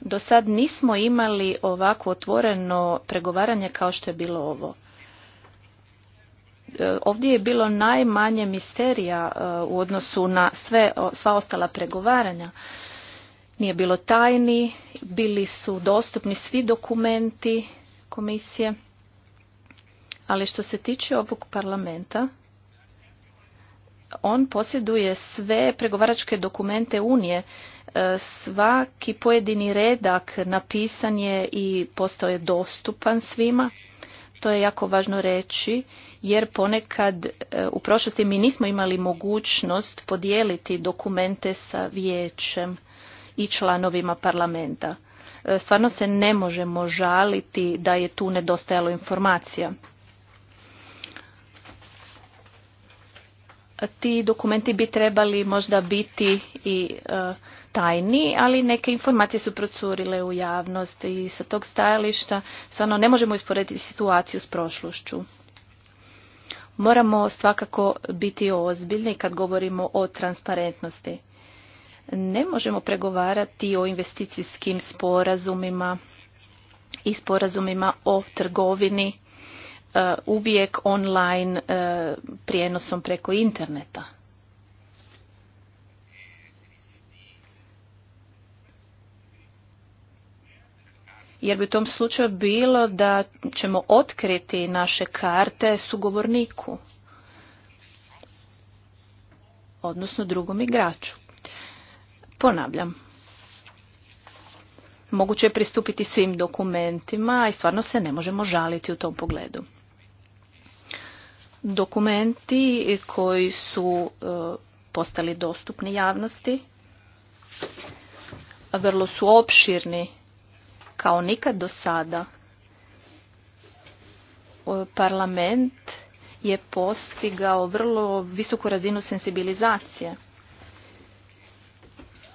do sad nismo imali ovako otvoreno pregovaranje kao što je bilo ovo. E, ovdje je bilo najmanje misterija e, u odnosu na sva ostala pregovaranja nije bilo tajni, bili su dostupni svi dokumenti komisije. Ali što se tiče ovog parlamenta, on posjeduje sve pregovaračke dokumente Unije. E, svaki pojedini redak napisan je i postao je dostupan svima. To je jako važno reći jer ponekad e, u prošlosti mi nismo imali mogućnost podijeliti dokumente sa vijećem i članovima parlamenta. E, stvarno se ne možemo žaliti da je tu nedostajalo informacija. Ti dokumenti bi trebali možda biti i e, tajni, ali neke informacije su procurile u javnost i sa tog stajališta stvarno ne možemo usporediti situaciju s prošlošću. Moramo svakako biti ozbiljni kad govorimo o transparentnosti ne možemo pregovarati o investicijskim sporazumima i sporazumima o trgovini e, uvijek online e, prijenosom preko interneta. jer bi u tom slučaju bilo da ćemo otkriti naše karte sugovorniku, odnosno drugom igraču. Ponavljam, moguće je pristupiti svim dokumentima i stvarno se ne možemo žaliti u tom pogledu. Dokumenti koji su e, postali dostupni javnosti vrlo su opširni kao nikad do sada. E, parlament je postigao vrlo visoku razinu sensibilizacije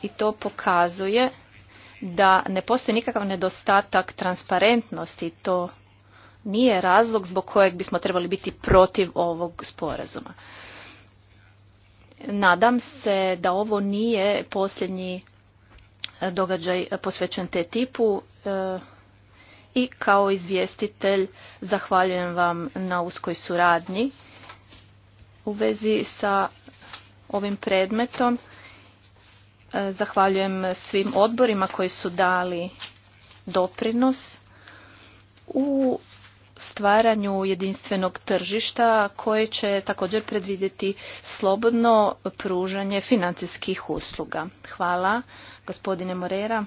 i to pokazuje da ne postoji nikakav nedostatak transparentnosti. To nije razlog zbog kojeg bismo trebali biti protiv ovog sporazuma. Nadam se da ovo nije posljednji e, događaj posvećen te tipu e, i kao izvjestitelj zahvaljujem vam na uskoj suradnji u vezi sa ovim predmetom Zahvaljujem svim odborima koji su dali doprinos u stvaranju jedinstvenog tržišta koje će također predvidjeti slobodno pružanje financijskih usluga. Hvala gospodine Morera.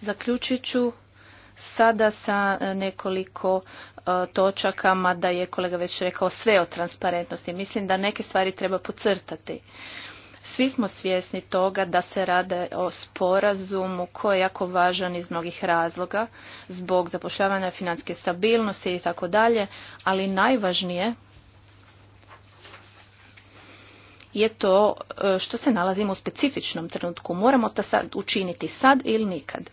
Zaključit ću sada sa nekoliko e, točaka, mada je kolega već rekao sve o transparentnosti. Mislim da neke stvari treba pocrtati. Svi smo svjesni toga da se rade o sporazumu koji je jako važan iz mnogih razloga, zbog zapošljavanja financijske stabilnosti i tako dalje, ali najvažnije je to e, što se nalazimo u specifičnom trenutku. Moramo to sad učiniti sad ili nikad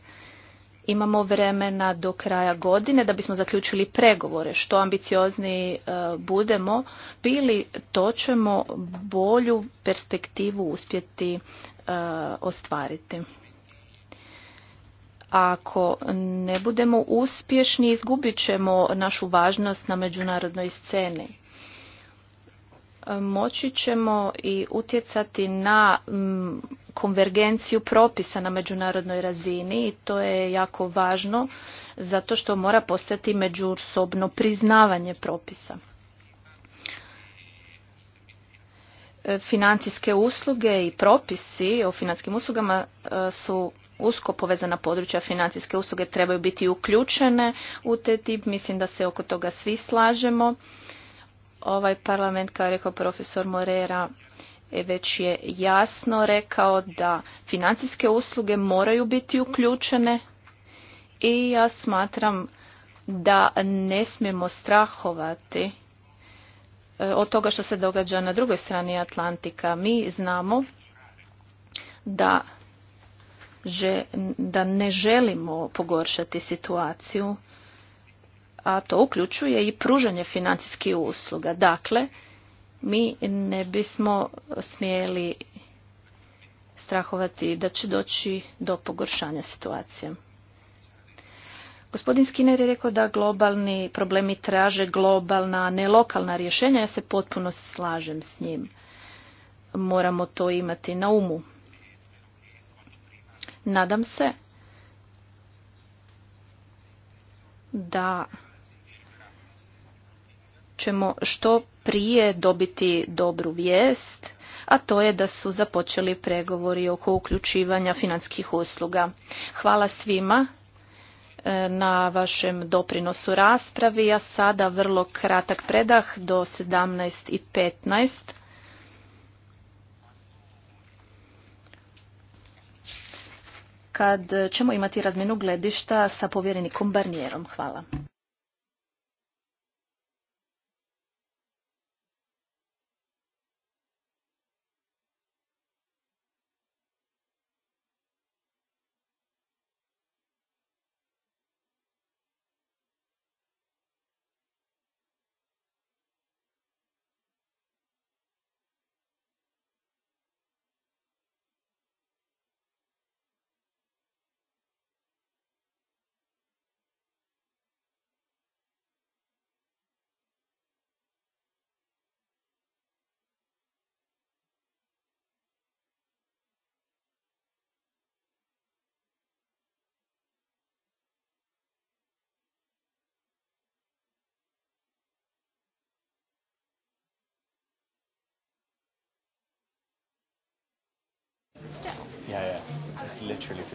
imamo vremena do kraja godine da bismo zaključili pregovore. Što ambiciozniji e, budemo bili, to ćemo bolju perspektivu uspjeti e, ostvariti. Ako ne budemo uspješni, izgubit ćemo našu važnost na međunarodnoj sceni moći ćemo i utjecati na mm, konvergenciju propisa na međunarodnoj razini i to je jako važno zato što mora postati međusobno priznavanje propisa. E, financijske usluge i propisi o financijskim uslugama e, su usko povezana područja financijske usluge trebaju biti uključene u te tip. Mislim da se oko toga svi slažemo Ovaj parlament, kao je rekao profesor Morera, već je jasno rekao da financijske usluge moraju biti uključene i ja smatram da ne smijemo strahovati e, od toga što se događa na drugoj strani Atlantika. Mi znamo da, da ne želimo pogoršati situaciju a to uključuje i pružanje financijskih usluga. Dakle, mi ne bismo smjeli strahovati da će doći do pogoršanja situacije. Gospodin Skinner je rekao da globalni problemi traže globalna, ne lokalna rješenja. Ja se potpuno slažem s njim. Moramo to imati na umu. Nadam se da ćemo što prije dobiti dobru vijest, a to je da su započeli pregovori oko uključivanja financijskih usluga. Hvala svima e, na vašem doprinosu raspravi, a sada vrlo kratak predah do 17.15. kad ćemo imati razmjenu gledišta sa povjerenikom Barnijerom. Hvala. literally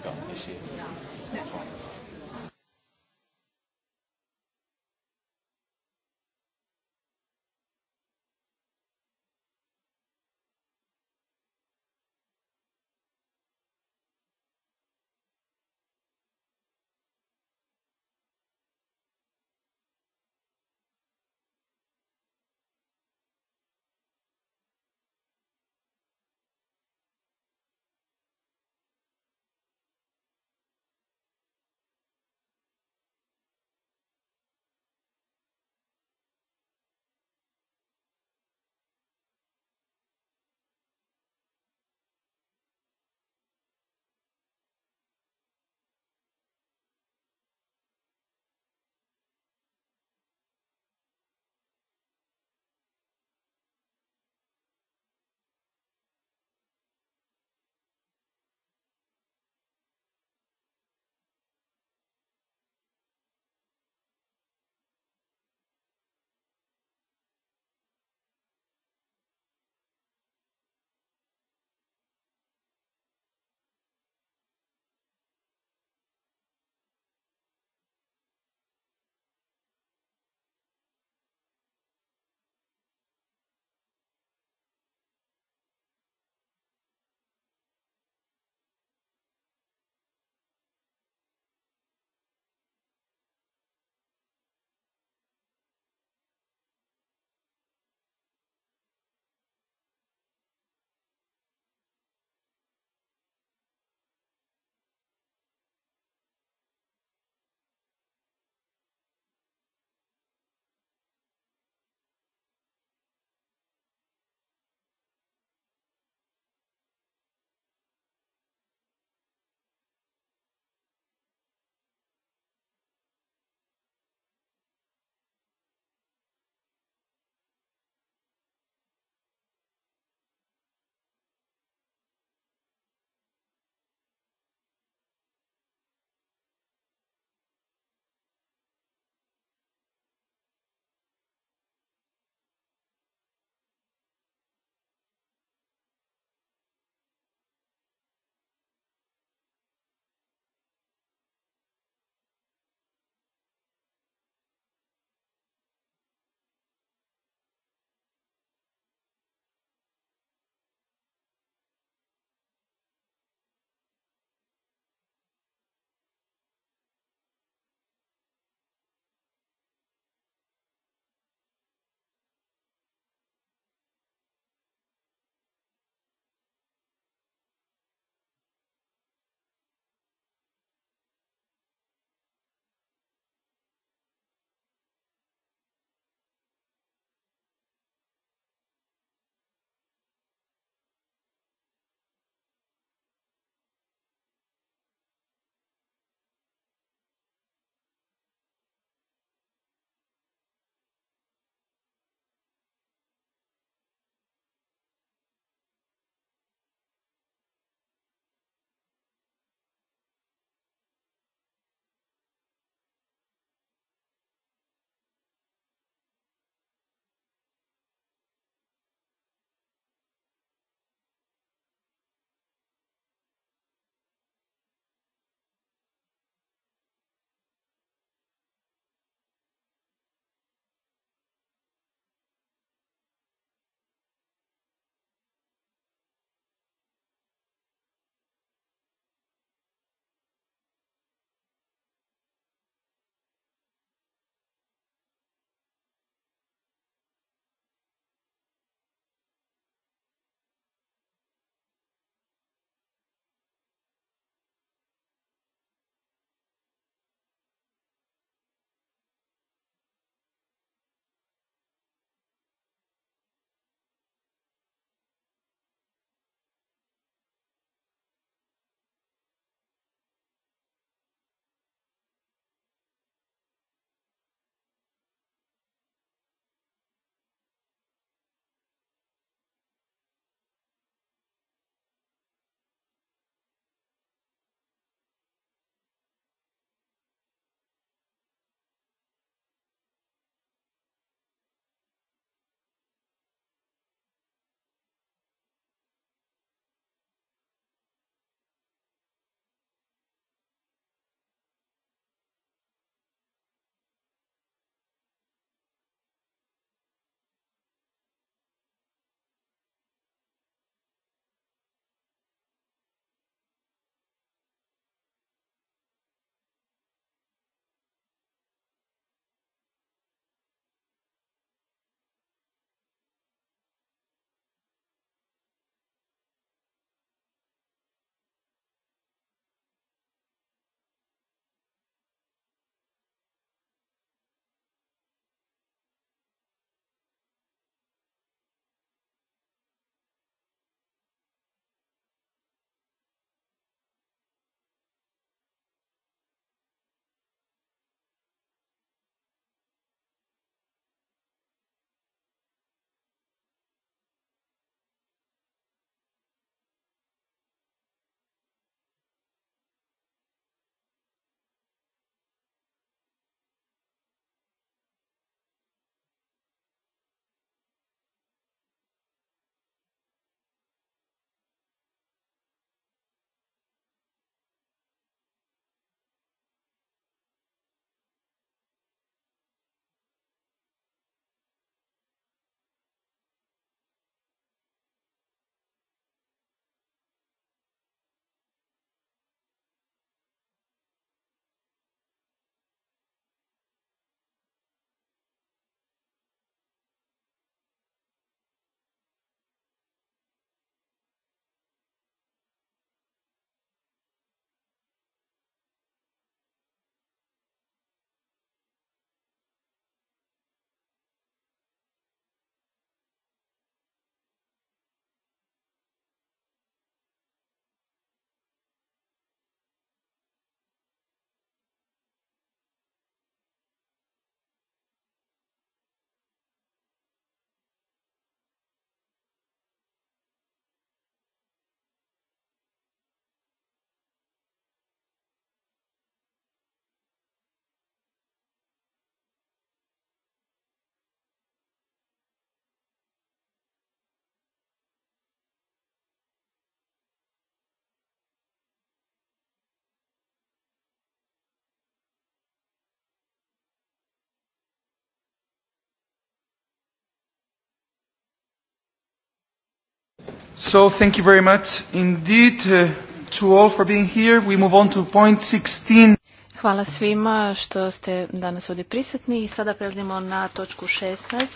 So thank you very much indeed uh, to all for being here. We move on to point 16. Hvala svima što ste danas ovdje prisutni i sada prelazimo na točku 16.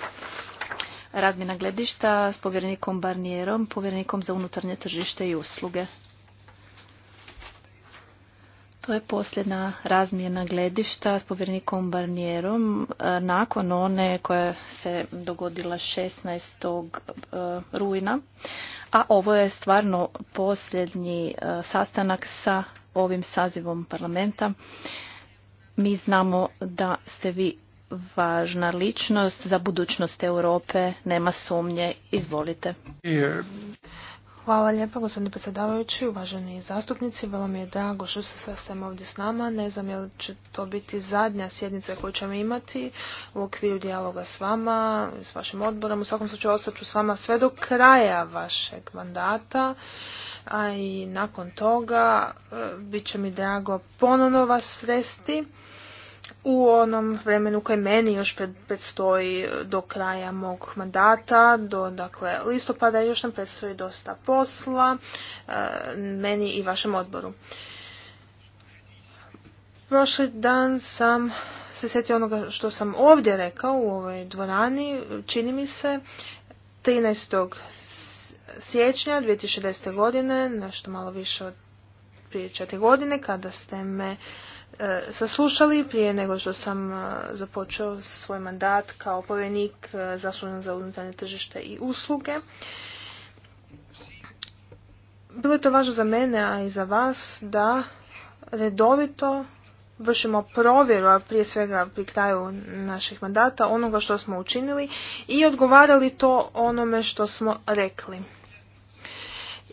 Razmjena gledišta s povjerenikom Barnierom, povjerenikom za unutarnje tržište i usluge. To je posljedna razmjena gledišta s povjernikom Barnierom e, nakon one koja se dogodila 16. E, rujna. A ovo je stvarno posljednji e, sastanak sa ovim sazivom parlamenta. Mi znamo da ste vi važna ličnost za budućnost Europe, nema sumnje, izvolite. Hvala lijepa gospodine predsjedavajući, uvaženi zastupnici. Vrlo mi je drago što ste sasvim ovdje s nama. Ne znam je li će to biti zadnja sjednica koju ćemo imati u okviru dijaloga s vama, s vašim odborom. U svakom slučaju ću s vama sve do kraja vašeg mandata, a i nakon toga e, bit će mi drago ponovno vas sresti u onom vremenu koje meni još predstoji do kraja mog mandata, do dakle, listopada još nam predstoji dosta posla, e, meni i vašem odboru. Prošli dan sam se sjetio onoga što sam ovdje rekao u ovoj dvorani, čini mi se, 13. siječnja 2010. godine, nešto malo više od prije četiri godine, kada ste me E, saslušali prije nego što sam e, započeo svoj mandat kao povjerenik e, zaslužen za unutarnje tržište i usluge. Bilo je to važno za mene, a i za vas, da redovito vršimo provjeru, a prije svega pri kraju naših mandata, onoga što smo učinili i odgovarali to onome što smo rekli.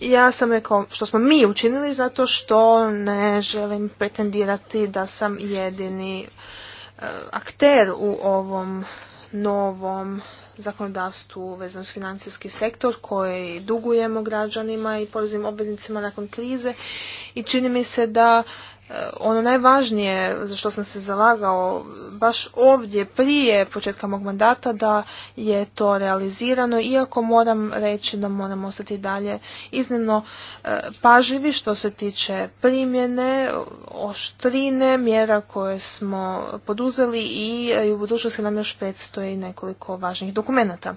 Ja sam rekao što smo mi učinili zato što ne želim pretendirati da sam jedini e, akter u ovom novom zakonodavstvu vezano s financijski sektor koji dugujemo građanima i poreznim obveznicima nakon krize i čini mi se da ono najvažnije za što sam se zalagao baš ovdje prije početka mog mandata da je to realizirano iako moram reći da moramo ostati dalje iznimno e, pažljivi što se tiče primjene, oštrine, mjera koje smo poduzeli i e, u budućnosti nam još i nekoliko važnih dokumenata.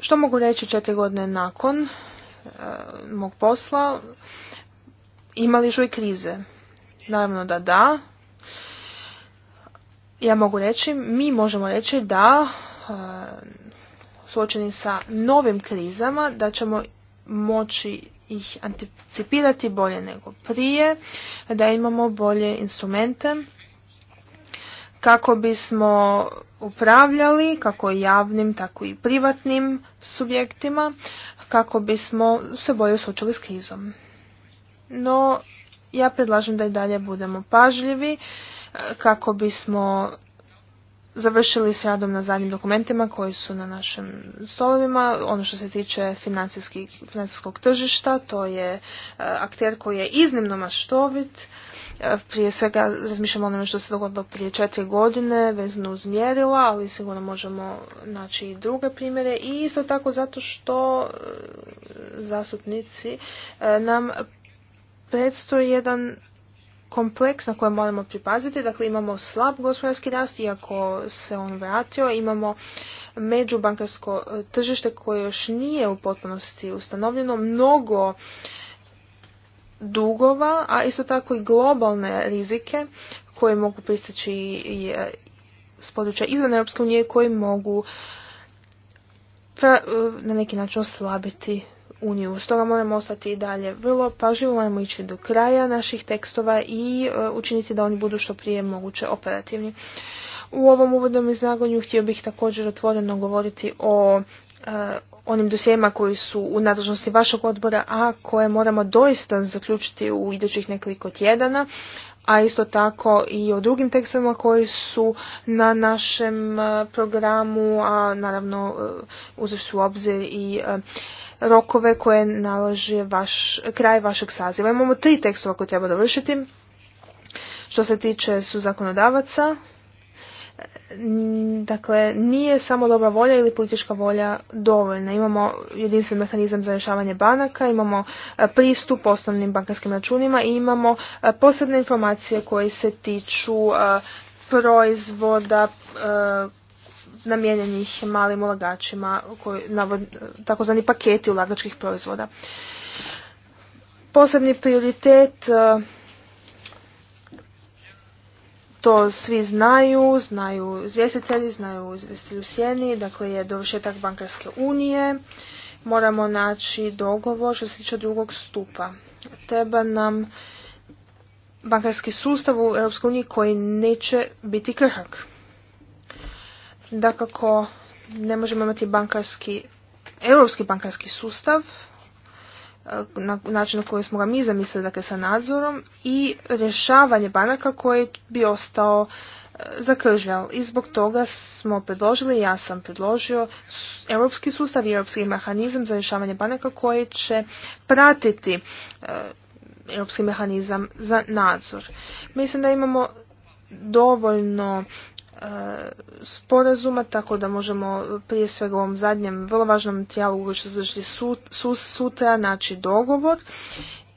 Što mogu reći četiri godine nakon e, mog posla? imali žuj krize? Naravno da da. Ja mogu reći, mi možemo reći da e, suočeni sa novim krizama, da ćemo moći ih anticipirati bolje nego prije, da imamo bolje instrumente kako bismo upravljali kako javnim, tako i privatnim subjektima, kako bismo se bolje suočili s krizom no ja predlažem da i dalje budemo pažljivi e, kako bismo završili s radom na zadnjim dokumentima koji su na našim stolovima. Ono što se tiče financijskog tržišta, to je e, akter koji je iznimno maštovit. E, prije svega razmišljamo o onome što se dogodilo prije četiri godine vezano uz mjerila, ali sigurno možemo naći i druge primjere i isto tako zato što zastupnici nam predstoji jedan kompleks na kojem moramo pripaziti. Dakle, imamo slab gospodarski rast, iako se on vratio. Imamo međubankarsko e, tržište koje još nije u potpunosti ustanovljeno. Mnogo dugova, a isto tako i globalne rizike koje mogu pristaći e, s područja izvan Europske unije koji mogu e, na neki način oslabiti uniju. Stoga moramo ostati i dalje vrlo pažljivo, moramo ići do kraja naših tekstova i e, učiniti da oni budu što prije moguće operativni. U ovom uvodnom izlaganju htio bih također otvoreno govoriti o e, onim dosijema koji su u nadležnosti vašeg odbora, a koje moramo doista zaključiti u idućih nekoliko tjedana, a isto tako i o drugim tekstovima koji su na našem e, programu, a naravno uzeš u obzir i rokove koje nalaže vaš, kraj vašeg saziva. Imamo tri tekstova koje treba dovršiti. Što se tiče su zakonodavaca, dakle nije samo dobra volja ili politička volja dovoljna. Imamo jedinstven mehanizam za rješavanje banaka, imamo e, pristup osnovnim bankarskim računima i imamo e, posebne informacije koje se tiču e, proizvoda namijenjenih malim ulagačima, takozvani paketi ulagačkih proizvoda. Posebni prioritet, e, to svi znaju, znaju izvjestitelji, znaju izvjestitelji sjeni, dakle je dovršetak bankarske unije, moramo naći dogovor što se tiče drugog stupa. Treba nam bankarski sustav u EU koji neće biti krhak da kako ne možemo imati bankarski, europski bankarski sustav e, na način na koji smo ga mi zamislili dakle, sa nadzorom i rješavanje banaka koji bi ostao e, zakržljal. I zbog toga smo predložili, ja sam predložio, europski sustav i europski mehanizam za rješavanje banaka koji će pratiti e, europski mehanizam za nadzor. Mislim da imamo dovoljno sporazuma, tako da možemo prije svega u ovom zadnjem vrlo važnom tijelu koji će se sutra naći dogovor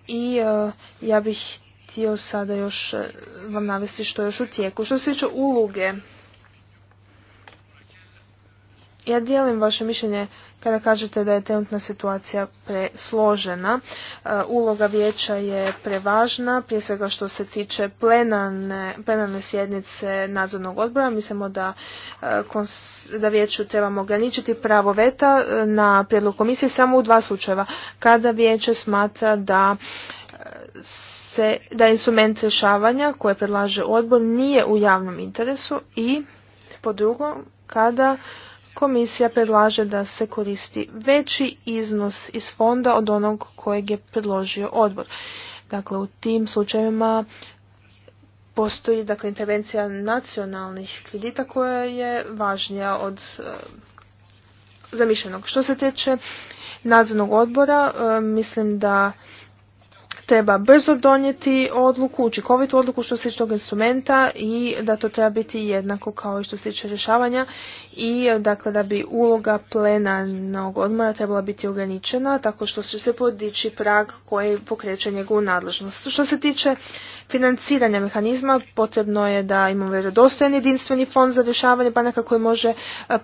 i e, ja bih htio sada još e, vam navesti što još u tijeku. Što se tiče uloge, ja dijelim vaše mišljenje kada kažete da je trenutna situacija presložena, e, uloga vijeća je prevažna, prije svega što se tiče plenarne, sjednice nadzornog odbora. Mislimo da, e, da vijeću trebamo ograničiti pravo veta e, na prijedlog komisije samo u dva slučajeva. Kada vijeće smatra da se, da instrument rješavanja koje predlaže odbor nije u javnom interesu i po drugo kada komisija predlaže da se koristi veći iznos iz fonda od onog kojeg je predložio odbor. Dakle, u tim slučajevima postoji dakle, intervencija nacionalnih kredita koja je važnija od e, zamišljenog. Što se tiče nadzornog odbora, e, mislim da treba brzo donijeti odluku, učinkovitu odluku što se tiče tog instrumenta i da to treba biti jednako kao i što se tiče rješavanja i dakle da bi uloga plenarnog odmora trebala biti ograničena tako što će se podići prag koji pokreće njegovu nadležnost. Što se tiče financiranja mehanizma potrebno je da imamo vjerodostojan jedinstveni fond za rješavanje banaka koji može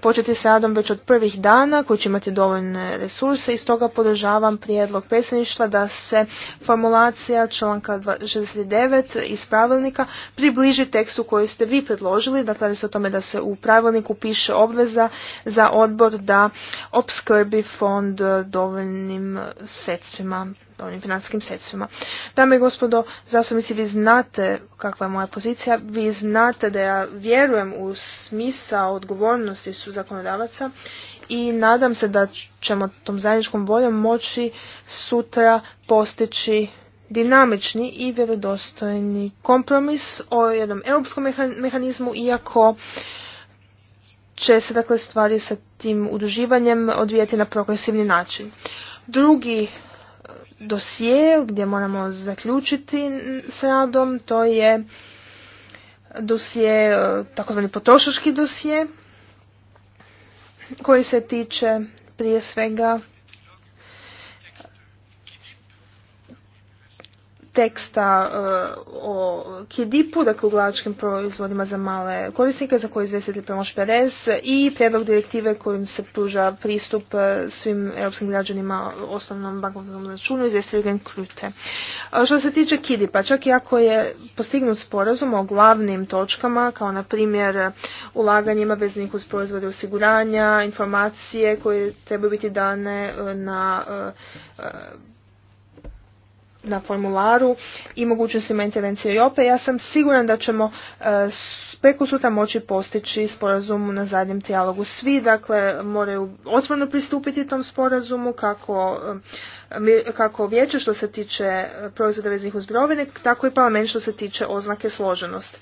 početi s radom već od prvih dana koji će imati dovoljne resurse i stoga podržavam prijedlog predsjedništva da se formula formulacija članka 69 iz pravilnika približi tekstu koji ste vi predložili, dakle radi se o tome da se u pravilniku piše obveza za odbor da opskrbi fond dovoljnim sredstvima dovoljnim financijskim sredstvima. Dame i gospodo, zastupnici, vi znate kakva je moja pozicija, vi znate da ja vjerujem u smisao odgovornosti su zakonodavaca i nadam se da ćemo tom zajedničkom boljom moći sutra postići dinamični i vjerodostojni kompromis o jednom europskom mehanizmu, iako će se dakle stvari sa tim udruživanjem odvijati na progresivni način. Drugi e, dosije gdje moramo zaključiti s radom, to je dosije, e, takozvani potrošački dosije, koji se tiče prije svega teksta eh, o KIDIP-u, dakle proizvodima za male korisnike, za koje izvjestitelj Premoš Perez i prijedlog direktive kojim se pruža pristup eh, svim europskim građanima osnovnom bankovnom računu, izvjestitelj Gen Krute. Što se tiče Kidipa, čak i ako je postignut sporazum o glavnim točkama, kao na primjer eh, ulaganjima vezanih uz proizvode osiguranja, informacije koje trebaju biti dane na na formularu i mogućnostima intervencije i opet Ja sam siguran da ćemo e, preko sutra moći postići sporazum na zadnjem tijalogu. Svi dakle moraju otvorno pristupiti tom sporazumu kako kako vijeće što se tiče e, proizvoda veznih uz tako i parlament što se tiče oznake složenost.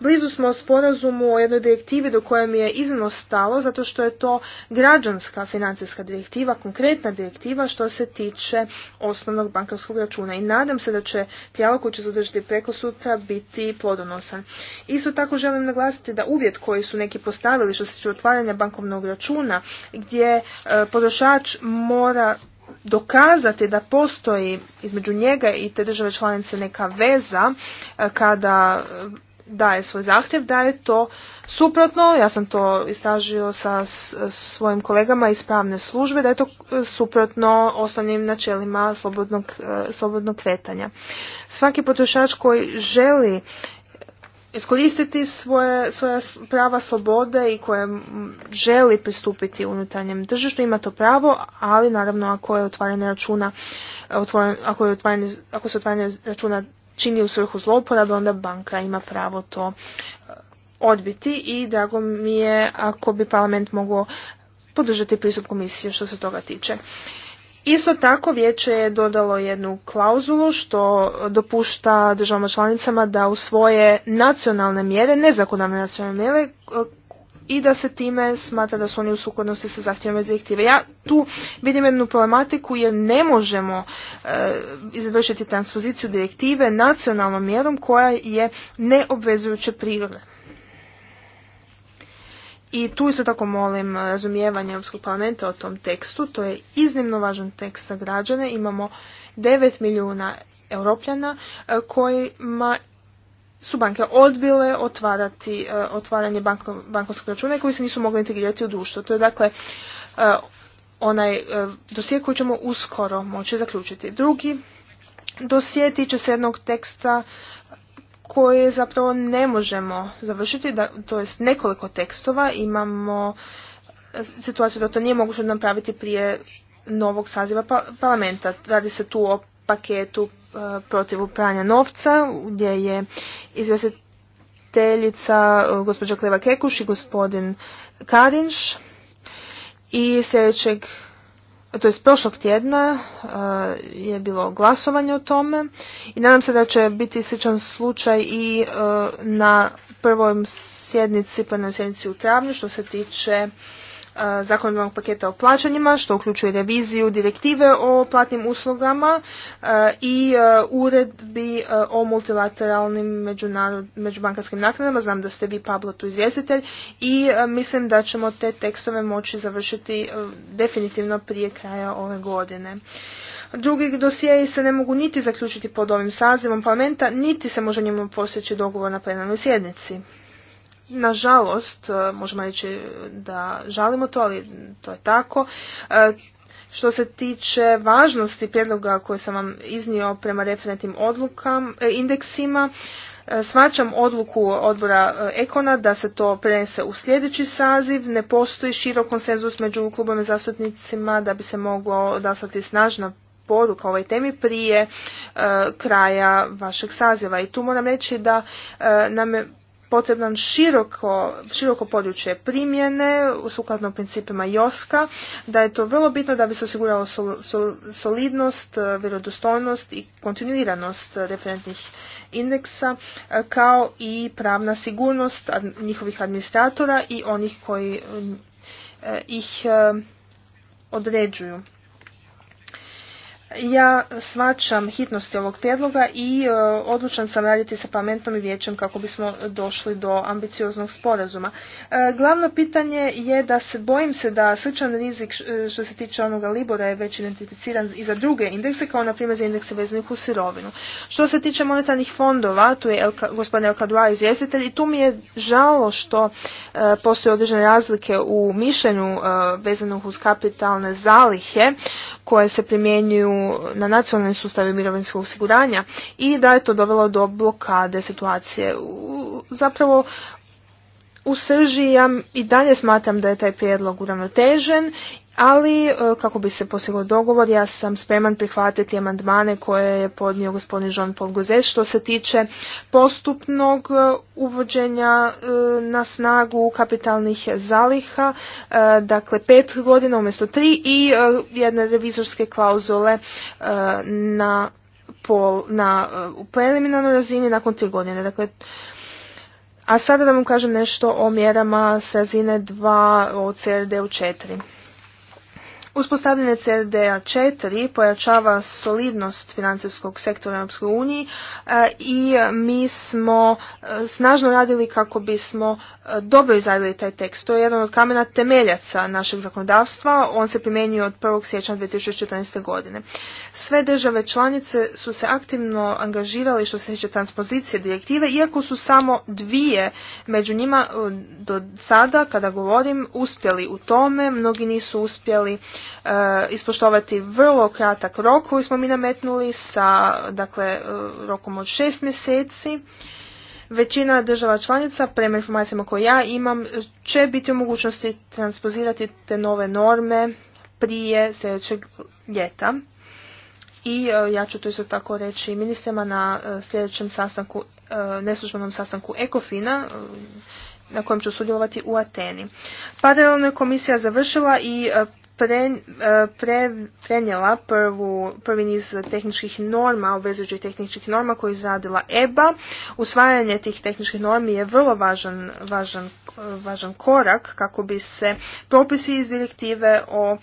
Blizu smo sporazumu o jednoj direktivi do koje mi je iznimno stalo, zato što je to građanska financijska direktiva, konkretna direktiva što se tiče osnovnog bankarskog računa. I nadam se da će tijelo koje će se održati preko sutra biti plodonosan. Isto tako želim naglasiti da uvjet koji su neki postavili što se tiče otvaranja bankovnog računa, gdje e, potrošač mora dokazati da postoji između njega i te države članice neka veza e, kada e, daje svoj zahtjev, da je to suprotno, ja sam to istražio sa svojim kolegama iz pravne službe, da je to e, suprotno osnovnim načelima slobodnog, slobodnog kretanja. Svaki potrošač koji želi iskoristiti svoje, svoja prava slobode i koje želi pristupiti unutarnjem tržištu ima to pravo, ali naravno ako je otvaranje računa ako, je otvaranje, ako se otvaranje računa čini u svrhu zlouporabe, onda banka ima pravo to eh, odbiti i drago mi je ako bi parlament mogao podržati pristup komisije što se toga tiče. Isto tako vijeće je dodalo jednu klauzulu što dopušta državama članicama da usvoje nacionalne mjere, nezakonavne nacionalne mjere i da se time smatra da su oni u sukladnosti sa zahtjevima direktive. Ja tu vidim jednu problematiku jer ne možemo e, izvršiti transpoziciju direktive nacionalnom mjerom koja je neobvezujuće prirode. I tu isto tako molim eh, razumijevanje Europskog parlamenta o tom tekstu. To je iznimno važan tekst za građane. Imamo 9 milijuna europljana eh, kojima su banke odbile otvarati, eh, otvaranje banko, bankovskog računa koji se nisu mogli integrirati u društvo. To je dakle onaj dosije koji ćemo uskoro moći zaključiti. Drugi dosije tiče se jednog teksta koje zapravo ne možemo završiti, da, to jest nekoliko tekstova imamo eh, situaciju da to nije moguće napraviti prije novog saziva pa-, parlamenta. Radi se tu o paketu eh, protiv upranja novca gdje je izvjestiteljica eh, gospođa Kleva Kekuš i gospodin Karinš i sljedećeg to je prošlog tjedna e, je bilo glasovanje o tome i nadam se da će biti sličan slučaj i e, na prvoj sjednici, plenoj sjednici u travnju što se tiče zakonodavnog paketa o plaćanjima, što uključuje reviziju direktive o platnim uslugama i uredbi o multilateralnim međubankarskim naknadama. Znam da ste vi, Pablo, tu izvjestitelj i mislim da ćemo te tekstove moći završiti definitivno prije kraja ove godine. Drugi dosijeji se ne mogu niti zaključiti pod ovim sazivom parlamenta, niti se može njima posjeći dogovor na plenarnoj sjednici nažalost, e, možemo reći da žalimo to, ali to je tako. E, što se tiče važnosti prijedloga koje sam vam iznio prema referentnim odlukama, e, indeksima, Svačam odluku odbora Ekona da se to prenese u sljedeći saziv. Ne postoji širok konsenzus među klubom i zastupnicima da bi se moglo odaslati snažna poruka ovoj temi prije kraja vašeg saziva. I tu moram reći da nam je potreban široko, široko područje primjene sukladno principima Joska, da je to vrlo bitno da bi se osiguralo solidnost, eh, vjerodostojnost i kontinuiranost referentnih indeksa eh, kao i pravna sigurnost njihovih administratora i onih koji eh, ih određuju. Ja svačam hitnosti ovog prijedloga i e, odlučan sam raditi sa parlamentom i vijećem kako bismo došli do ambicioznog sporazuma. E, glavno pitanje je da se bojim se da sličan rizik e, što se tiče onoga Libora je već identificiran i za druge indekse kao na primjer za indekse vezanih u sirovinu. Što se tiče monetarnih fondova, tu je Elka, gospodin Elka izvjestitelj i tu mi je žalo što postoje određene razlike u mišljenju vezanih uz kapitalne zalihe koje se primjenjuju na nacionalni sustavi mirovinskog osiguranja i da je to dovelo do blokade situacije. zapravo u srži ja i dalje smatram da je taj prijedlog uravnotežen ali, e, kako bi se postigao dogovor, ja sam spreman prihvatiti amandmane koje je podnio gospodin Jean-Paul Gozet što se tiče postupnog e, uvođenja e, na snagu kapitalnih zaliha, dakle pet godina umjesto tri i jedne revizorske klauzule na, pol, na preliminarnoj razini nakon tri godine. Dakle, a sada da vam kažem nešto o mjerama s razine 2 o CRD u 4. Uspostavljanje CDA 4 pojačava solidnost financijskog sektora Europskoj uniji e, i mi smo e, snažno radili kako bismo e, dobro izradili taj tekst. To je jedan od kamena temeljaca našeg zakonodavstva. On se primjenjuje od 1. siječnja 2014. godine. Sve države članice su se aktivno angažirali što se tiče transpozicije direktive, iako su samo dvije među njima do sada, kada govorim, uspjeli u tome. Mnogi nisu uspjeli E, ispoštovati vrlo kratak rok koji smo mi nametnuli sa dakle, e, rokom od šest mjeseci. Većina država članica, prema informacijama koje ja imam, će biti u mogućnosti transpozirati te nove norme prije sljedećeg ljeta. I e, ja ću to isto tako reći ministrima na sljedećem sastanku, neslužbenom sastanku Ekofina, na kojem ću sudjelovati u Ateni. Paralelno je komisija završila i Eh, prenijela prvu, prvi niz tehničkih norma, obvezujućih tehničkih norma koje je izradila EBA. Usvajanje tih tehničkih normi je vrlo važan, važan, važan korak kako bi se propisi iz direktive o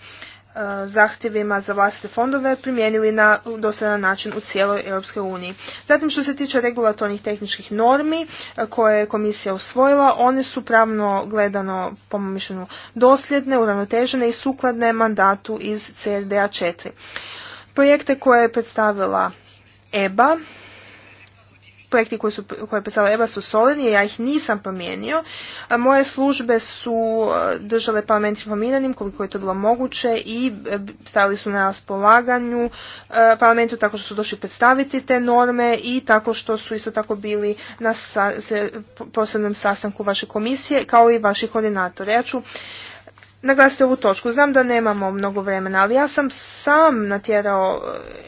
E, zahtjevima za vlastite fondove primijenili na dosadan način u cijeloj Europskoj uniji. Zatim što se tiče regulatornih tehničkih normi e, koje je komisija usvojila, one su pravno gledano po mišljenju dosljedne, uravnotežene i sukladne mandatu iz CRDA 4. Projekte koje je predstavila EBA projekti koji su, koje je pisala Eva su solidni, ja ih nisam promijenio. Moje službe su e, držale parlament informiranim koliko je to bilo moguće i e, stavili su na raspolaganju e, parlamentu tako što su došli predstaviti te norme i tako što su isto tako bili na sa, posebnom sastanku vaše komisije kao i vaših koordinatora. Ja ću naglasiti ovu točku. Znam da nemamo mnogo vremena, ali ja sam sam natjerao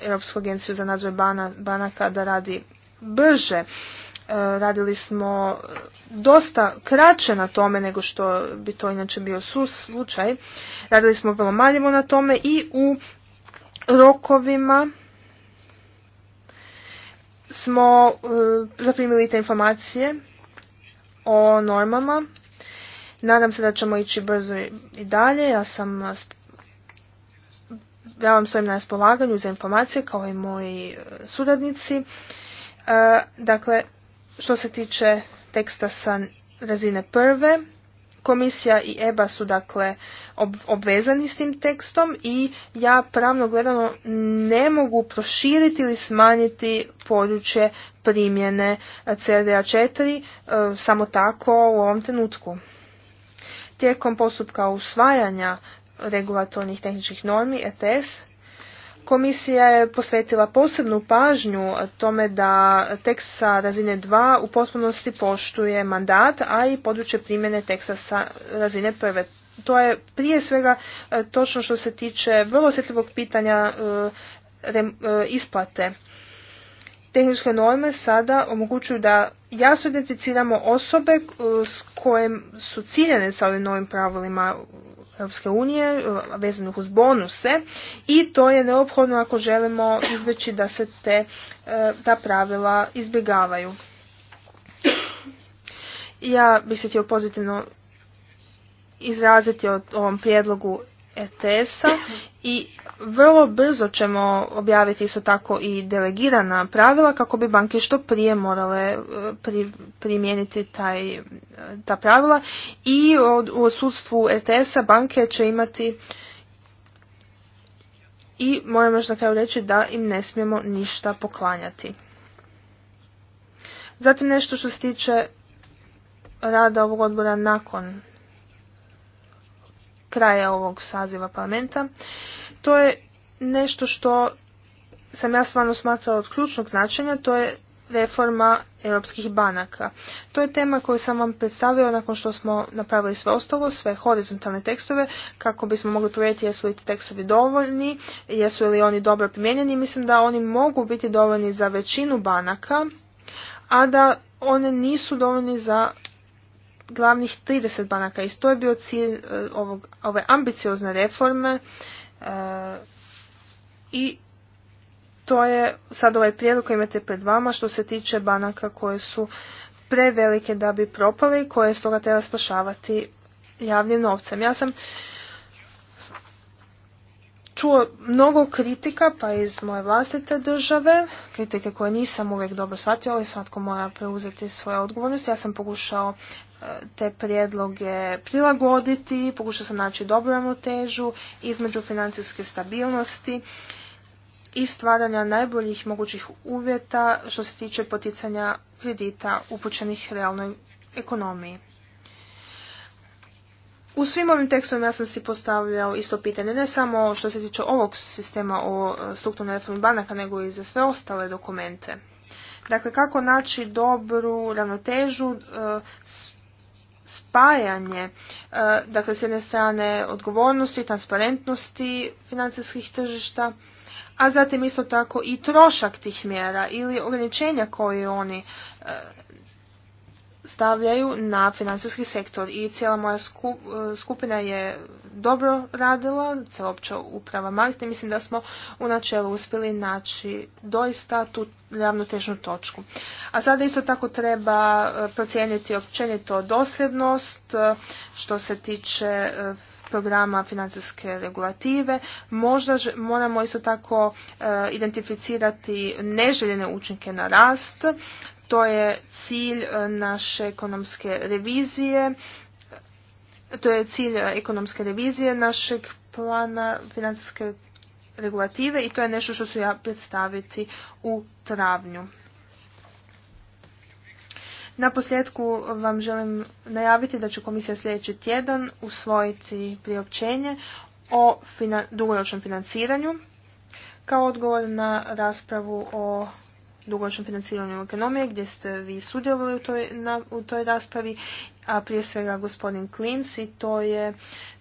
Europsku agenciju za nadzor banaka da radi brže. E, radili smo e, dosta kraće na tome nego što bi to inače bio slučaj. Radili smo vrlo maljivo na tome i u rokovima smo e, zaprimili te informacije o normama. Nadam se da ćemo ići brzo i dalje. Ja sam ja vam stojim na raspolaganju za informacije kao i moji suradnici dakle, što se tiče teksta sa razine prve, Komisija i EBA su dakle obvezani s tim tekstom i ja pravno gledano ne mogu proširiti ili smanjiti područje primjene CRDA4 e, samo tako u ovom trenutku. Tijekom postupka usvajanja regulatornih tehničkih normi ETS Komisija je posvetila posebnu pažnju tome da tekst sa razine 2 u potpunosti poštuje mandat, a i područje primjene teksta sa razine 1. To je prije svega e, točno što se tiče vrlo osjetljivog pitanja e, e, isplate tehničke norme sada omogućuju da jasno identificiramo osobe eh, s kojim su ciljene sa ovim novim pravilima Europske unije eh, vezanih uz bonuse i to je neophodno ako želimo izveći da se eh, ta pravila izbjegavaju. Ja bih se htio pozitivno izraziti o ovom prijedlogu ETS-a i vrlo brzo ćemo objaviti isto tako i delegirana pravila kako bi banke što prije morale e, primijeniti taj, e, ta pravila i u odsudstvu ETS-a banke će imati i moram još na kraju reći da im ne smijemo ništa poklanjati. Zatim nešto što se tiče rada ovog odbora nakon kraja ovog saziva parlamenta. To je nešto što sam ja stvarno smatrala od ključnog značenja, to je reforma europskih banaka. To je tema koju sam vam predstavio nakon što smo napravili sve ostalo, sve horizontalne tekstove, kako bismo mogli provjeriti jesu li ti tekstovi dovoljni, jesu li oni dobro primijenjeni. Mislim da oni mogu biti dovoljni za većinu banaka, a da one nisu dovoljni za glavnih 30 banaka. I to je bio cilj e, ovog, ove ambiciozne reforme e, i to je sad ovaj prijedlog koji imate pred vama što se tiče banaka koje su prevelike da bi propali, koje stoga treba spašavati javnim novcem. Ja sam čuo mnogo kritika, pa iz moje vlastite države, kritike koje nisam uvijek dobro shvatio, ali svatko mora preuzeti svoje odgovornosti. Ja sam pokušao te prijedloge prilagoditi, pokušao sam naći dobru ravnotežu između financijske stabilnosti i stvaranja najboljih mogućih uvjeta što se tiče poticanja kredita upućenih realnoj ekonomiji. U svim ovim tekstovima ja sam si postavljao isto pitanje, ne samo što se tiče ovog sistema o e, strukturnoj reformi banaka, nego i za sve ostale dokumente. Dakle, kako naći dobru ravnotežu e, spajanje, e, dakle s jedne strane odgovornosti transparentnosti financijskih tržišta, a zatim isto tako i trošak tih mjera ili ograničenja koje oni e, stavljaju na financijski sektor i cijela moja e, skupina je dobro radila, opća uprava Markte. Mislim da smo u načelu uspjeli naći doista tu ravnotežnu točku. A sada isto tako treba e, procijeniti općenito dosljednost e, što se tiče programa financijske regulative. Možda moramo isto tako identificirati neželjene učinke na rast. To je cilj e, naše ekonomske revizije, to je cilj e, ekonomske revizije našeg plana financijske regulative i to je nešto što ću ja predstaviti u travnju. Na posljedku vam želim najaviti da će komisija sljedeći tjedan usvojiti priopćenje o dugoročnom financiranju kao odgovor na raspravu o dugoročnom financiranju ekonomije gdje ste vi sudjelovali u toj, raspravi, a prije svega gospodin Klinc i to je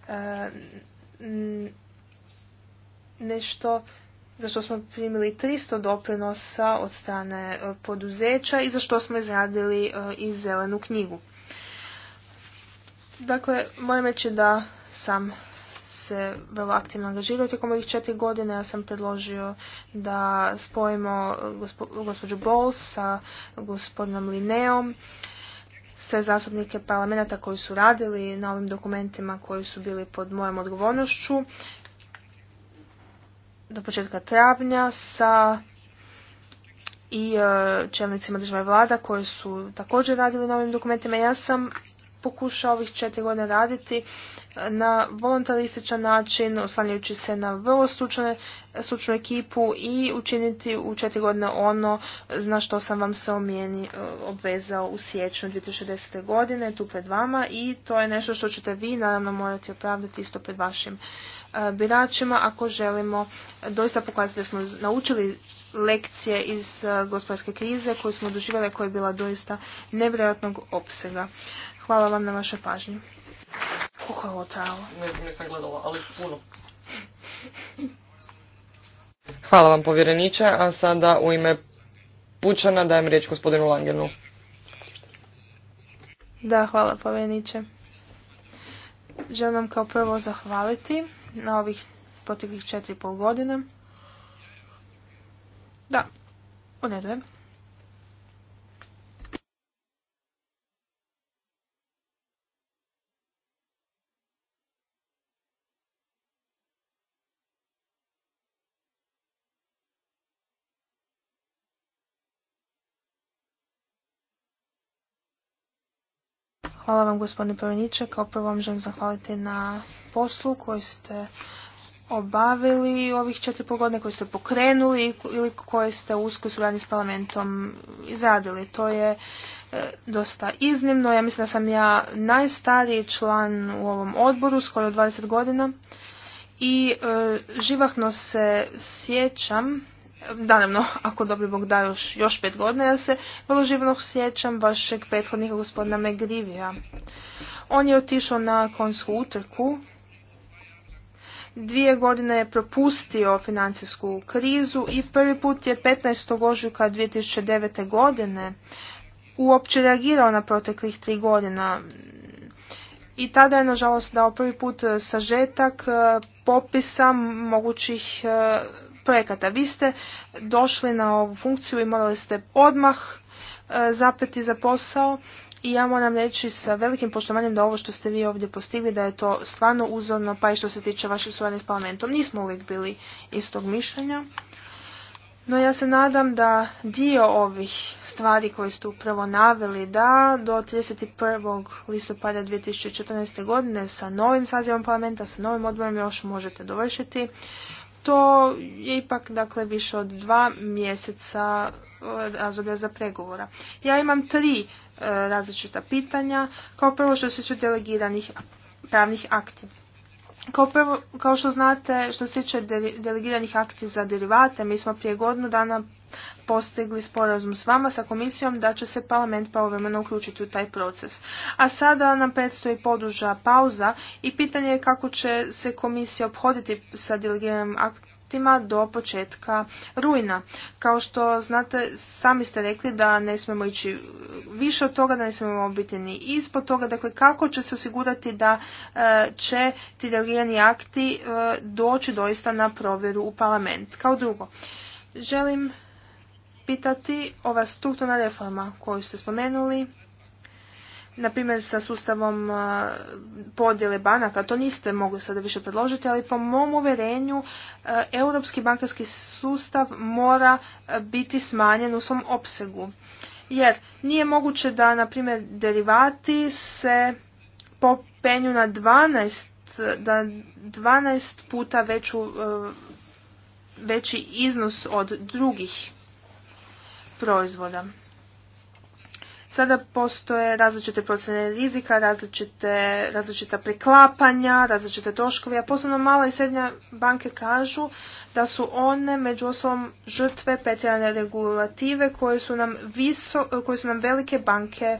e, nešto za što smo primili 300 doprinosa od strane e, poduzeća i za što smo izradili e, i zelenu knjigu. Dakle, moram reći da sam se vrlo aktivno angažirao tijekom ovih četiri godine. Ja sam predložio da spojimo eh, gospođu Bols sa gospodinom Lineom sve zastupnike parlamenta koji su radili na ovim dokumentima koji su bili pod mojom odgovornošću do početka travnja sa i eh, čelnicima države vlada koji su također radili na ovim dokumentima. Ja sam pokušao ovih četiri godine raditi e, na volontarističan način, oslanjajući se na vrlo stručne, stručnu ekipu i učiniti u četiri godine ono na što sam vam se omijeni e, obvezao u siječnju 2010. godine tu pred vama i to je nešto što ćete vi naravno morati opravdati isto pred vašim e, biračima ako želimo doista pokazati da smo naučili lekcije iz gospodarske krize koju smo doživjeli koja je bila doista nevjerojatnog opsega. Hvala vam na vašoj pažnji. Kako je ovo trajalo? Ne znam, nisam gledala, ali puno. Hvala vam povjereniče, a sada u ime Pučana dajem riječ gospodinu Langenu. Da, hvala povjereniče. Želim vam kao prvo zahvaliti na ovih proteklih četiri pol godina. Da, u redu Hvala vam gospodine Prveniče. Kao prvo vam želim zahvaliti na poslu koji ste obavili ovih četiri pol godine koji ste pokrenuli ili koje ste u uskoj suradnji s parlamentom izradili. To je e, dosta iznimno. Ja mislim da sam ja najstariji član u ovom odboru, skoro 20 godina. I e, živahno se sjećam Naravno, ako dobri Bog da još, još pet godina, ja se vrlo živno sjećam vašeg prethodnika gospodina Megrivija. On je otišao na konjsku utrku, dvije godine je propustio financijsku krizu i prvi put je 15. ožujka 2009. godine uopće reagirao na proteklih tri godina. I tada je nažalost dao prvi put sažetak eh, popisa mogućih eh, projekata. Vi ste došli na ovu funkciju i morali ste odmah e, zapeti za posao i ja moram reći sa velikim poštovanjem da ovo što ste vi ovdje postigli da je to stvarno uzorno pa i što se tiče vaše suradnje s parlamentom. Nismo uvijek bili istog mišljenja. No ja se nadam da dio ovih stvari koje ste upravo naveli da do 31. listopada 2014. godine sa novim sazivom parlamenta, sa novim odborom još možete dovršiti to je ipak dakle više od dva mjeseca e, razdoblja za pregovora. Ja imam tri e, različita pitanja. Kao prvo što se tiče delegiranih pravnih akti. Kao, kao što znate, što se tiče delegiranih akti za derivate, mi smo prije godinu dana postigli sporazum s vama, sa komisijom, da će se parlament povremeno uključiti u taj proces. A sada nam predstoji poduža pauza i pitanje je kako će se komisija obhoditi sa delegiranim aktima do početka rujna. Kao što znate, sami ste rekli da ne smemo ići više od toga, da ne smemo biti ni ispod toga. Dakle, kako će se osigurati da e, će ti delegirani akti e, doći doista na provjeru u parlament? Kao drugo, želim pitati ova strukturna reforma koju ste spomenuli, na primjer sa sustavom podjele banaka, to niste mogli sada više predložiti, ali po mom uvjerenju europski bankarski sustav mora biti smanjen u svom opsegu. Jer nije moguće da, na primjer, derivati se popenju na 12, da 12 puta veću, veći iznos od drugih proizvoda. Sada postoje različite procjene rizika, različite, različita preklapanja, različite troškovi, a posebno mala i srednja banke kažu da su one među ostalom žrtve petrijane regulative koje su nam, viso, koje su nam velike banke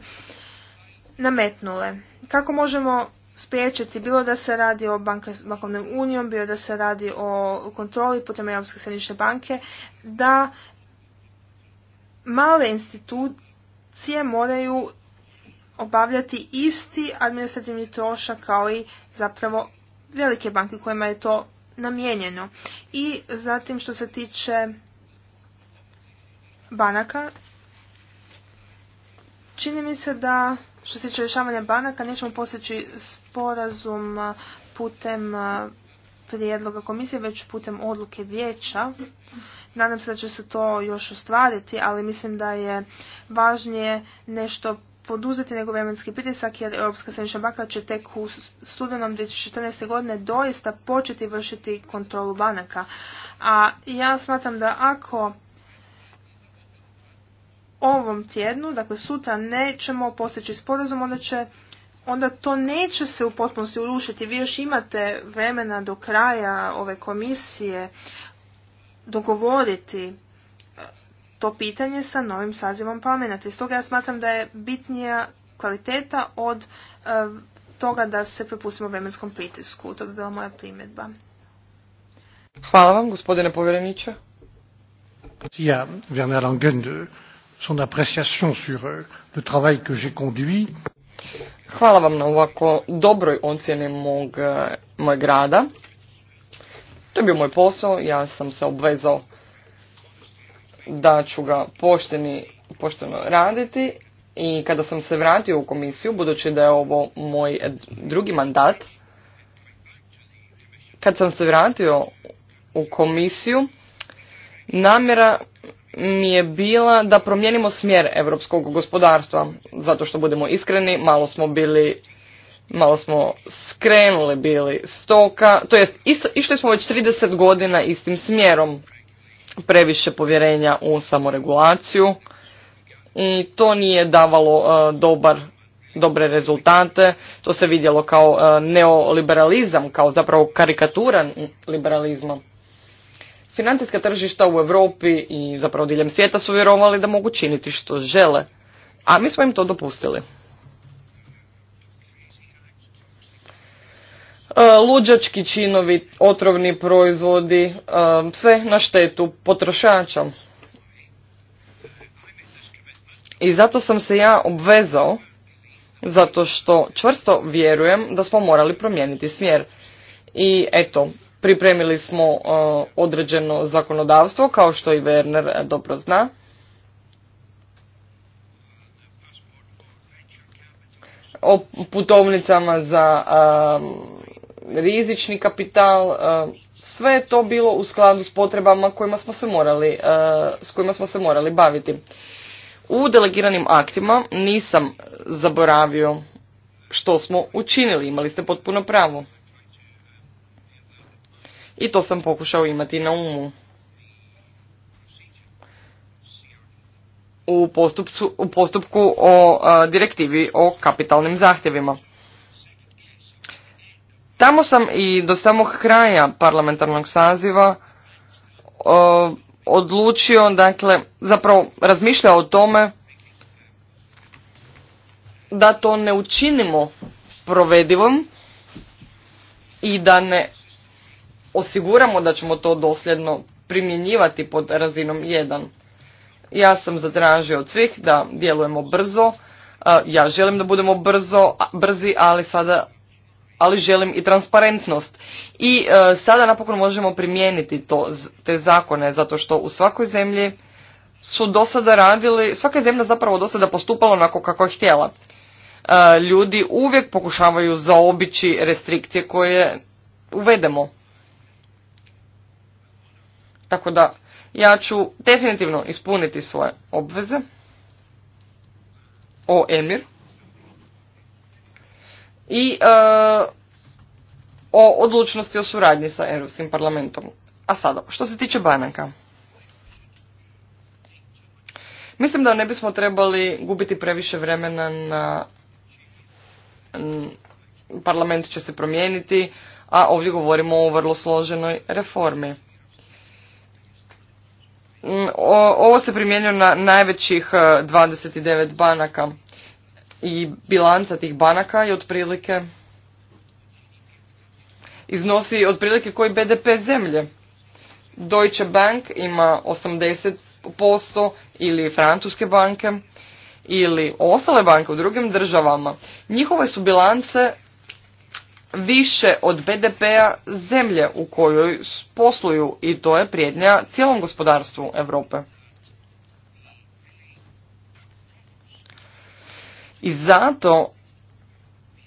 nametnule. Kako možemo spriječiti, bilo da se radi o bankovnom unijom, bilo da se radi o kontroli putem Europske središnje banke, da male institucije moraju obavljati isti administrativni trošak kao i zapravo velike banke kojima je to namijenjeno. I zatim što se tiče banaka, čini mi se da što se tiče rješavanja banaka nećemo postići sporazum putem eh, prijedloga komisije, već putem odluke vijeća Nadam se da će se to još ostvariti, ali mislim da je važnije nešto poduzeti nego vremenski pritisak jer Europska središnja banka će tek u studenom 2014. godine doista početi vršiti kontrolu banaka. A ja smatram da ako ovom tjednu, dakle sutra nećemo postići sporazum, onda će onda to neće se u potpunosti urušiti. Vi još imate vremena do kraja ove komisije dogovoriti e, to pitanje sa novim sazivom parlamenta. I stoga ja smatram da je bitnija kvaliteta od e, toga da se prepustimo vremenskom pritisku. To bi bila moja primjedba. Hvala vam, gospodine povjereniče. Ja, Werner Langen, son appréciation sur euh, le travail que j'ai conduit. Hvala vam na ovako dobroj ocjeni mog, e, mojeg rada. To je bio moj posao, ja sam se obvezao da ću ga pošteni, pošteno raditi i kada sam se vratio u komisiju, budući da je ovo moj drugi mandat, kad sam se vratio u komisiju, namjera mi je bila da promijenimo smjer europskog gospodarstva, zato što budemo iskreni, malo smo bili malo smo skrenuli bili stoka, to jest išli smo već 30 godina istim smjerom previše povjerenja u samoregulaciju i to nije davalo e, dobar, dobre rezultate, to se vidjelo kao e, neoliberalizam, kao zapravo karikatura liberalizma. Financijska tržišta u Europi i zapravo diljem svijeta su vjerovali da mogu činiti što žele, a mi smo im to dopustili. E, luđački činovi, otrovni proizvodi, e, sve na štetu potrošača. I zato sam se ja obvezao, zato što čvrsto vjerujem da smo morali promijeniti smjer. I eto, pripremili smo e, određeno zakonodavstvo, kao što i Werner dobro zna. O putovnicama za rizični kapital, e, sve je to bilo u skladu s potrebama kojima smo se morali, e, s kojima smo se morali baviti. U delegiranim aktima nisam zaboravio što smo učinili, imali ste potpuno pravo. I to sam pokušao imati na umu. U, u postupku o e, direktivi o kapitalnim zahtjevima. Tamo sam i do samog kraja parlamentarnog saziva odlučio, dakle, zapravo razmišljao o tome da to ne učinimo provedivom i da ne osiguramo da ćemo to dosljedno primjenjivati pod razinom 1. Ja sam zatražio od svih da djelujemo brzo, ja želim da budemo brzi, ali sada ali želim i transparentnost. I e, sada napokon možemo primijeniti to, te zakone, zato što u svakoj zemlji su do sada radili, svaka je zemlja zapravo do sada postupala onako kako je htjela. E, ljudi uvijek pokušavaju zaobići restrikcije koje uvedemo. Tako da, ja ću definitivno ispuniti svoje obveze o Emir i e, o odlučnosti o suradnji sa Europskim parlamentom. A sada, što se tiče banaka. Mislim da ne bismo trebali gubiti previše vremena na parlament će se promijeniti, a ovdje govorimo o vrlo složenoj reformi. Mm, ovo se primjenjuje na najvećih 29 e, banaka i bilanca tih banaka je otprilike iznosi otprilike koji BDP zemlje. Deutsche Bank ima 80% ili francuske banke ili ostale banke u drugim državama. Njihove su bilance više od BDP-a zemlje u kojoj posluju i to je prijednja cijelom gospodarstvu Europe. I zato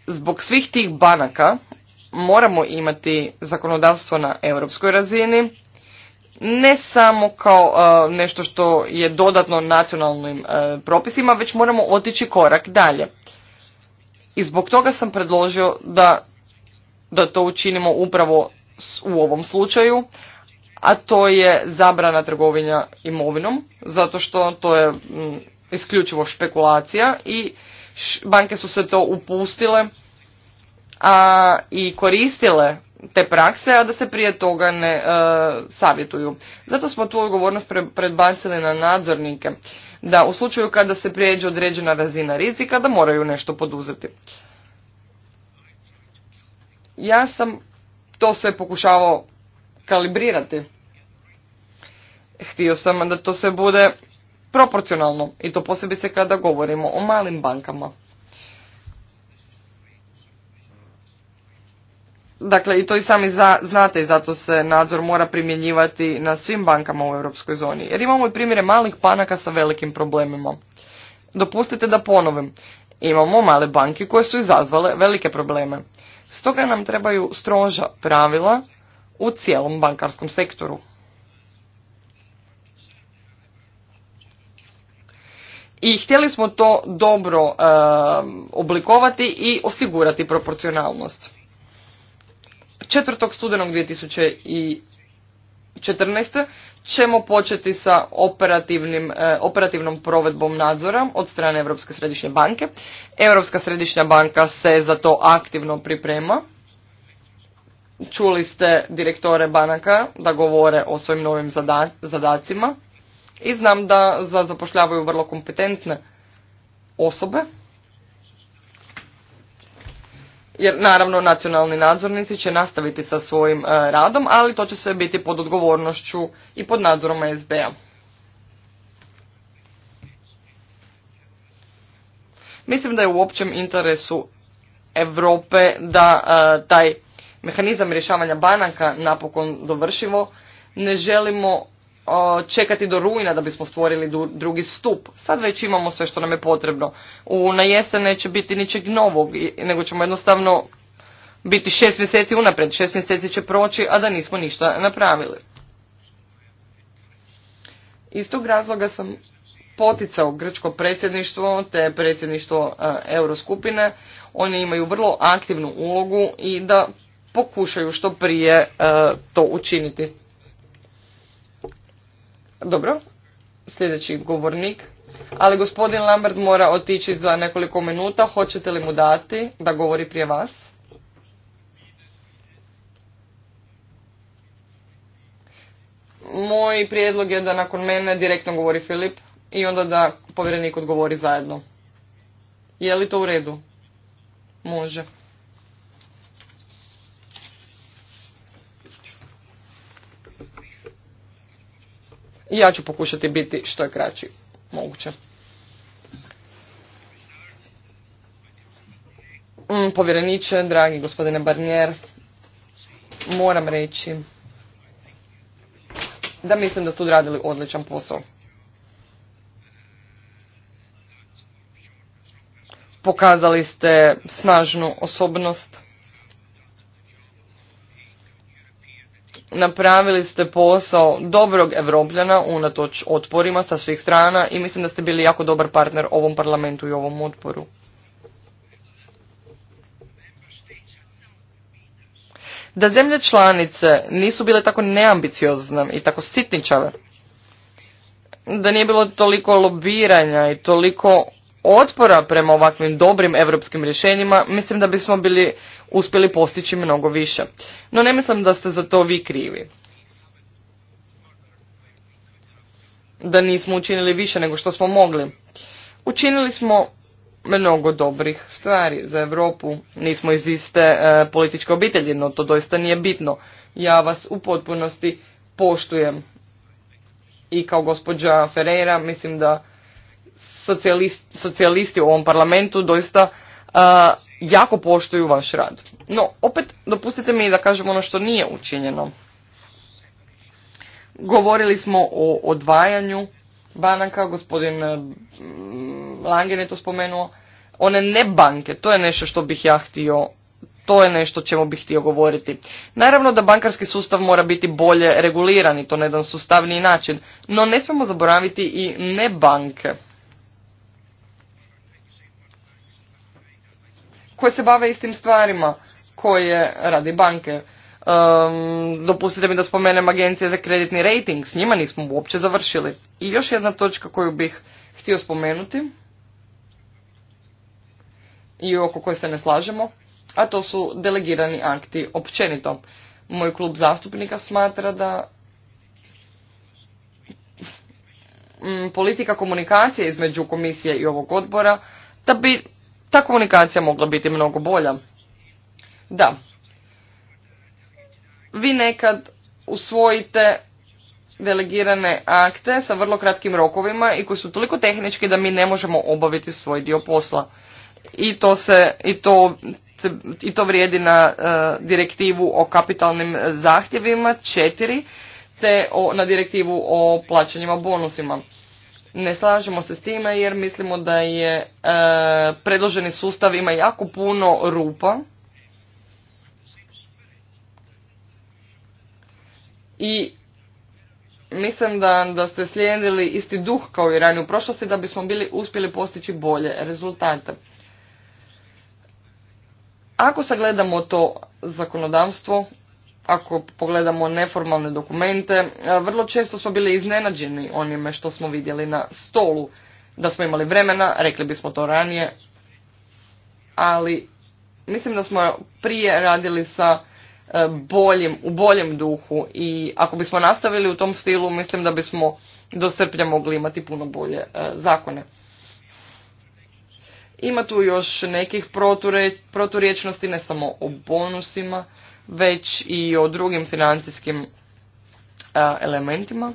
zbog svih tih banaka moramo imati zakonodavstvo na europskoj razini, ne samo kao e, nešto što je dodatno nacionalnim e, propisima, već moramo otići korak dalje. I zbog toga sam predložio da, da to učinimo upravo u ovom slučaju, a to je zabrana trgovinja imovinom, zato što to je isključivo špekulacija i banke su se to upustile a, i koristile te prakse, a da se prije toga ne e, savjetuju. Zato smo tu odgovornost pre, predbacili na nadzornike, da u slučaju kada se prijeđe određena razina rizika, da moraju nešto poduzeti. Ja sam to sve pokušavao kalibrirati. Htio sam da to sve bude proporcionalno i to posebice kada govorimo o malim bankama. Dakle, i to i sami znate i zato se nadzor mora primjenjivati na svim bankama u Europskoj zoni. Jer imamo i primjere malih banaka sa velikim problemima. Dopustite da ponovim. Imamo male banke koje su izazvale velike probleme. Stoga nam trebaju stroža pravila u cijelom bankarskom sektoru. i htjeli smo to dobro oblikovati i osigurati proporcionalnost. 4. studenog 2014. ćemo početi sa operativnim, e, operativnom provedbom nadzora od strane Europske središnje banke. Europska središnja banka se za to aktivno priprema. Čuli ste direktore banaka da govore o svojim novim zadacima i znam da za zapošljavaju vrlo kompetentne osobe. Jer naravno nacionalni nadzornici će nastaviti sa svojim e, radom, ali to će sve biti pod odgovornošću i pod nadzorom sba Mislim da je u općem interesu Europe da e, taj mehanizam rješavanja banaka napokon dovršimo. Ne želimo čekati do rujna da bismo stvorili drugi stup. Sad već imamo sve što nam je potrebno. U, na neće biti ničeg novog, nego ćemo jednostavno biti šest mjeseci unapred. Šest mjeseci će proći, a da nismo ništa napravili. Iz tog razloga sam poticao grčko predsjedništvo te predsjedništvo e, Euroskupine. Oni imaju vrlo aktivnu ulogu i da pokušaju što prije e, to učiniti. Dobro, sljedeći govornik. Ali gospodin Lambert mora otići za nekoliko minuta. Hoćete li mu dati da govori prije vas? Moj prijedlog je da nakon mene direktno govori Filip i onda da povjerenik odgovori zajedno. Je li to u redu? Može. I ja ću pokušati biti što je kraći moguće. Mm, povjereniče, dragi gospodine Barnier, moram reći da mislim da ste odradili odličan posao. Pokazali ste snažnu osobnost napravili ste posao dobrog Evropljana unatoč otporima sa svih strana i mislim da ste bili jako dobar partner ovom parlamentu i ovom otporu. Da zemlje članice nisu bile tako neambiciozne i tako sitničave, da nije bilo toliko lobiranja i toliko otpora prema ovakvim dobrim europskim rješenjima, mislim da bismo bili uspjeli postići mnogo više. No ne mislim da ste za to vi krivi. Da nismo učinili više nego što smo mogli. Učinili smo mnogo dobrih stvari za Europu. Nismo iz iste e, političke obitelji, no to doista nije bitno. Ja vas u potpunosti poštujem. I kao gospođa Ferreira mislim da socijalisti u ovom parlamentu doista e, jako poštuju vaš rad. No, opet dopustite mi da kažem ono što nije učinjeno. Govorili smo o odvajanju banaka, gospodin eh, Langen je to spomenuo. One ne banke, to je nešto što bih ja htio, to je nešto čemu bih htio govoriti. Naravno da bankarski sustav mora biti bolje reguliran i to na jedan sustavniji način, no ne smemo zaboraviti i ne banke. koje se bave istim stvarima koje radi banke. Um, dopustite mi da spomenem agencije za kreditni rating, s njima nismo uopće završili. I još jedna točka koju bih htio spomenuti i oko koje se ne slažemo, a to su delegirani akti općenito. Moj klub zastupnika smatra da mm, politika komunikacije između komisije i ovog odbora da bi ta komunikacija mogla biti mnogo bolja. Da, vi nekad usvojite delegirane akte sa vrlo kratkim rokovima i koji su toliko tehnički da mi ne možemo obaviti svoj dio posla. I to se, i to, i to vrijedi na e, direktivu o kapitalnim zahtjevima četiri te na direktivu o plaćanjima bonusima. Ne slažemo se s time jer mislimo da je e, predloženi sustav ima jako puno rupa i mislim da, da ste slijedili isti duh kao i ranije u prošlosti da bismo bili uspjeli postići bolje rezultate. Ako sagledamo to zakonodavstvo ako pogledamo neformalne dokumente, e, vrlo često smo bili iznenađeni onime što smo vidjeli na stolu. Da smo imali vremena, rekli bismo to ranije, ali mislim da smo prije radili sa e, boljim, u boljem duhu i ako bismo nastavili u tom stilu, mislim da bismo do srpnja mogli imati puno bolje e, zakone. Ima tu još nekih proturiječnosti, proturječnosti, ne samo o bonusima, već i o drugim financijskim e, elementima.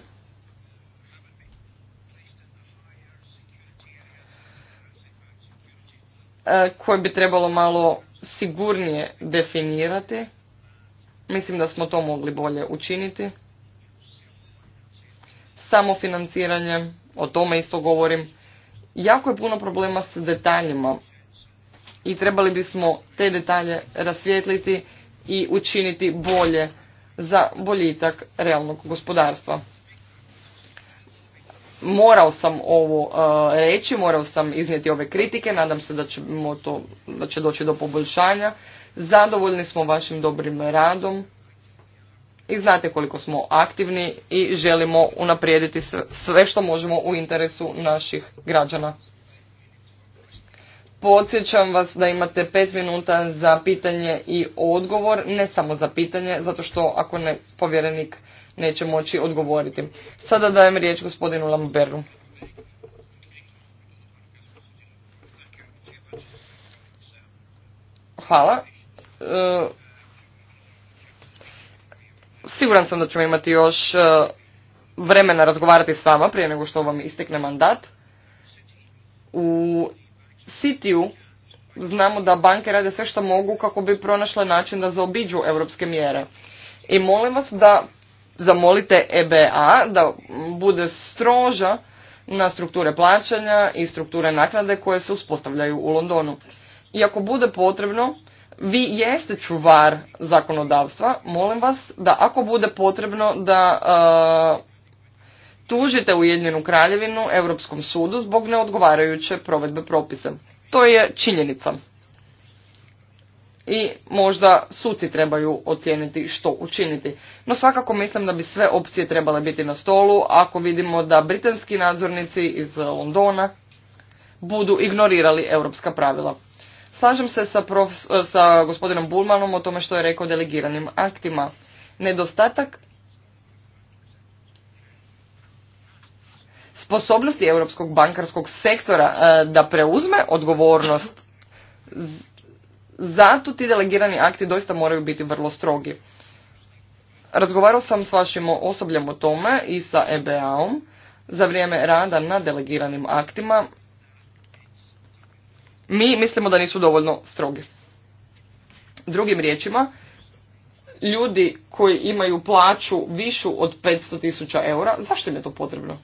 E, koje bi trebalo malo sigurnije definirati. Mislim da smo to mogli bolje učiniti. Samo financiranje, o tome isto govorim. Jako je puno problema s detaljima i trebali bismo te detalje rasvijetliti i učiniti bolje za boljitak realnog gospodarstva. Morao sam ovo uh, reći, morao sam iznijeti ove kritike, nadam se da, ćemo to, da će doći do poboljšanja. Zadovoljni smo vašim dobrim radom i znate koliko smo aktivni i želimo unaprijediti sve što možemo u interesu naših građana. Podsjećam vas da imate pet minuta za pitanje i odgovor, ne samo za pitanje, zato što ako ne povjerenik neće moći odgovoriti. Sada dajem riječ gospodinu Lamberu. Hvala. E, siguran sam da ćemo imati još e, vremena razgovarati s vama prije nego što vam istekne mandat. U Sitiju znamo da banke rade sve što mogu kako bi pronašle način da zaobiđu europske mjere. I molim vas da zamolite EBA da bude stroža na strukture plaćanja i strukture naknade koje se uspostavljaju u Londonu. I ako bude potrebno, vi jeste čuvar zakonodavstva, molim vas da ako bude potrebno da tužite Ujedinjenu kraljevinu Europskom sudu zbog neodgovarajuće provedbe propisa. To je činjenica. I možda suci trebaju ocijeniti što učiniti. No svakako mislim da bi sve opcije trebale biti na stolu ako vidimo da britanski nadzornici iz Londona budu ignorirali europska pravila. Slažem se sa, sa gospodinom Bulmanom o tome što je rekao delegiranim aktima. Nedostatak sposobnosti europskog bankarskog sektora e, da preuzme odgovornost zato ti delegirani akti doista moraju biti vrlo strogi. Razgovarao sam s vašim osobljem o tome i sa EBA-om za vrijeme rada na delegiranim aktima. Mi mislimo da nisu dovoljno strogi. Drugim riječima, ljudi koji imaju plaću višu od 500.000 tisuća eura, zašto im je to potrebno?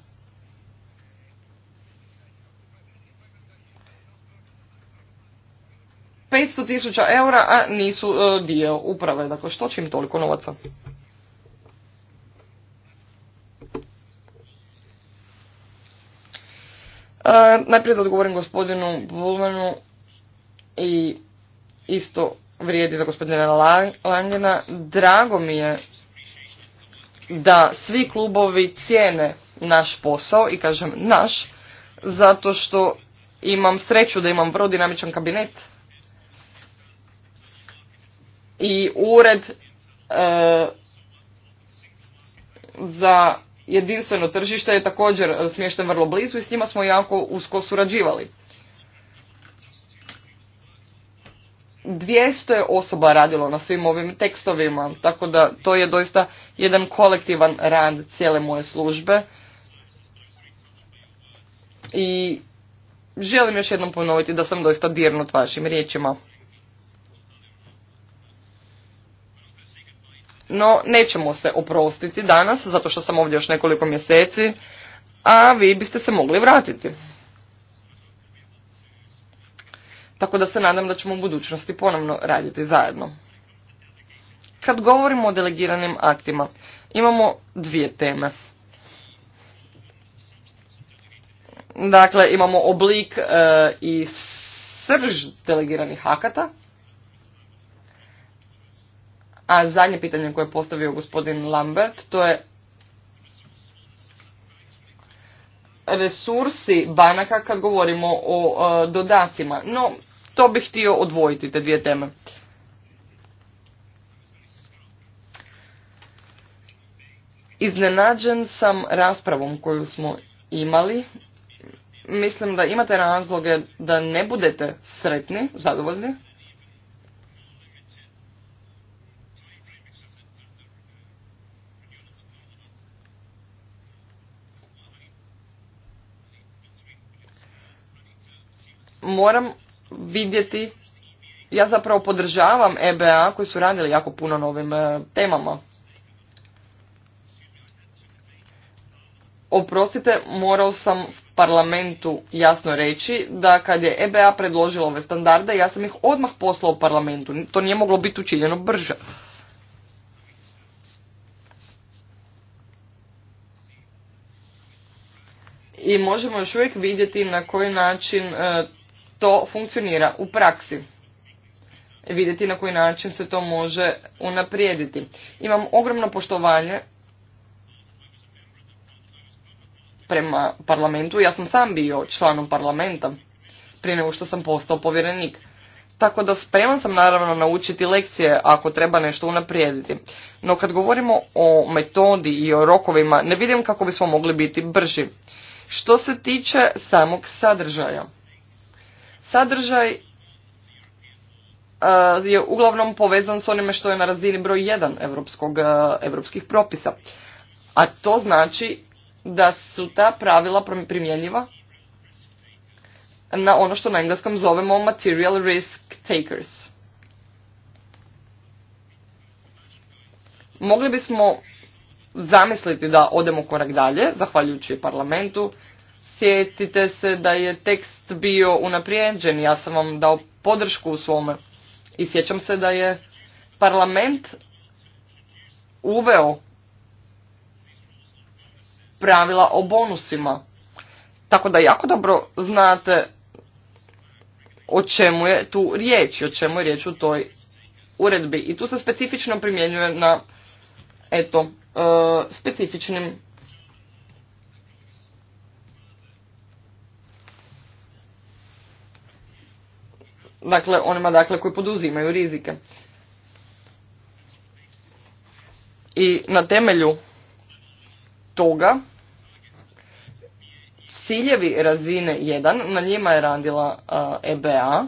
500 tisuća eura, a nisu e, dio uprave. Dakle, što će im toliko novaca? E, najprije da odgovorim gospodinu Bulmanu i isto vrijedi za gospodina Langena. Drago mi je da svi klubovi cijene naš posao i kažem naš, zato što imam sreću da imam vrlo dinamičan kabinet i ured e, za jedinstveno tržište je također e, smješten vrlo blizu i s njima smo jako usko surađivali. 200 je osoba radilo na svim ovim tekstovima, tako da to je doista jedan kolektivan rad cijele moje službe. I želim još jednom ponoviti da sam doista dirnut vašim riječima. No, nećemo se oprostiti danas, zato što sam ovdje još nekoliko mjeseci, a vi biste se mogli vratiti. Tako da se nadam da ćemo u budućnosti ponovno raditi zajedno. Kad govorimo o delegiranim aktima, imamo dvije teme. Dakle, imamo oblik e, i srž delegiranih akata, a zadnje pitanje koje je postavio gospodin Lambert, to je resursi banaka kad govorimo o e, dodacima. No, to bih htio odvojiti, te dvije teme. Iznenađen sam raspravom koju smo imali. Mislim da imate razloge da ne budete sretni, zadovoljni, moram vidjeti, ja zapravo podržavam EBA koji su radili jako puno na ovim e, temama. Oprostite, morao sam u parlamentu jasno reći da kad je EBA predložila ove standarde, ja sam ih odmah poslao u parlamentu. To nije moglo biti učinjeno brže. I možemo još uvijek vidjeti na koji način e, to funkcionira u praksi. Vidjeti na koji način se to može unaprijediti. Imam ogromno poštovanje prema parlamentu. Ja sam sam bio članom parlamenta prije nego što sam postao povjerenik. Tako da spreman sam naravno naučiti lekcije ako treba nešto unaprijediti. No kad govorimo o metodi i o rokovima, ne vidim kako bismo mogli biti brži. Što se tiče samog sadržaja. Sadržaj e, je uglavnom povezan s onime što je na razini broj 1 europskih e, propisa. A to znači da su ta pravila primjenjiva na ono što na engleskom zovemo material risk takers. Mogli bismo zamisliti da odemo korak dalje, zahvaljujući parlamentu, Sjetite se da je tekst bio unaprijeđen, ja sam vam dao podršku u svome. I sjećam se da je parlament uveo pravila o bonusima. Tako da jako dobro znate o čemu je tu riječ, o čemu je riječ u toj uredbi. I tu se specifično primjenjuje na eto, e, specifičnim dakle onima dakle koji poduzimaju rizike. I na temelju toga ciljevi razine 1, na njima je radila EBA e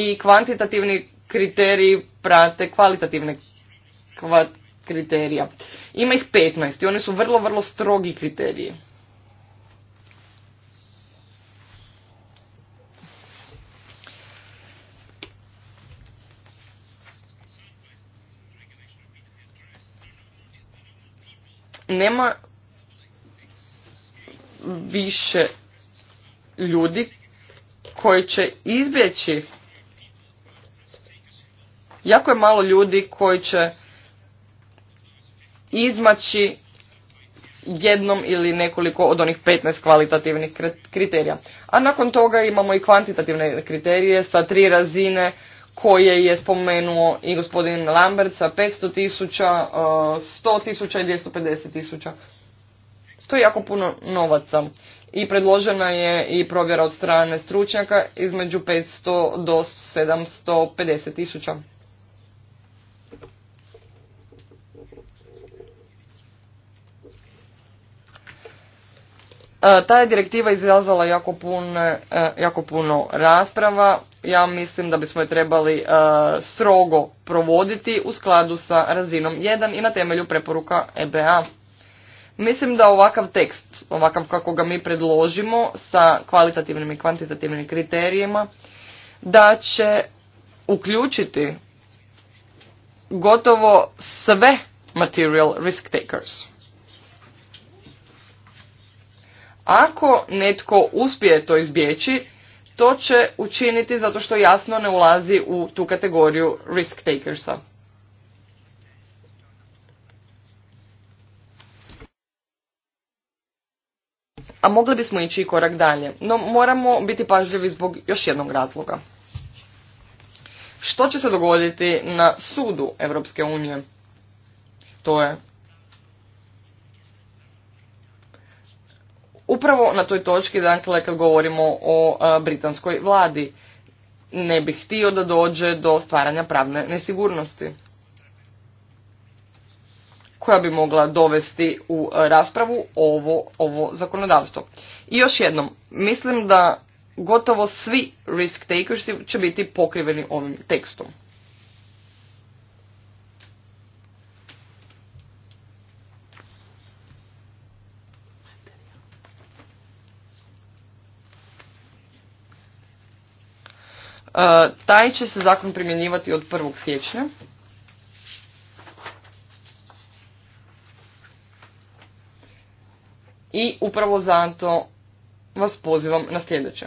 i kvantitativni kriteriji prate kvalitativne kva kriterija. Ima ih 15 i oni su vrlo, vrlo strogi kriteriji. nema više ljudi koji će izbjeći jako je malo ljudi koji će izmaći jednom ili nekoliko od onih 15 kvalitativnih kriterija. A nakon toga imamo i kvantitativne kriterije sa tri razine koje je spomenuo i gospodin Lambert sa 500 tisuća, 100 e, tisuća i 250 tisuća. To je jako puno novaca. I predložena je i provjera od strane stručnjaka između 500 do 750 tisuća. E, ta je direktiva izazvala jako, e, jako puno rasprava. Ja mislim da bismo je trebali e, strogo provoditi u skladu sa razinom 1 i na temelju preporuka EBA. Mislim da ovakav tekst, ovakav kako ga mi predložimo sa kvalitativnim i kvantitativnim kriterijima, da će uključiti gotovo sve material risk takers. Ako netko uspije to izbjeći, to će učiniti zato što jasno ne ulazi u tu kategoriju risk takersa. A mogli bismo ići i korak dalje, no moramo biti pažljivi zbog još jednog razloga. Što će se dogoditi na sudu Europske unije? To je Upravo na toj točki, dakle, kad govorimo o e, britanskoj vladi, ne bih htio da dođe do stvaranja pravne nesigurnosti koja bi mogla dovesti u e, raspravu ovo, ovo zakonodavstvo. I još jednom, mislim da gotovo svi risk takers će biti pokriveni ovim tekstom. E, taj će se zakon primjenjivati od 1. siječnja. I upravo zato vas pozivam na sljedeće.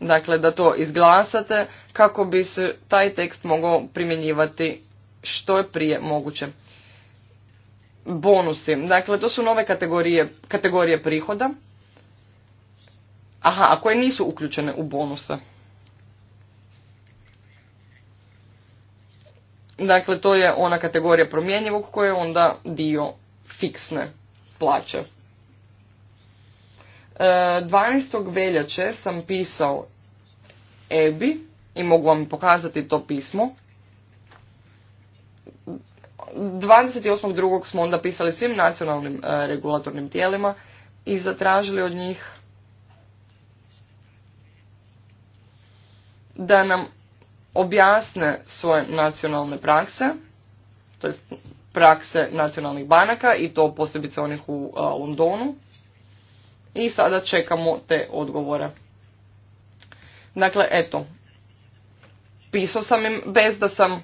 Dakle, da to izglasate kako bi se taj tekst mogao primjenjivati što je prije moguće. Bonusi. Dakle, to su nove kategorije, kategorije prihoda Aha, a koje nisu uključene u bonuse. Dakle, to je ona kategorija promjenjivog koja je onda dio fiksne plaće. 12. E, veljače sam pisao Ebi i mogu vam pokazati to pismo. drugog smo onda pisali svim nacionalnim e, regulatornim tijelima i zatražili od njih da nam objasne svoje nacionalne prakse, to jest prakse nacionalnih banaka i to posebice onih u Londonu. I sada čekamo te odgovore. Dakle, eto, pisao sam im bez da sam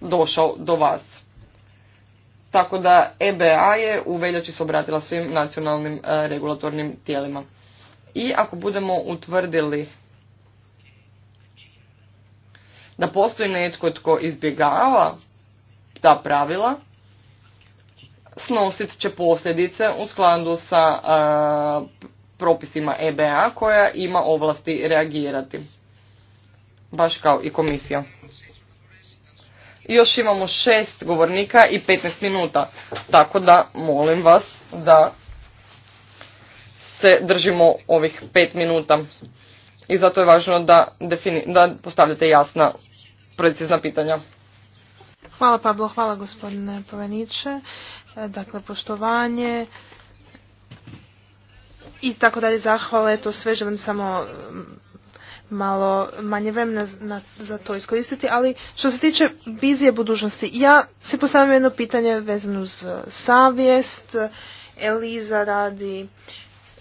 došao do vas. Tako da EBA je u veljači se obratila svim nacionalnim regulatornim tijelima. I ako budemo utvrdili da postoji netko tko izbjegava ta pravila, snosit će posljedice u skladu sa e, propisima EBA koja ima ovlasti reagirati. Baš kao i komisija. Još imamo šest govornika i 15 minuta. Tako da molim vas da se držimo ovih pet minuta. I zato je važno da, da postavljate jasna precizna pitanja. Hvala Pablo, hvala gospodine Poveniće. E, dakle, poštovanje i tako dalje zahvale, to sve želim samo mm, malo manje vremena za to iskoristiti, ali što se tiče vizije budućnosti, ja si postavljam jedno pitanje vezano uz e, savjest, Eliza radi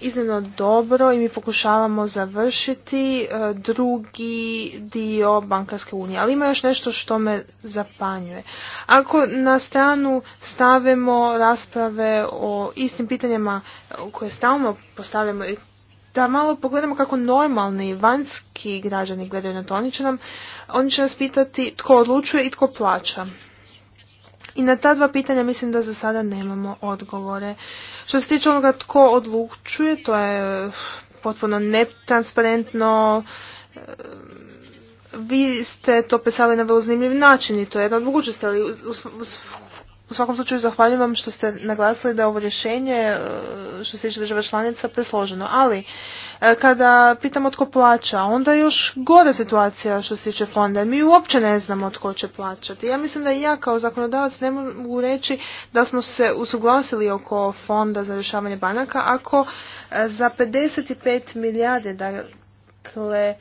iznimno dobro i mi pokušavamo završiti e, drugi dio bankarske unije. Ali ima još nešto što me zapanjuje. Ako na stranu stavimo rasprave o istim pitanjima koje stalno postavljamo i da malo pogledamo kako normalni vanjski građani gledaju na to, nam, oni će nas pitati tko odlučuje i tko plaća. I na ta dva pitanja mislim da za sada nemamo odgovore. Što se tiče onoga tko odlučuje, to je eh, potpuno netransparentno. Eh, vi ste to pisali na vrlo zanimljiv način i to je jedna od mogućnosti, ali u svakom slučaju zahvaljujem vam što ste naglasili da je ovo rješenje eh, što se tiče država članica presloženo, ali E, kada pitamo tko plaća, onda još gore situacija što se tiče fonda. Mi uopće ne znamo tko će plaćati. Ja mislim da i ja kao zakonodavac ne mogu reći da smo se usuglasili oko fonda za rješavanje banaka ako e, za 55 milijarde, dakle,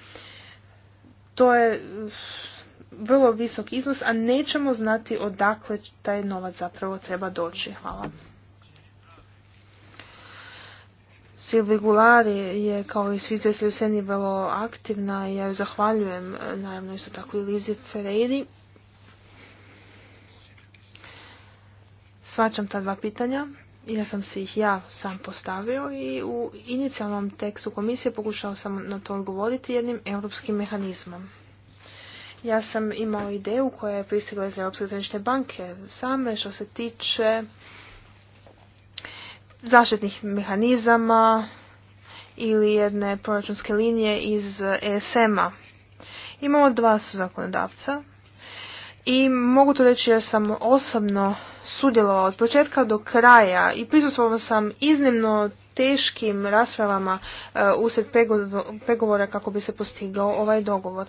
to je vrlo visok iznos, a nećemo znati odakle taj novac zapravo treba doći. Hvala. Silvi Gulari je kao i svi izvjetli u Seni vrlo aktivna i ja ju zahvaljujem e, naravno isto tako i Lizi Ferreiri. Svačam ta dva pitanja ja sam si ih ja sam postavio i u inicijalnom tekstu komisije pokušao sam na to odgovoriti jednim europskim mehanizmom. Ja sam imao ideju koja je pristigla iz Europske tržišne banke same što se tiče zaštitnih mehanizama ili jedne proračunske linije iz ESM-a. Imamo dva su zakonodavca i mogu to reći jer sam osobno sudjelovao od početka do kraja i prisustvovala sam iznimno teškim raspravama uh, usred pregovora kako bi se postigao ovaj dogovor.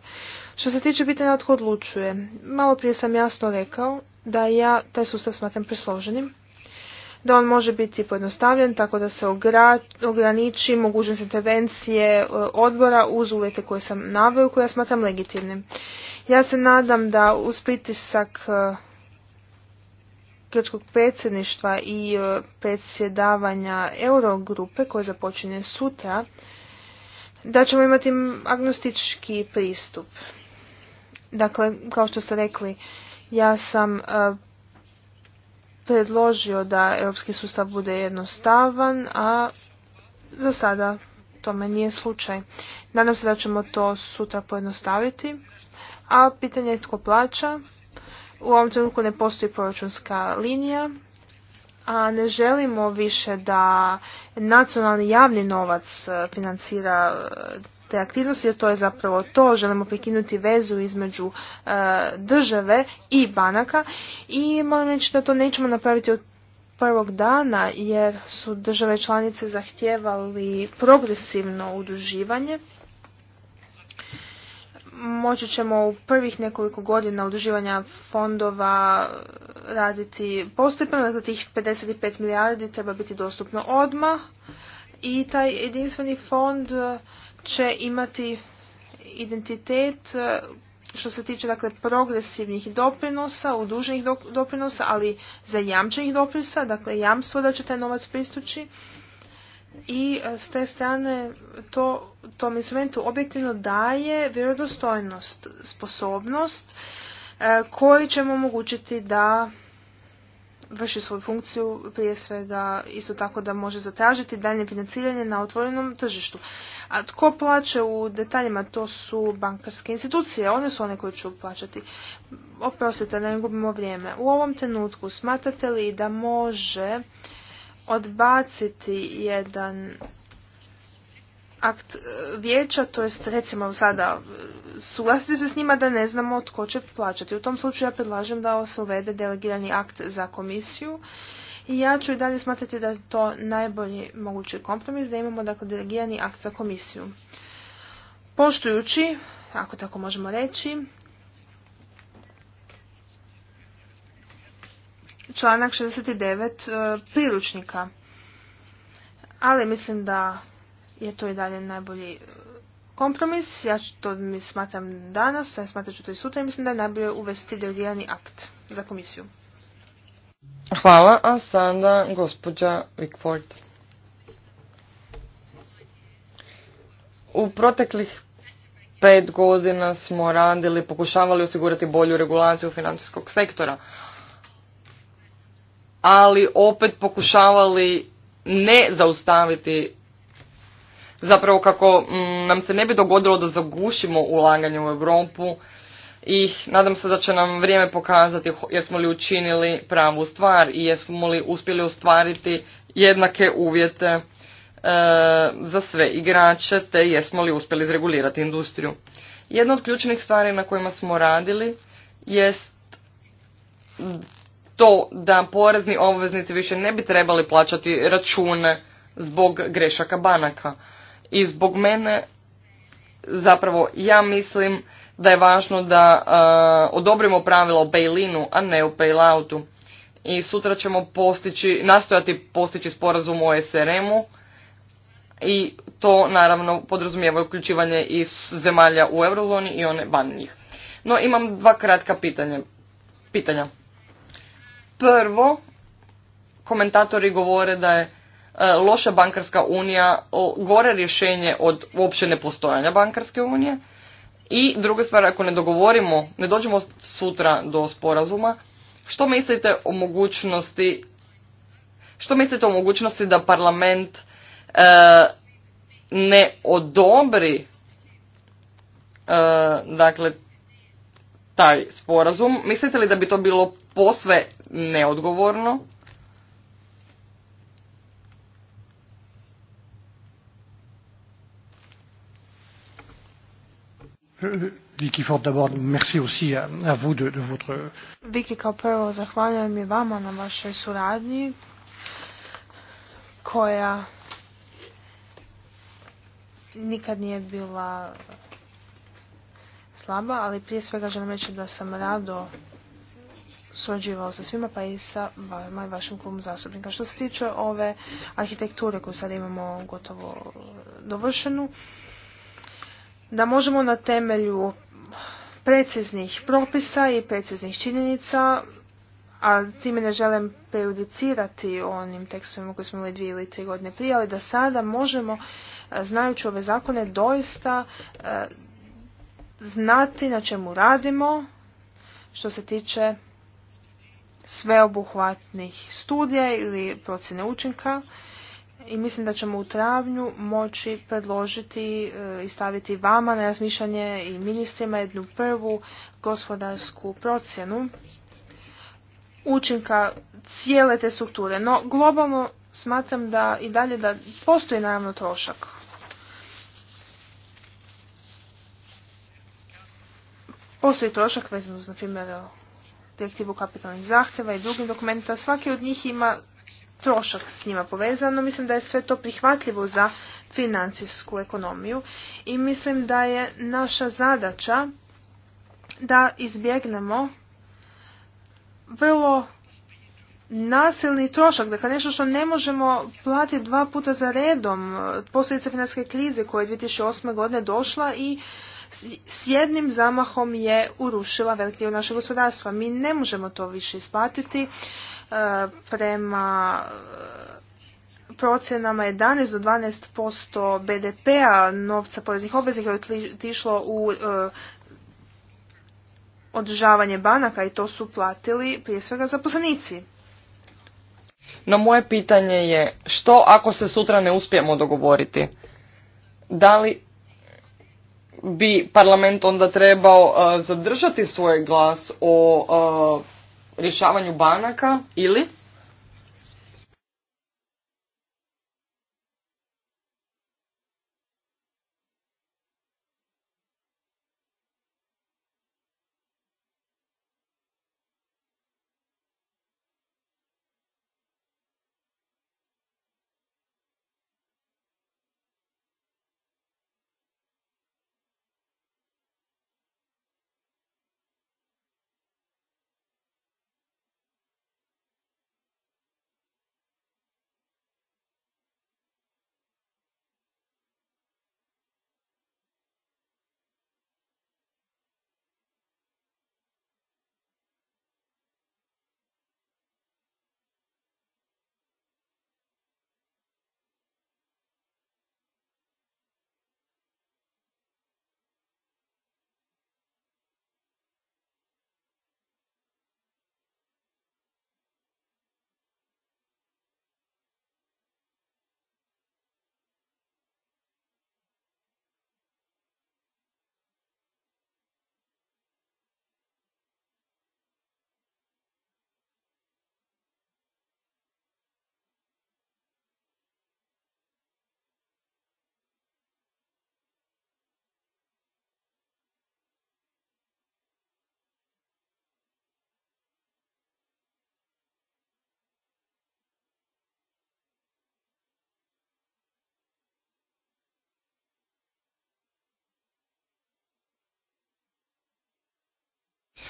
Što se tiče pitanja tko odlučuje, malo prije sam jasno rekao da ja taj sustav smatram presloženim da on može biti pojednostavljen tako da se ograniči mogućnost intervencije e, odbora uz uvjete koje sam naveo i koje ja smatram legitimnim. Ja se nadam da uz pritisak e, grčkog predsjedništva i e, predsjedavanja Eurogrupe koje započinje sutra, da ćemo imati agnostički pristup. Dakle, kao što ste rekli, ja sam predložio da europski sustav bude jednostavan, a za sada tome nije slučaj. Nadam se da ćemo to sutra pojednostaviti. A pitanje je tko plaća. U ovom trenutku ne postoji proračunska linija, a ne želimo više da nacionalni javni novac financira te aktivnosti, jer to je zapravo to, želimo prekinuti vezu između e, države i banaka i moram reći da to nećemo napraviti od prvog dana jer su države članice zahtijevali progresivno udruživanje. Moći ćemo u prvih nekoliko godina udruživanja fondova raditi postepeno, dakle tih 55 milijardi treba biti dostupno odmah i taj jedinstveni fond će imati identitet e, što se tiče dakle progresivnih doprinosa, uduženih doprinosa, ali za zajamčenih doprinosa, dakle jamstvo da će taj novac pristući. I e, s te strane to, tom instrumentu objektivno daje vjerodostojnost, sposobnost e, koji će omogućiti da vrši svoju funkciju prije svega isto tako da može zatražiti daljnje financiranje na otvorenom tržištu. A tko plaće u detaljima? To su bankarske institucije. One su one koje ću plaćati. Oprostite, da ne gubimo vrijeme. U ovom trenutku smatrate li da može odbaciti jedan akt e, vijeća, to jest recimo sada suglasiti se s njima da ne znamo tko će plaćati. U tom slučaju ja predlažem da se uvede delegirani akt za komisiju i ja ću i dalje smatrati da je to najbolji mogući kompromis, da imamo dakle delegirani akt za komisiju. Poštujući, ako tako možemo reći, članak 69 e, priručnika. Ali mislim da je to i dalje najbolji kompromis, ja ću to mi smatram danas, ja smatrat ću to i sutra i mislim da je najbolje uvesti delegirani akt za komisiju. Hvala, a sada gospođa Wickford. U proteklih pet godina smo radili, pokušavali osigurati bolju regulaciju financijskog sektora, ali opet pokušavali ne zaustaviti zapravo kako mm, nam se ne bi dogodilo da zagušimo ulaganje u Europu i nadam se da će nam vrijeme pokazati jesmo li učinili pravu stvar i jesmo li uspjeli ostvariti jednake uvjete e, za sve igrače te jesmo li uspjeli izregulirati industriju. Jedna od ključnih stvari na kojima smo radili jest to da porezni obveznici više ne bi trebali plaćati račune zbog grešaka banaka. I zbog mene zapravo ja mislim da je važno da e, odobrimo pravila o bail-inu, a ne o bail-outu. I sutra ćemo postići, nastojati postići sporazum o SRM-u i to naravno podrazumijeva uključivanje i zemalja u eurozoni i one van njih. No imam dva kratka pitanje pitanja. Prvo, komentatori govore da je E, loša bankarska unija, gore rješenje od uopće nepostojanja bankarske unije. I druga stvar, ako ne dogovorimo, ne dođemo sutra do sporazuma, što mislite o mogućnosti što mislite o mogućnosti da parlament e, ne odobri e, dakle taj sporazum? Mislite li da bi to bilo posve neodgovorno? Viki, kao prvo zahvaljujem i vama na vašoj suradnji koja nikad nije bila slaba, ali prije svega želim reći da sam rado surađivao sa svima, pa i sa vama vašim klubom zastupnika. Što se tiče ove arhitekture koju sad imamo gotovo dovršenu, da možemo na temelju preciznih propisa i preciznih činjenica, a time ne želim prejudicirati onim tekstovima koje smo imali dvije ili tri godine prije, ali da sada možemo, e, znajući ove zakone, doista e, znati na čemu radimo što se tiče sveobuhvatnih studija ili procjene učinka i mislim da ćemo u travnju moći predložiti e, i staviti vama na razmišljanje i ministrima jednu prvu gospodarsku procjenu učinka cijele te strukture. No, globalno smatram da i dalje da postoji naravno trošak. Postoji trošak vezan uz, na primjer, direktivu kapitalnih zahtjeva i drugih dokumenta. Svaki od njih ima trošak s njima povezano. mislim da je sve to prihvatljivo za financijsku ekonomiju i mislim da je naša zadaća da izbjegnemo vrlo nasilni trošak, dakle nešto što ne možemo platiti dva puta za redom, posljedice financijske krize koja je 2008. godine došla i s jednim zamahom je urušila velik dio našeg gospodarstva. Mi ne možemo to više isplatiti E, prema e, procjenama 11 do 12% BDP-a novca poreznih obveznika je otišlo u e, održavanje banaka i to su platili prije svega zaposlenici. No moje pitanje je što ako se sutra ne uspijemo dogovoriti? Da li bi parlament onda trebao zadržati svoj glas o rješavanju banaka ili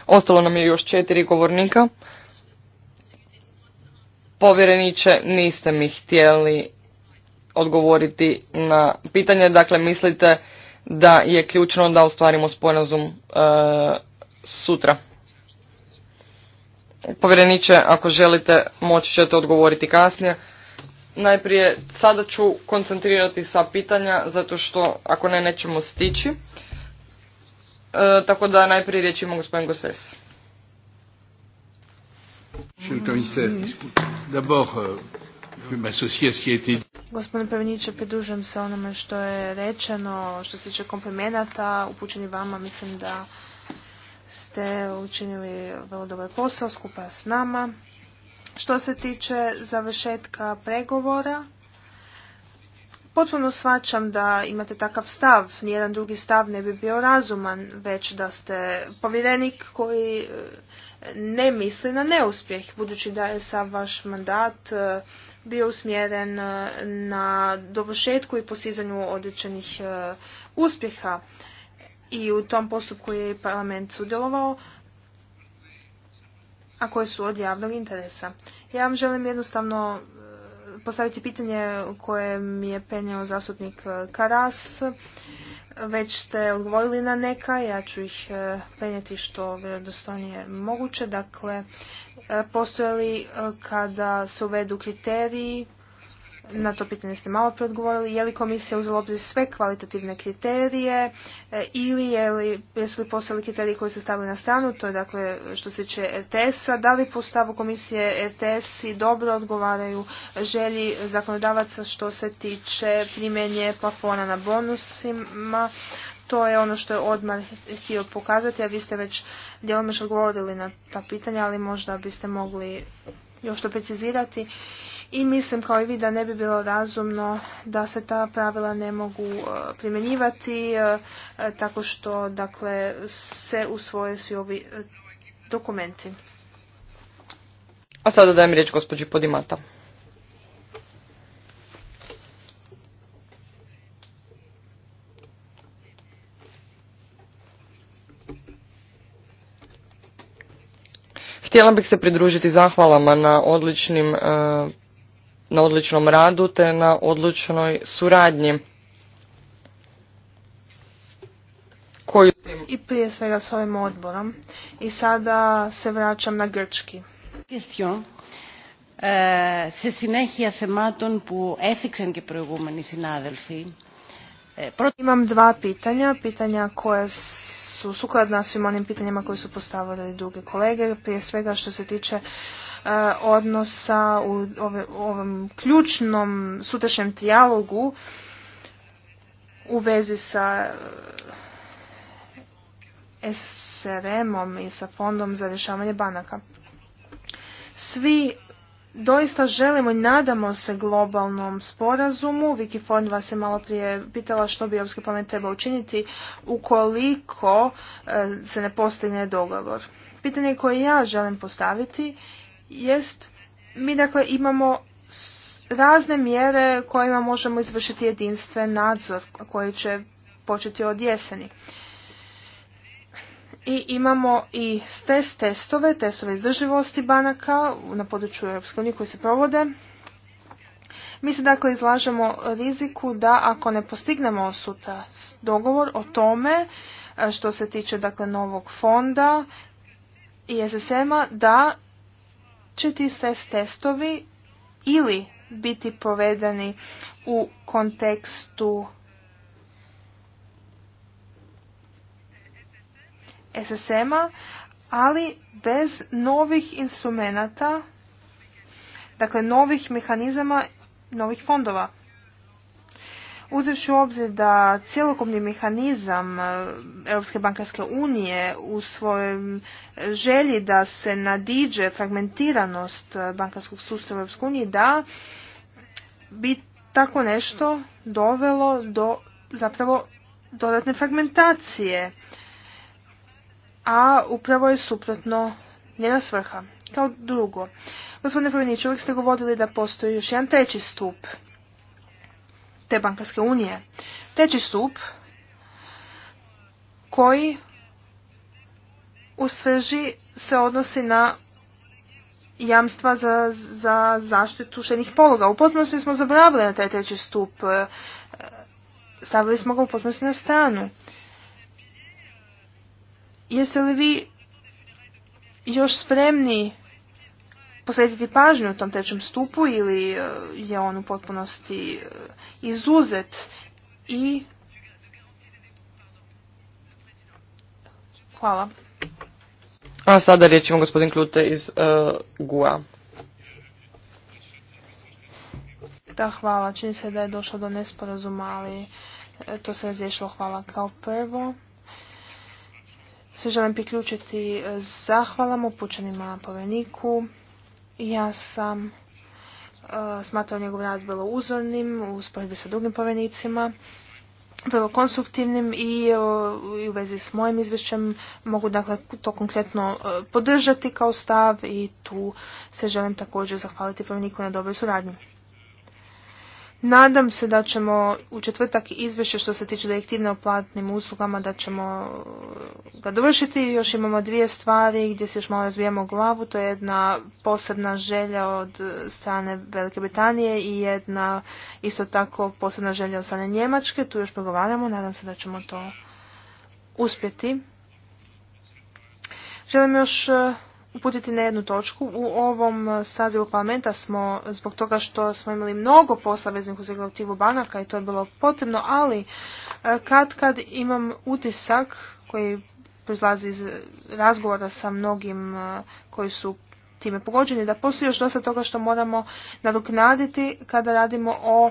Ostalo nam je još četiri govornika. Povjereniče, niste mi htjeli odgovoriti na pitanje. Dakle, mislite da je ključno da ostvarimo sporazum e, sutra. Povjereniče, ako želite, moći ćete odgovoriti kasnije. Najprije, sada ću koncentrirati sva pitanja, zato što ako ne, nećemo stići. E, tako da najprije riječ ima gospodin Gosses. Euh, Gospodine Pevniće, pridružujem se onome što je rečeno, što se tiče komplimenata, upućeni vama, mislim da ste učinili vrlo dobar posao skupa s nama. Što se tiče završetka pregovora, Potpuno svačam da imate takav stav, nijedan drugi stav ne bi bio razuman, već da ste povjerenik koji e, ne misli na neuspjeh, budući da je sav vaš mandat e, bio usmjeren e, na dovršetku i posizanju određenih uspjeha i u tom postupku je i parlament sudjelovao, a koje su od javnog interesa. Ja vam želim jednostavno postaviti pitanje koje mi je penjao zastupnik e, Karas. Već ste odgovorili na neka, ja ću ih e, penjati što vjerodostojnije moguće. Dakle, e, postoje li kada se uvedu kriteriji na to pitanje ste malo odgovorili, je li komisija uzela obzir sve kvalitativne kriterije e, ili je li, jesu li postojali kriteriji koji su stavili na stranu, to je dakle što se tiče RTS-a, da li po stavu komisije RTS-i dobro odgovaraju želji zakonodavaca što se tiče primjenje plafona na bonusima, to je ono što je odmah htio pokazati, a vi ste već djelomično odgovorili na ta pitanja, ali možda biste mogli još to precizirati i mislim kao i vi da ne bi bilo razumno da se ta pravila ne mogu e, primjenjivati e, e, tako što dakle se usvoje svi ovi dokumenti. A sada dajem riječ gospođi Podimata. Htjela bih se pridružiti zahvalama na odličnim na odličnom radu te na odličnoj suradnji. Koju... I prije svega s ovim odborom. I sada se vraćam na grčki. Question. Eh, σε συνέχεια θεμάτων που έθιξαν και προηγούμενοι συνάδελφοι, imam dva pitanja, pitanja koja su sukladna svim onim pitanjima koje su postavili druge kolege, prije svega što se tiče E, odnosa u ovom ključnom sutrašnjem dijalogu u vezi sa e, SRM-om i sa fondom za rješavanje banaka. Svi doista želimo i nadamo se globalnom sporazumu. Viki Fond vas je malo prije pitala što bi Europski parlament trebao učiniti ukoliko e, se ne postigne dogovor. Pitanje koje ja želim postaviti jest mi dakle imamo razne mjere kojima možemo izvršiti jedinstven nadzor koji će početi od jeseni. I imamo i test testove, testove izdrživosti banaka na području Europske unije koji se provode. Mi se dakle izlažemo riziku da ako ne postignemo sutra dogovor o tome e, što se tiče dakle novog fonda i SSM-a da će ti e testovi ili biti povedani u kontekstu SSM-a, ali bez novih instrumenata, dakle novih mehanizama, novih fondova. Uzevši u obzir da cjelokupni mehanizam e, Europske bankarske unije u svojem želji da se nadiđe fragmentiranost e, bankarskog sustava Europske unije, da bi tako nešto dovelo do zapravo dodatne fragmentacije, a upravo je suprotno njena svrha. Kao drugo, gospodine Prvenić, uvijek ste govorili da postoji još jedan treći stup – te bankarske unije. Treći stup koji u srži se odnosi na jamstva za, zaštitu štenih pologa. U potpunosti smo zabravili na taj treći stup. E, stavili smo ga u potpunosti na stranu. Jeste li vi još spremni posvetiti pažnju u tom trećem stupu ili e, je on u potpunosti e, izuzet i Hvala. A sada riječ ima gospodin Klute iz e, GUA. Da, hvala. Čini se da je došlo do nesporazuma, ali to se razriješilo. Hvala kao prvo. Se želim priključiti zahvalama upućenima povjereniku. Ja sam e, smatram njegov rad vrlo uzornim u usporedbi sa drugim povjerenicima, vrlo konstruktivnim i, e, u vezi s mojim izvješćem mogu dakle to konkretno e, podržati kao stav i tu se želim također zahvaliti povjereniku na dobroj suradnji. Nadam se da ćemo u četvrtak izvješće što se tiče direktivne o platnim uslugama da ćemo ga dovršiti. Još imamo dvije stvari gdje se još malo razvijamo glavu. To je jedna posebna želja od strane Velike Britanije i jedna isto tako posebna želja od strane Njemačke. Tu još pregovaramo. Nadam se da ćemo to uspjeti. Želim još uputiti na jednu točku. U ovom sazivu parlamenta smo, zbog toga što smo imali mnogo posla veznih uz regulativu banaka i to je bilo potrebno, ali e, kad kad imam utisak koji proizlazi iz razgovora sa mnogim e, koji su time pogođeni, da postoji još dosta toga što moramo nadoknaditi kada radimo o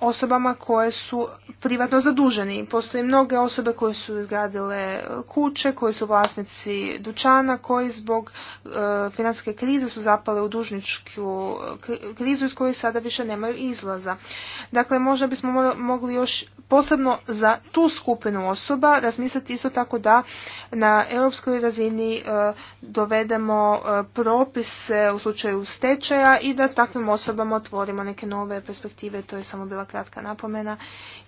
osobama koje su privatno zaduženi. Postoje mnoge osobe koje su izgradile kuće, koje su vlasnici dućana, koji zbog e, financijske krize su zapale u dužničku krizu iz koje sada više nemaju izlaza. Dakle, možda bismo mogli još posebno za tu skupinu osoba razmisliti isto tako da na europskoj razini e, dovedemo e, propise u slučaju stečaja i da takvim osobama otvorimo neke nove perspektive. To je samo bila kratka napomena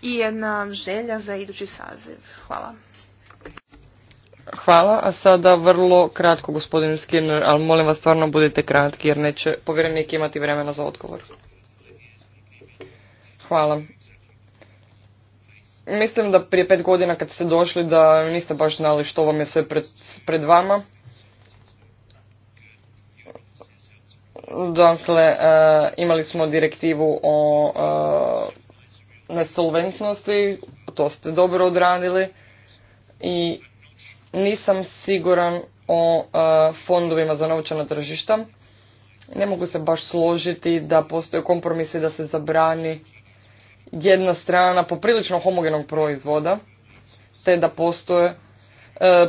i jedna želja za idući saziv. Hvala. Hvala, a sada vrlo kratko gospodin Skinner, ali molim vas stvarno budite kratki jer neće povjerenik imati vremena za odgovor. Hvala. Mislim da prije pet godina kad ste došli da niste baš znali što vam je sve pred vama. Dakle, e, imali smo direktivu o e, nesolventnosti, to ste dobro odradili i nisam siguran o e, fondovima za novčana tržišta. Ne mogu se baš složiti da postoje kompromisi da se zabrani jedna strana poprilično homogenog proizvoda, te da postoje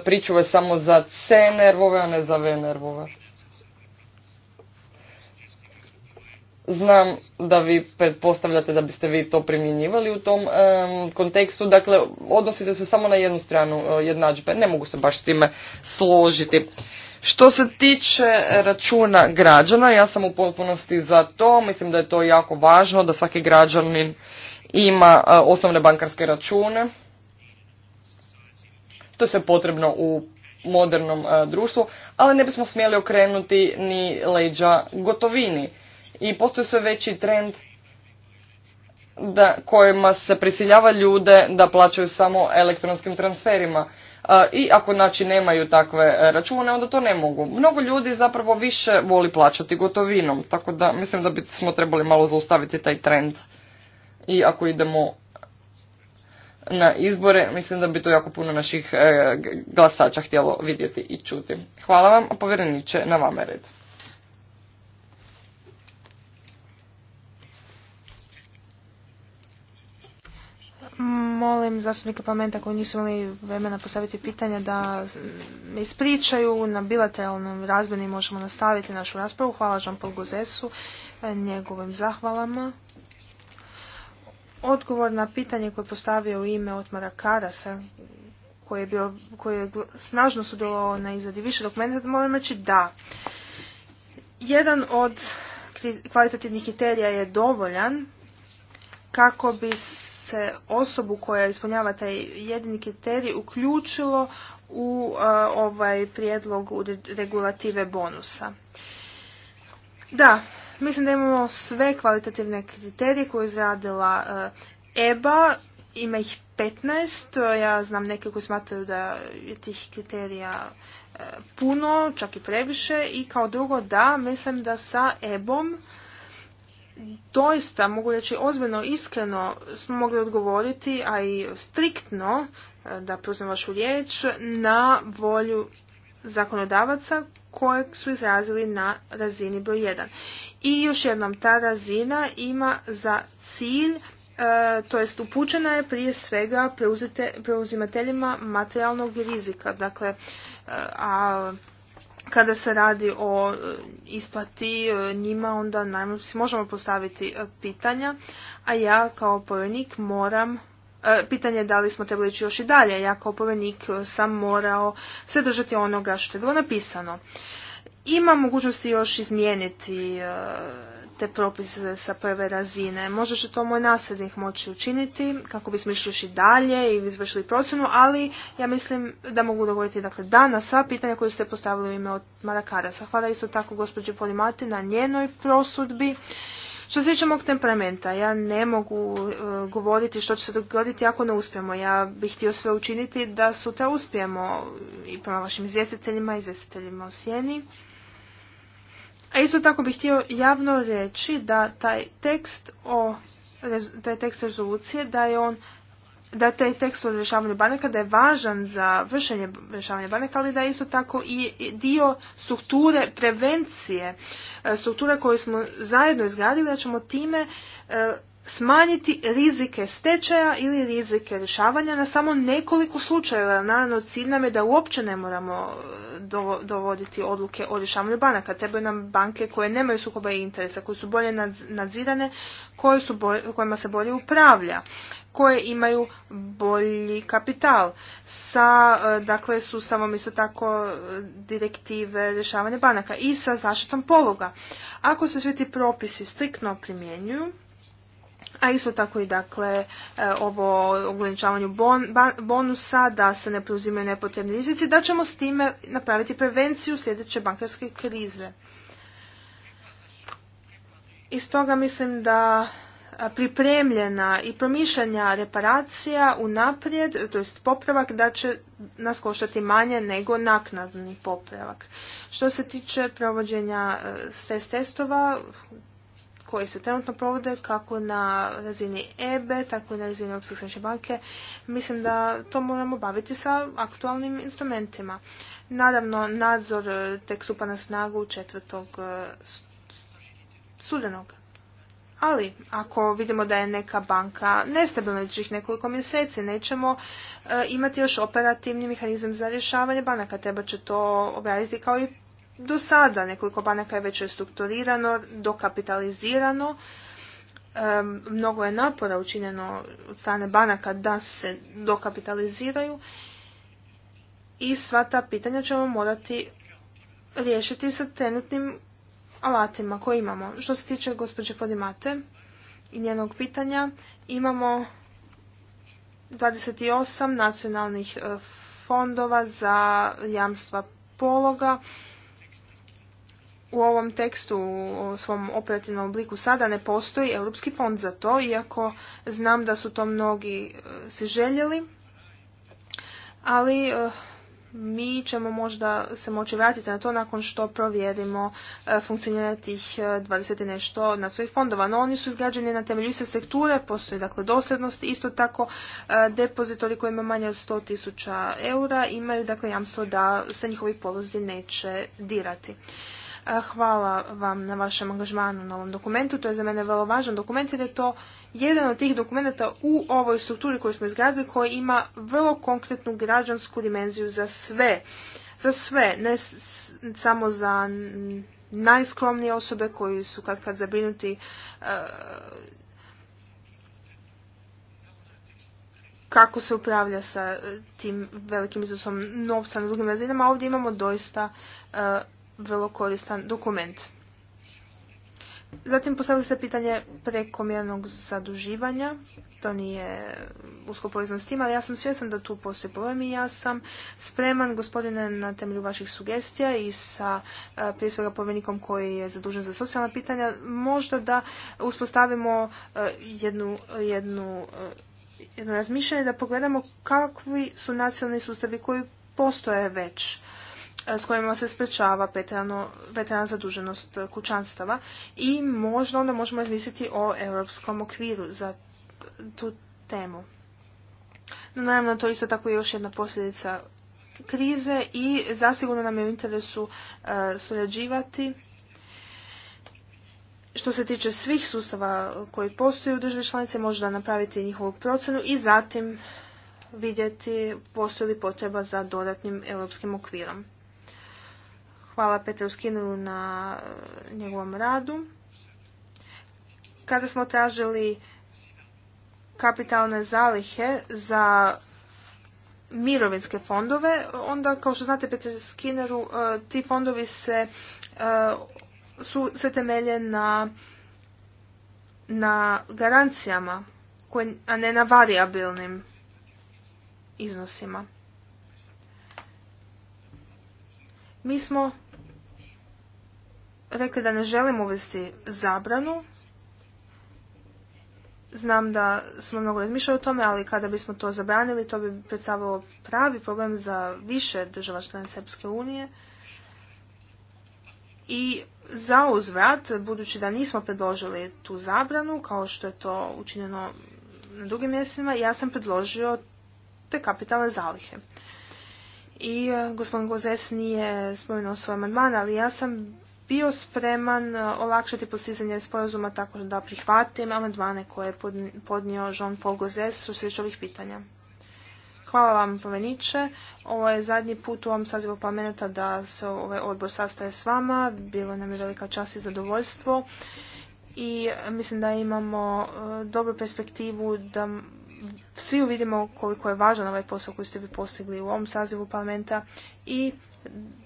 pričuve samo za C nervove, a ne za V nervove. Znam da vi pretpostavljate da biste vi to primjenjivali u tom kontekstu, dakle odnosite se samo na jednu stranu e, jednadžbe, ne mogu se baš s time složiti. Što se tiče računa građana, ja sam u potpunosti za to, mislim da je to jako važno da svaki građanin ima e, osnovne bankarske račune. To se potrebno u modernom e, društvu, ali ne bismo smjeli okrenuti ni leđa gotovini i postoji sve veći trend da, kojima se prisiljava ljude da plaćaju samo elektronskim transferima. I ako znači nemaju takve e, račune, onda to ne mogu. Mnogo ljudi zapravo više voli plaćati gotovinom, tako da mislim da bi smo trebali malo zaustaviti taj trend. I ako idemo na izbore, mislim da bi to jako puno naših e, glasača htjelo vidjeti i čuti. Hvala vam, a povjereniče, na vama red. Molim zastupnike parlamenta koji nisu imali vremena postaviti pitanja da ispričaju. Na bilateralnom razmjeni možemo nastaviti našu raspravu. Hvala Jean-Paul Gozesu, njegovim zahvalama. Odgovor na pitanje koje postavio u ime Otmara Karasa, koji je, bio, koji je snažno sudjelovao na izradi više dokumenta, moram reći da. Jedan od kvalitativnih kriterija je dovoljan kako bi se osobu koja ispunjava taj jedini kriterij uključilo u e, ovaj prijedlog regulative bonusa. Da, mislim da imamo sve kvalitativne kriterije koje je izradila e, EBA, ima ih 15, ja znam neke koji smatraju da je tih kriterija e, puno, čak i previše i kao drugo da, mislim da sa EBOM doista, mogu reći ozbiljno, iskreno smo mogli odgovoriti, a i striktno, e, da preuzmem vašu riječ, na volju zakonodavaca kojeg su izrazili na razini broj 1. I još jednom, ta razina ima za cilj, e, to jest upućena je prije svega preuzimateljima materijalnog rizika, dakle, e, a kada se radi o e, isplati e, njima, onda si možemo postaviti e, pitanja, a ja kao povjerenik moram Pitanje je da li smo trebali ići još i dalje. Ja kao povjerenik sam morao se držati onoga što je bilo napisano. Ima mogućnosti još izmijeniti te propise sa prve razine. Možda će to moj nasljednik moći učiniti kako bismo išli još i dalje i izvršili procjenu, ali ja mislim da mogu dogovoriti dakle, da na sva pitanja koje ste postavili u ime od Marakarasa. Hvala isto tako gospođi Polimati na njenoj prosudbi. Što se tiče mog temperamenta, ja ne mogu e, govoriti što će se dogoditi ako ne uspijemo. Ja bih htio sve učiniti da sutra uspijemo i prema vašim izvjestiteljima, izvjestiteljima u sjeni. A isto tako bih htio javno reći da taj tekst o taj tekst rezolucije da je on da taj tekst o rješavanju banaka da je važan za vršenje rješavanja banaka, ali da je isto tako i dio strukture prevencije, e, strukture koju smo zajedno izgradili, da ćemo time e, smanjiti rizike stečaja ili rizike rješavanja na samo nekoliko slučajeva. Naravno, cilj nam je da uopće ne moramo e, dovoditi odluke o rješavanju banaka. Trebaju nam banke koje nemaju sukoba interesa, koje su bolje nadzirane, koje su kojima se bolje upravlja koje imaju bolji kapital. Sa, e, dakle, su samo isto tako e, direktive rješavanja banaka i sa zaštitom pologa. Ako se svi ti propisi striktno primjenjuju, a isto tako i dakle e, ovo ograničavanju bonusa da se ne preuzimaju nepotrebni rizici, da ćemo s time napraviti prevenciju sljedeće bankarske krize. I stoga mislim da pripremljena i promišljanja reparacija u naprijed, to jest popravak, da će nas koštati manje nego naknadni popravak. Što se tiče provođenja e, stres testova, koji se trenutno provode kako na razini EBE, tako i na razini Europske središnje banke. Mislim da to moramo baviti sa aktualnim instrumentima. Naravno, nadzor e, tek stupa na snagu 4. E, studenog. Ali, ako vidimo da je neka banka nestabilna ih nekoliko mjeseci, nećemo e, imati još operativni mehanizam za rješavanje banaka. Treba će to obraditi kao i do sada nekoliko banaka je već restrukturirano, dokapitalizirano. mnogo je napora učinjeno od strane banaka da se dokapitaliziraju i sva ta pitanja ćemo morati riješiti sa trenutnim alatima koje imamo. Što se tiče gospođe Podimate i njenog pitanja, imamo 28 nacionalnih eh, fondova za jamstva pologa u ovom tekstu u svom operativnom obliku sada ne postoji Europski fond za to, iako znam da su to mnogi e, si željeli, ali e, mi ćemo možda se moći vratiti na to nakon što provjerimo e, funkcioniranje tih 20 nešto svojih fondova. No oni su izgrađeni na temelju iste sekture, postoji dakle dosljednost, isto tako depozitori koji imaju manje od 100 tisuća eura imaju dakle jamstvo da se njihovi polozi neće dirati. Hvala vam na vašem angažmanu na ovom dokumentu. To je za mene vrlo važan dokument jer je to jedan od tih dokumenta u ovoj strukturi koju smo izgradili koji ima vrlo konkretnu građansku dimenziju za sve. Za sve, ne samo za najskromnije osobe koji su kad kad zabrinuti e, kako se upravlja sa e, tim velikim iznosom novca na drugim razinama. Ovdje imamo doista e, vrlo koristan dokument. Zatim postavili se pitanje prekomjernog zaduživanja. To nije usko povezano s tim, ali ja sam svjesna da tu postoji problem i ja sam spreman, gospodine, na temelju vaših sugestija i sa e, prije svega povjerenikom koji je zadužen za socijalna pitanja, možda da uspostavimo e, jednu, jednu, e, jedno razmišljanje da pogledamo kakvi su nacionalni sustavi koji postoje već E, s kojima se sprečava veterana zaduženost kućanstava i možda onda možemo razmisliti o europskom okviru za tu temu. No, naravno, to je isto tako još jedna posljedica krize i zasigurno nam je u interesu e, surađivati što se tiče svih sustava koji postoje u državi članice, možda napraviti njihovu procenu i zatim vidjeti postoji li potreba za dodatnim europskim okvirom. Hvala Petru Skinneru na eh, njegovom radu. Kada smo tražili kapitalne zalihe za mirovinske fondove, onda kao što znate Petru Skinneru, eh, ti fondovi se, eh, su, se temelje na, na garancijama, a ne na variabilnim iznosima. Mi smo rekli da ne želimo uvesti zabranu. Znam da smo mnogo razmišljali o tome, ali kada bismo to zabranili, to bi predstavilo pravi problem za više država članica Srpske unije. I za uzvrat, budući da nismo predložili tu zabranu, kao što je to učinjeno na drugim mjestima, ja sam predložio te kapitalne zalihe i e, gospodin Gozes nije spomenuo svoj amandman, ali ja sam bio spreman e, olakšati postizanje sporazuma tako da prihvatim amandmane koje je podnio Jean-Paul Gozes u sljedeću ovih pitanja. Hvala vam pomeniče. Ovo je zadnji put u ovom sazivu parlamenta da se ovaj odbor sastaje s vama. Bilo nam je velika čast i zadovoljstvo. I e, mislim da imamo dobru perspektivu da svi vidimo koliko je važan ovaj posao koji ste vi postigli u ovom sazivu parlamenta i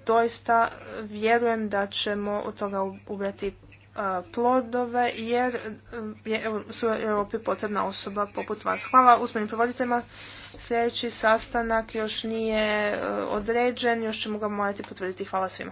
doista vjerujem da ćemo od toga ubrati uh, plodove jer um, su Europi potrebna osoba poput vas. Hvala uspjenim provoditeljima. Sljedeći sastanak još nije uh, određen, još ćemo ga morati potvrditi. Hvala svima.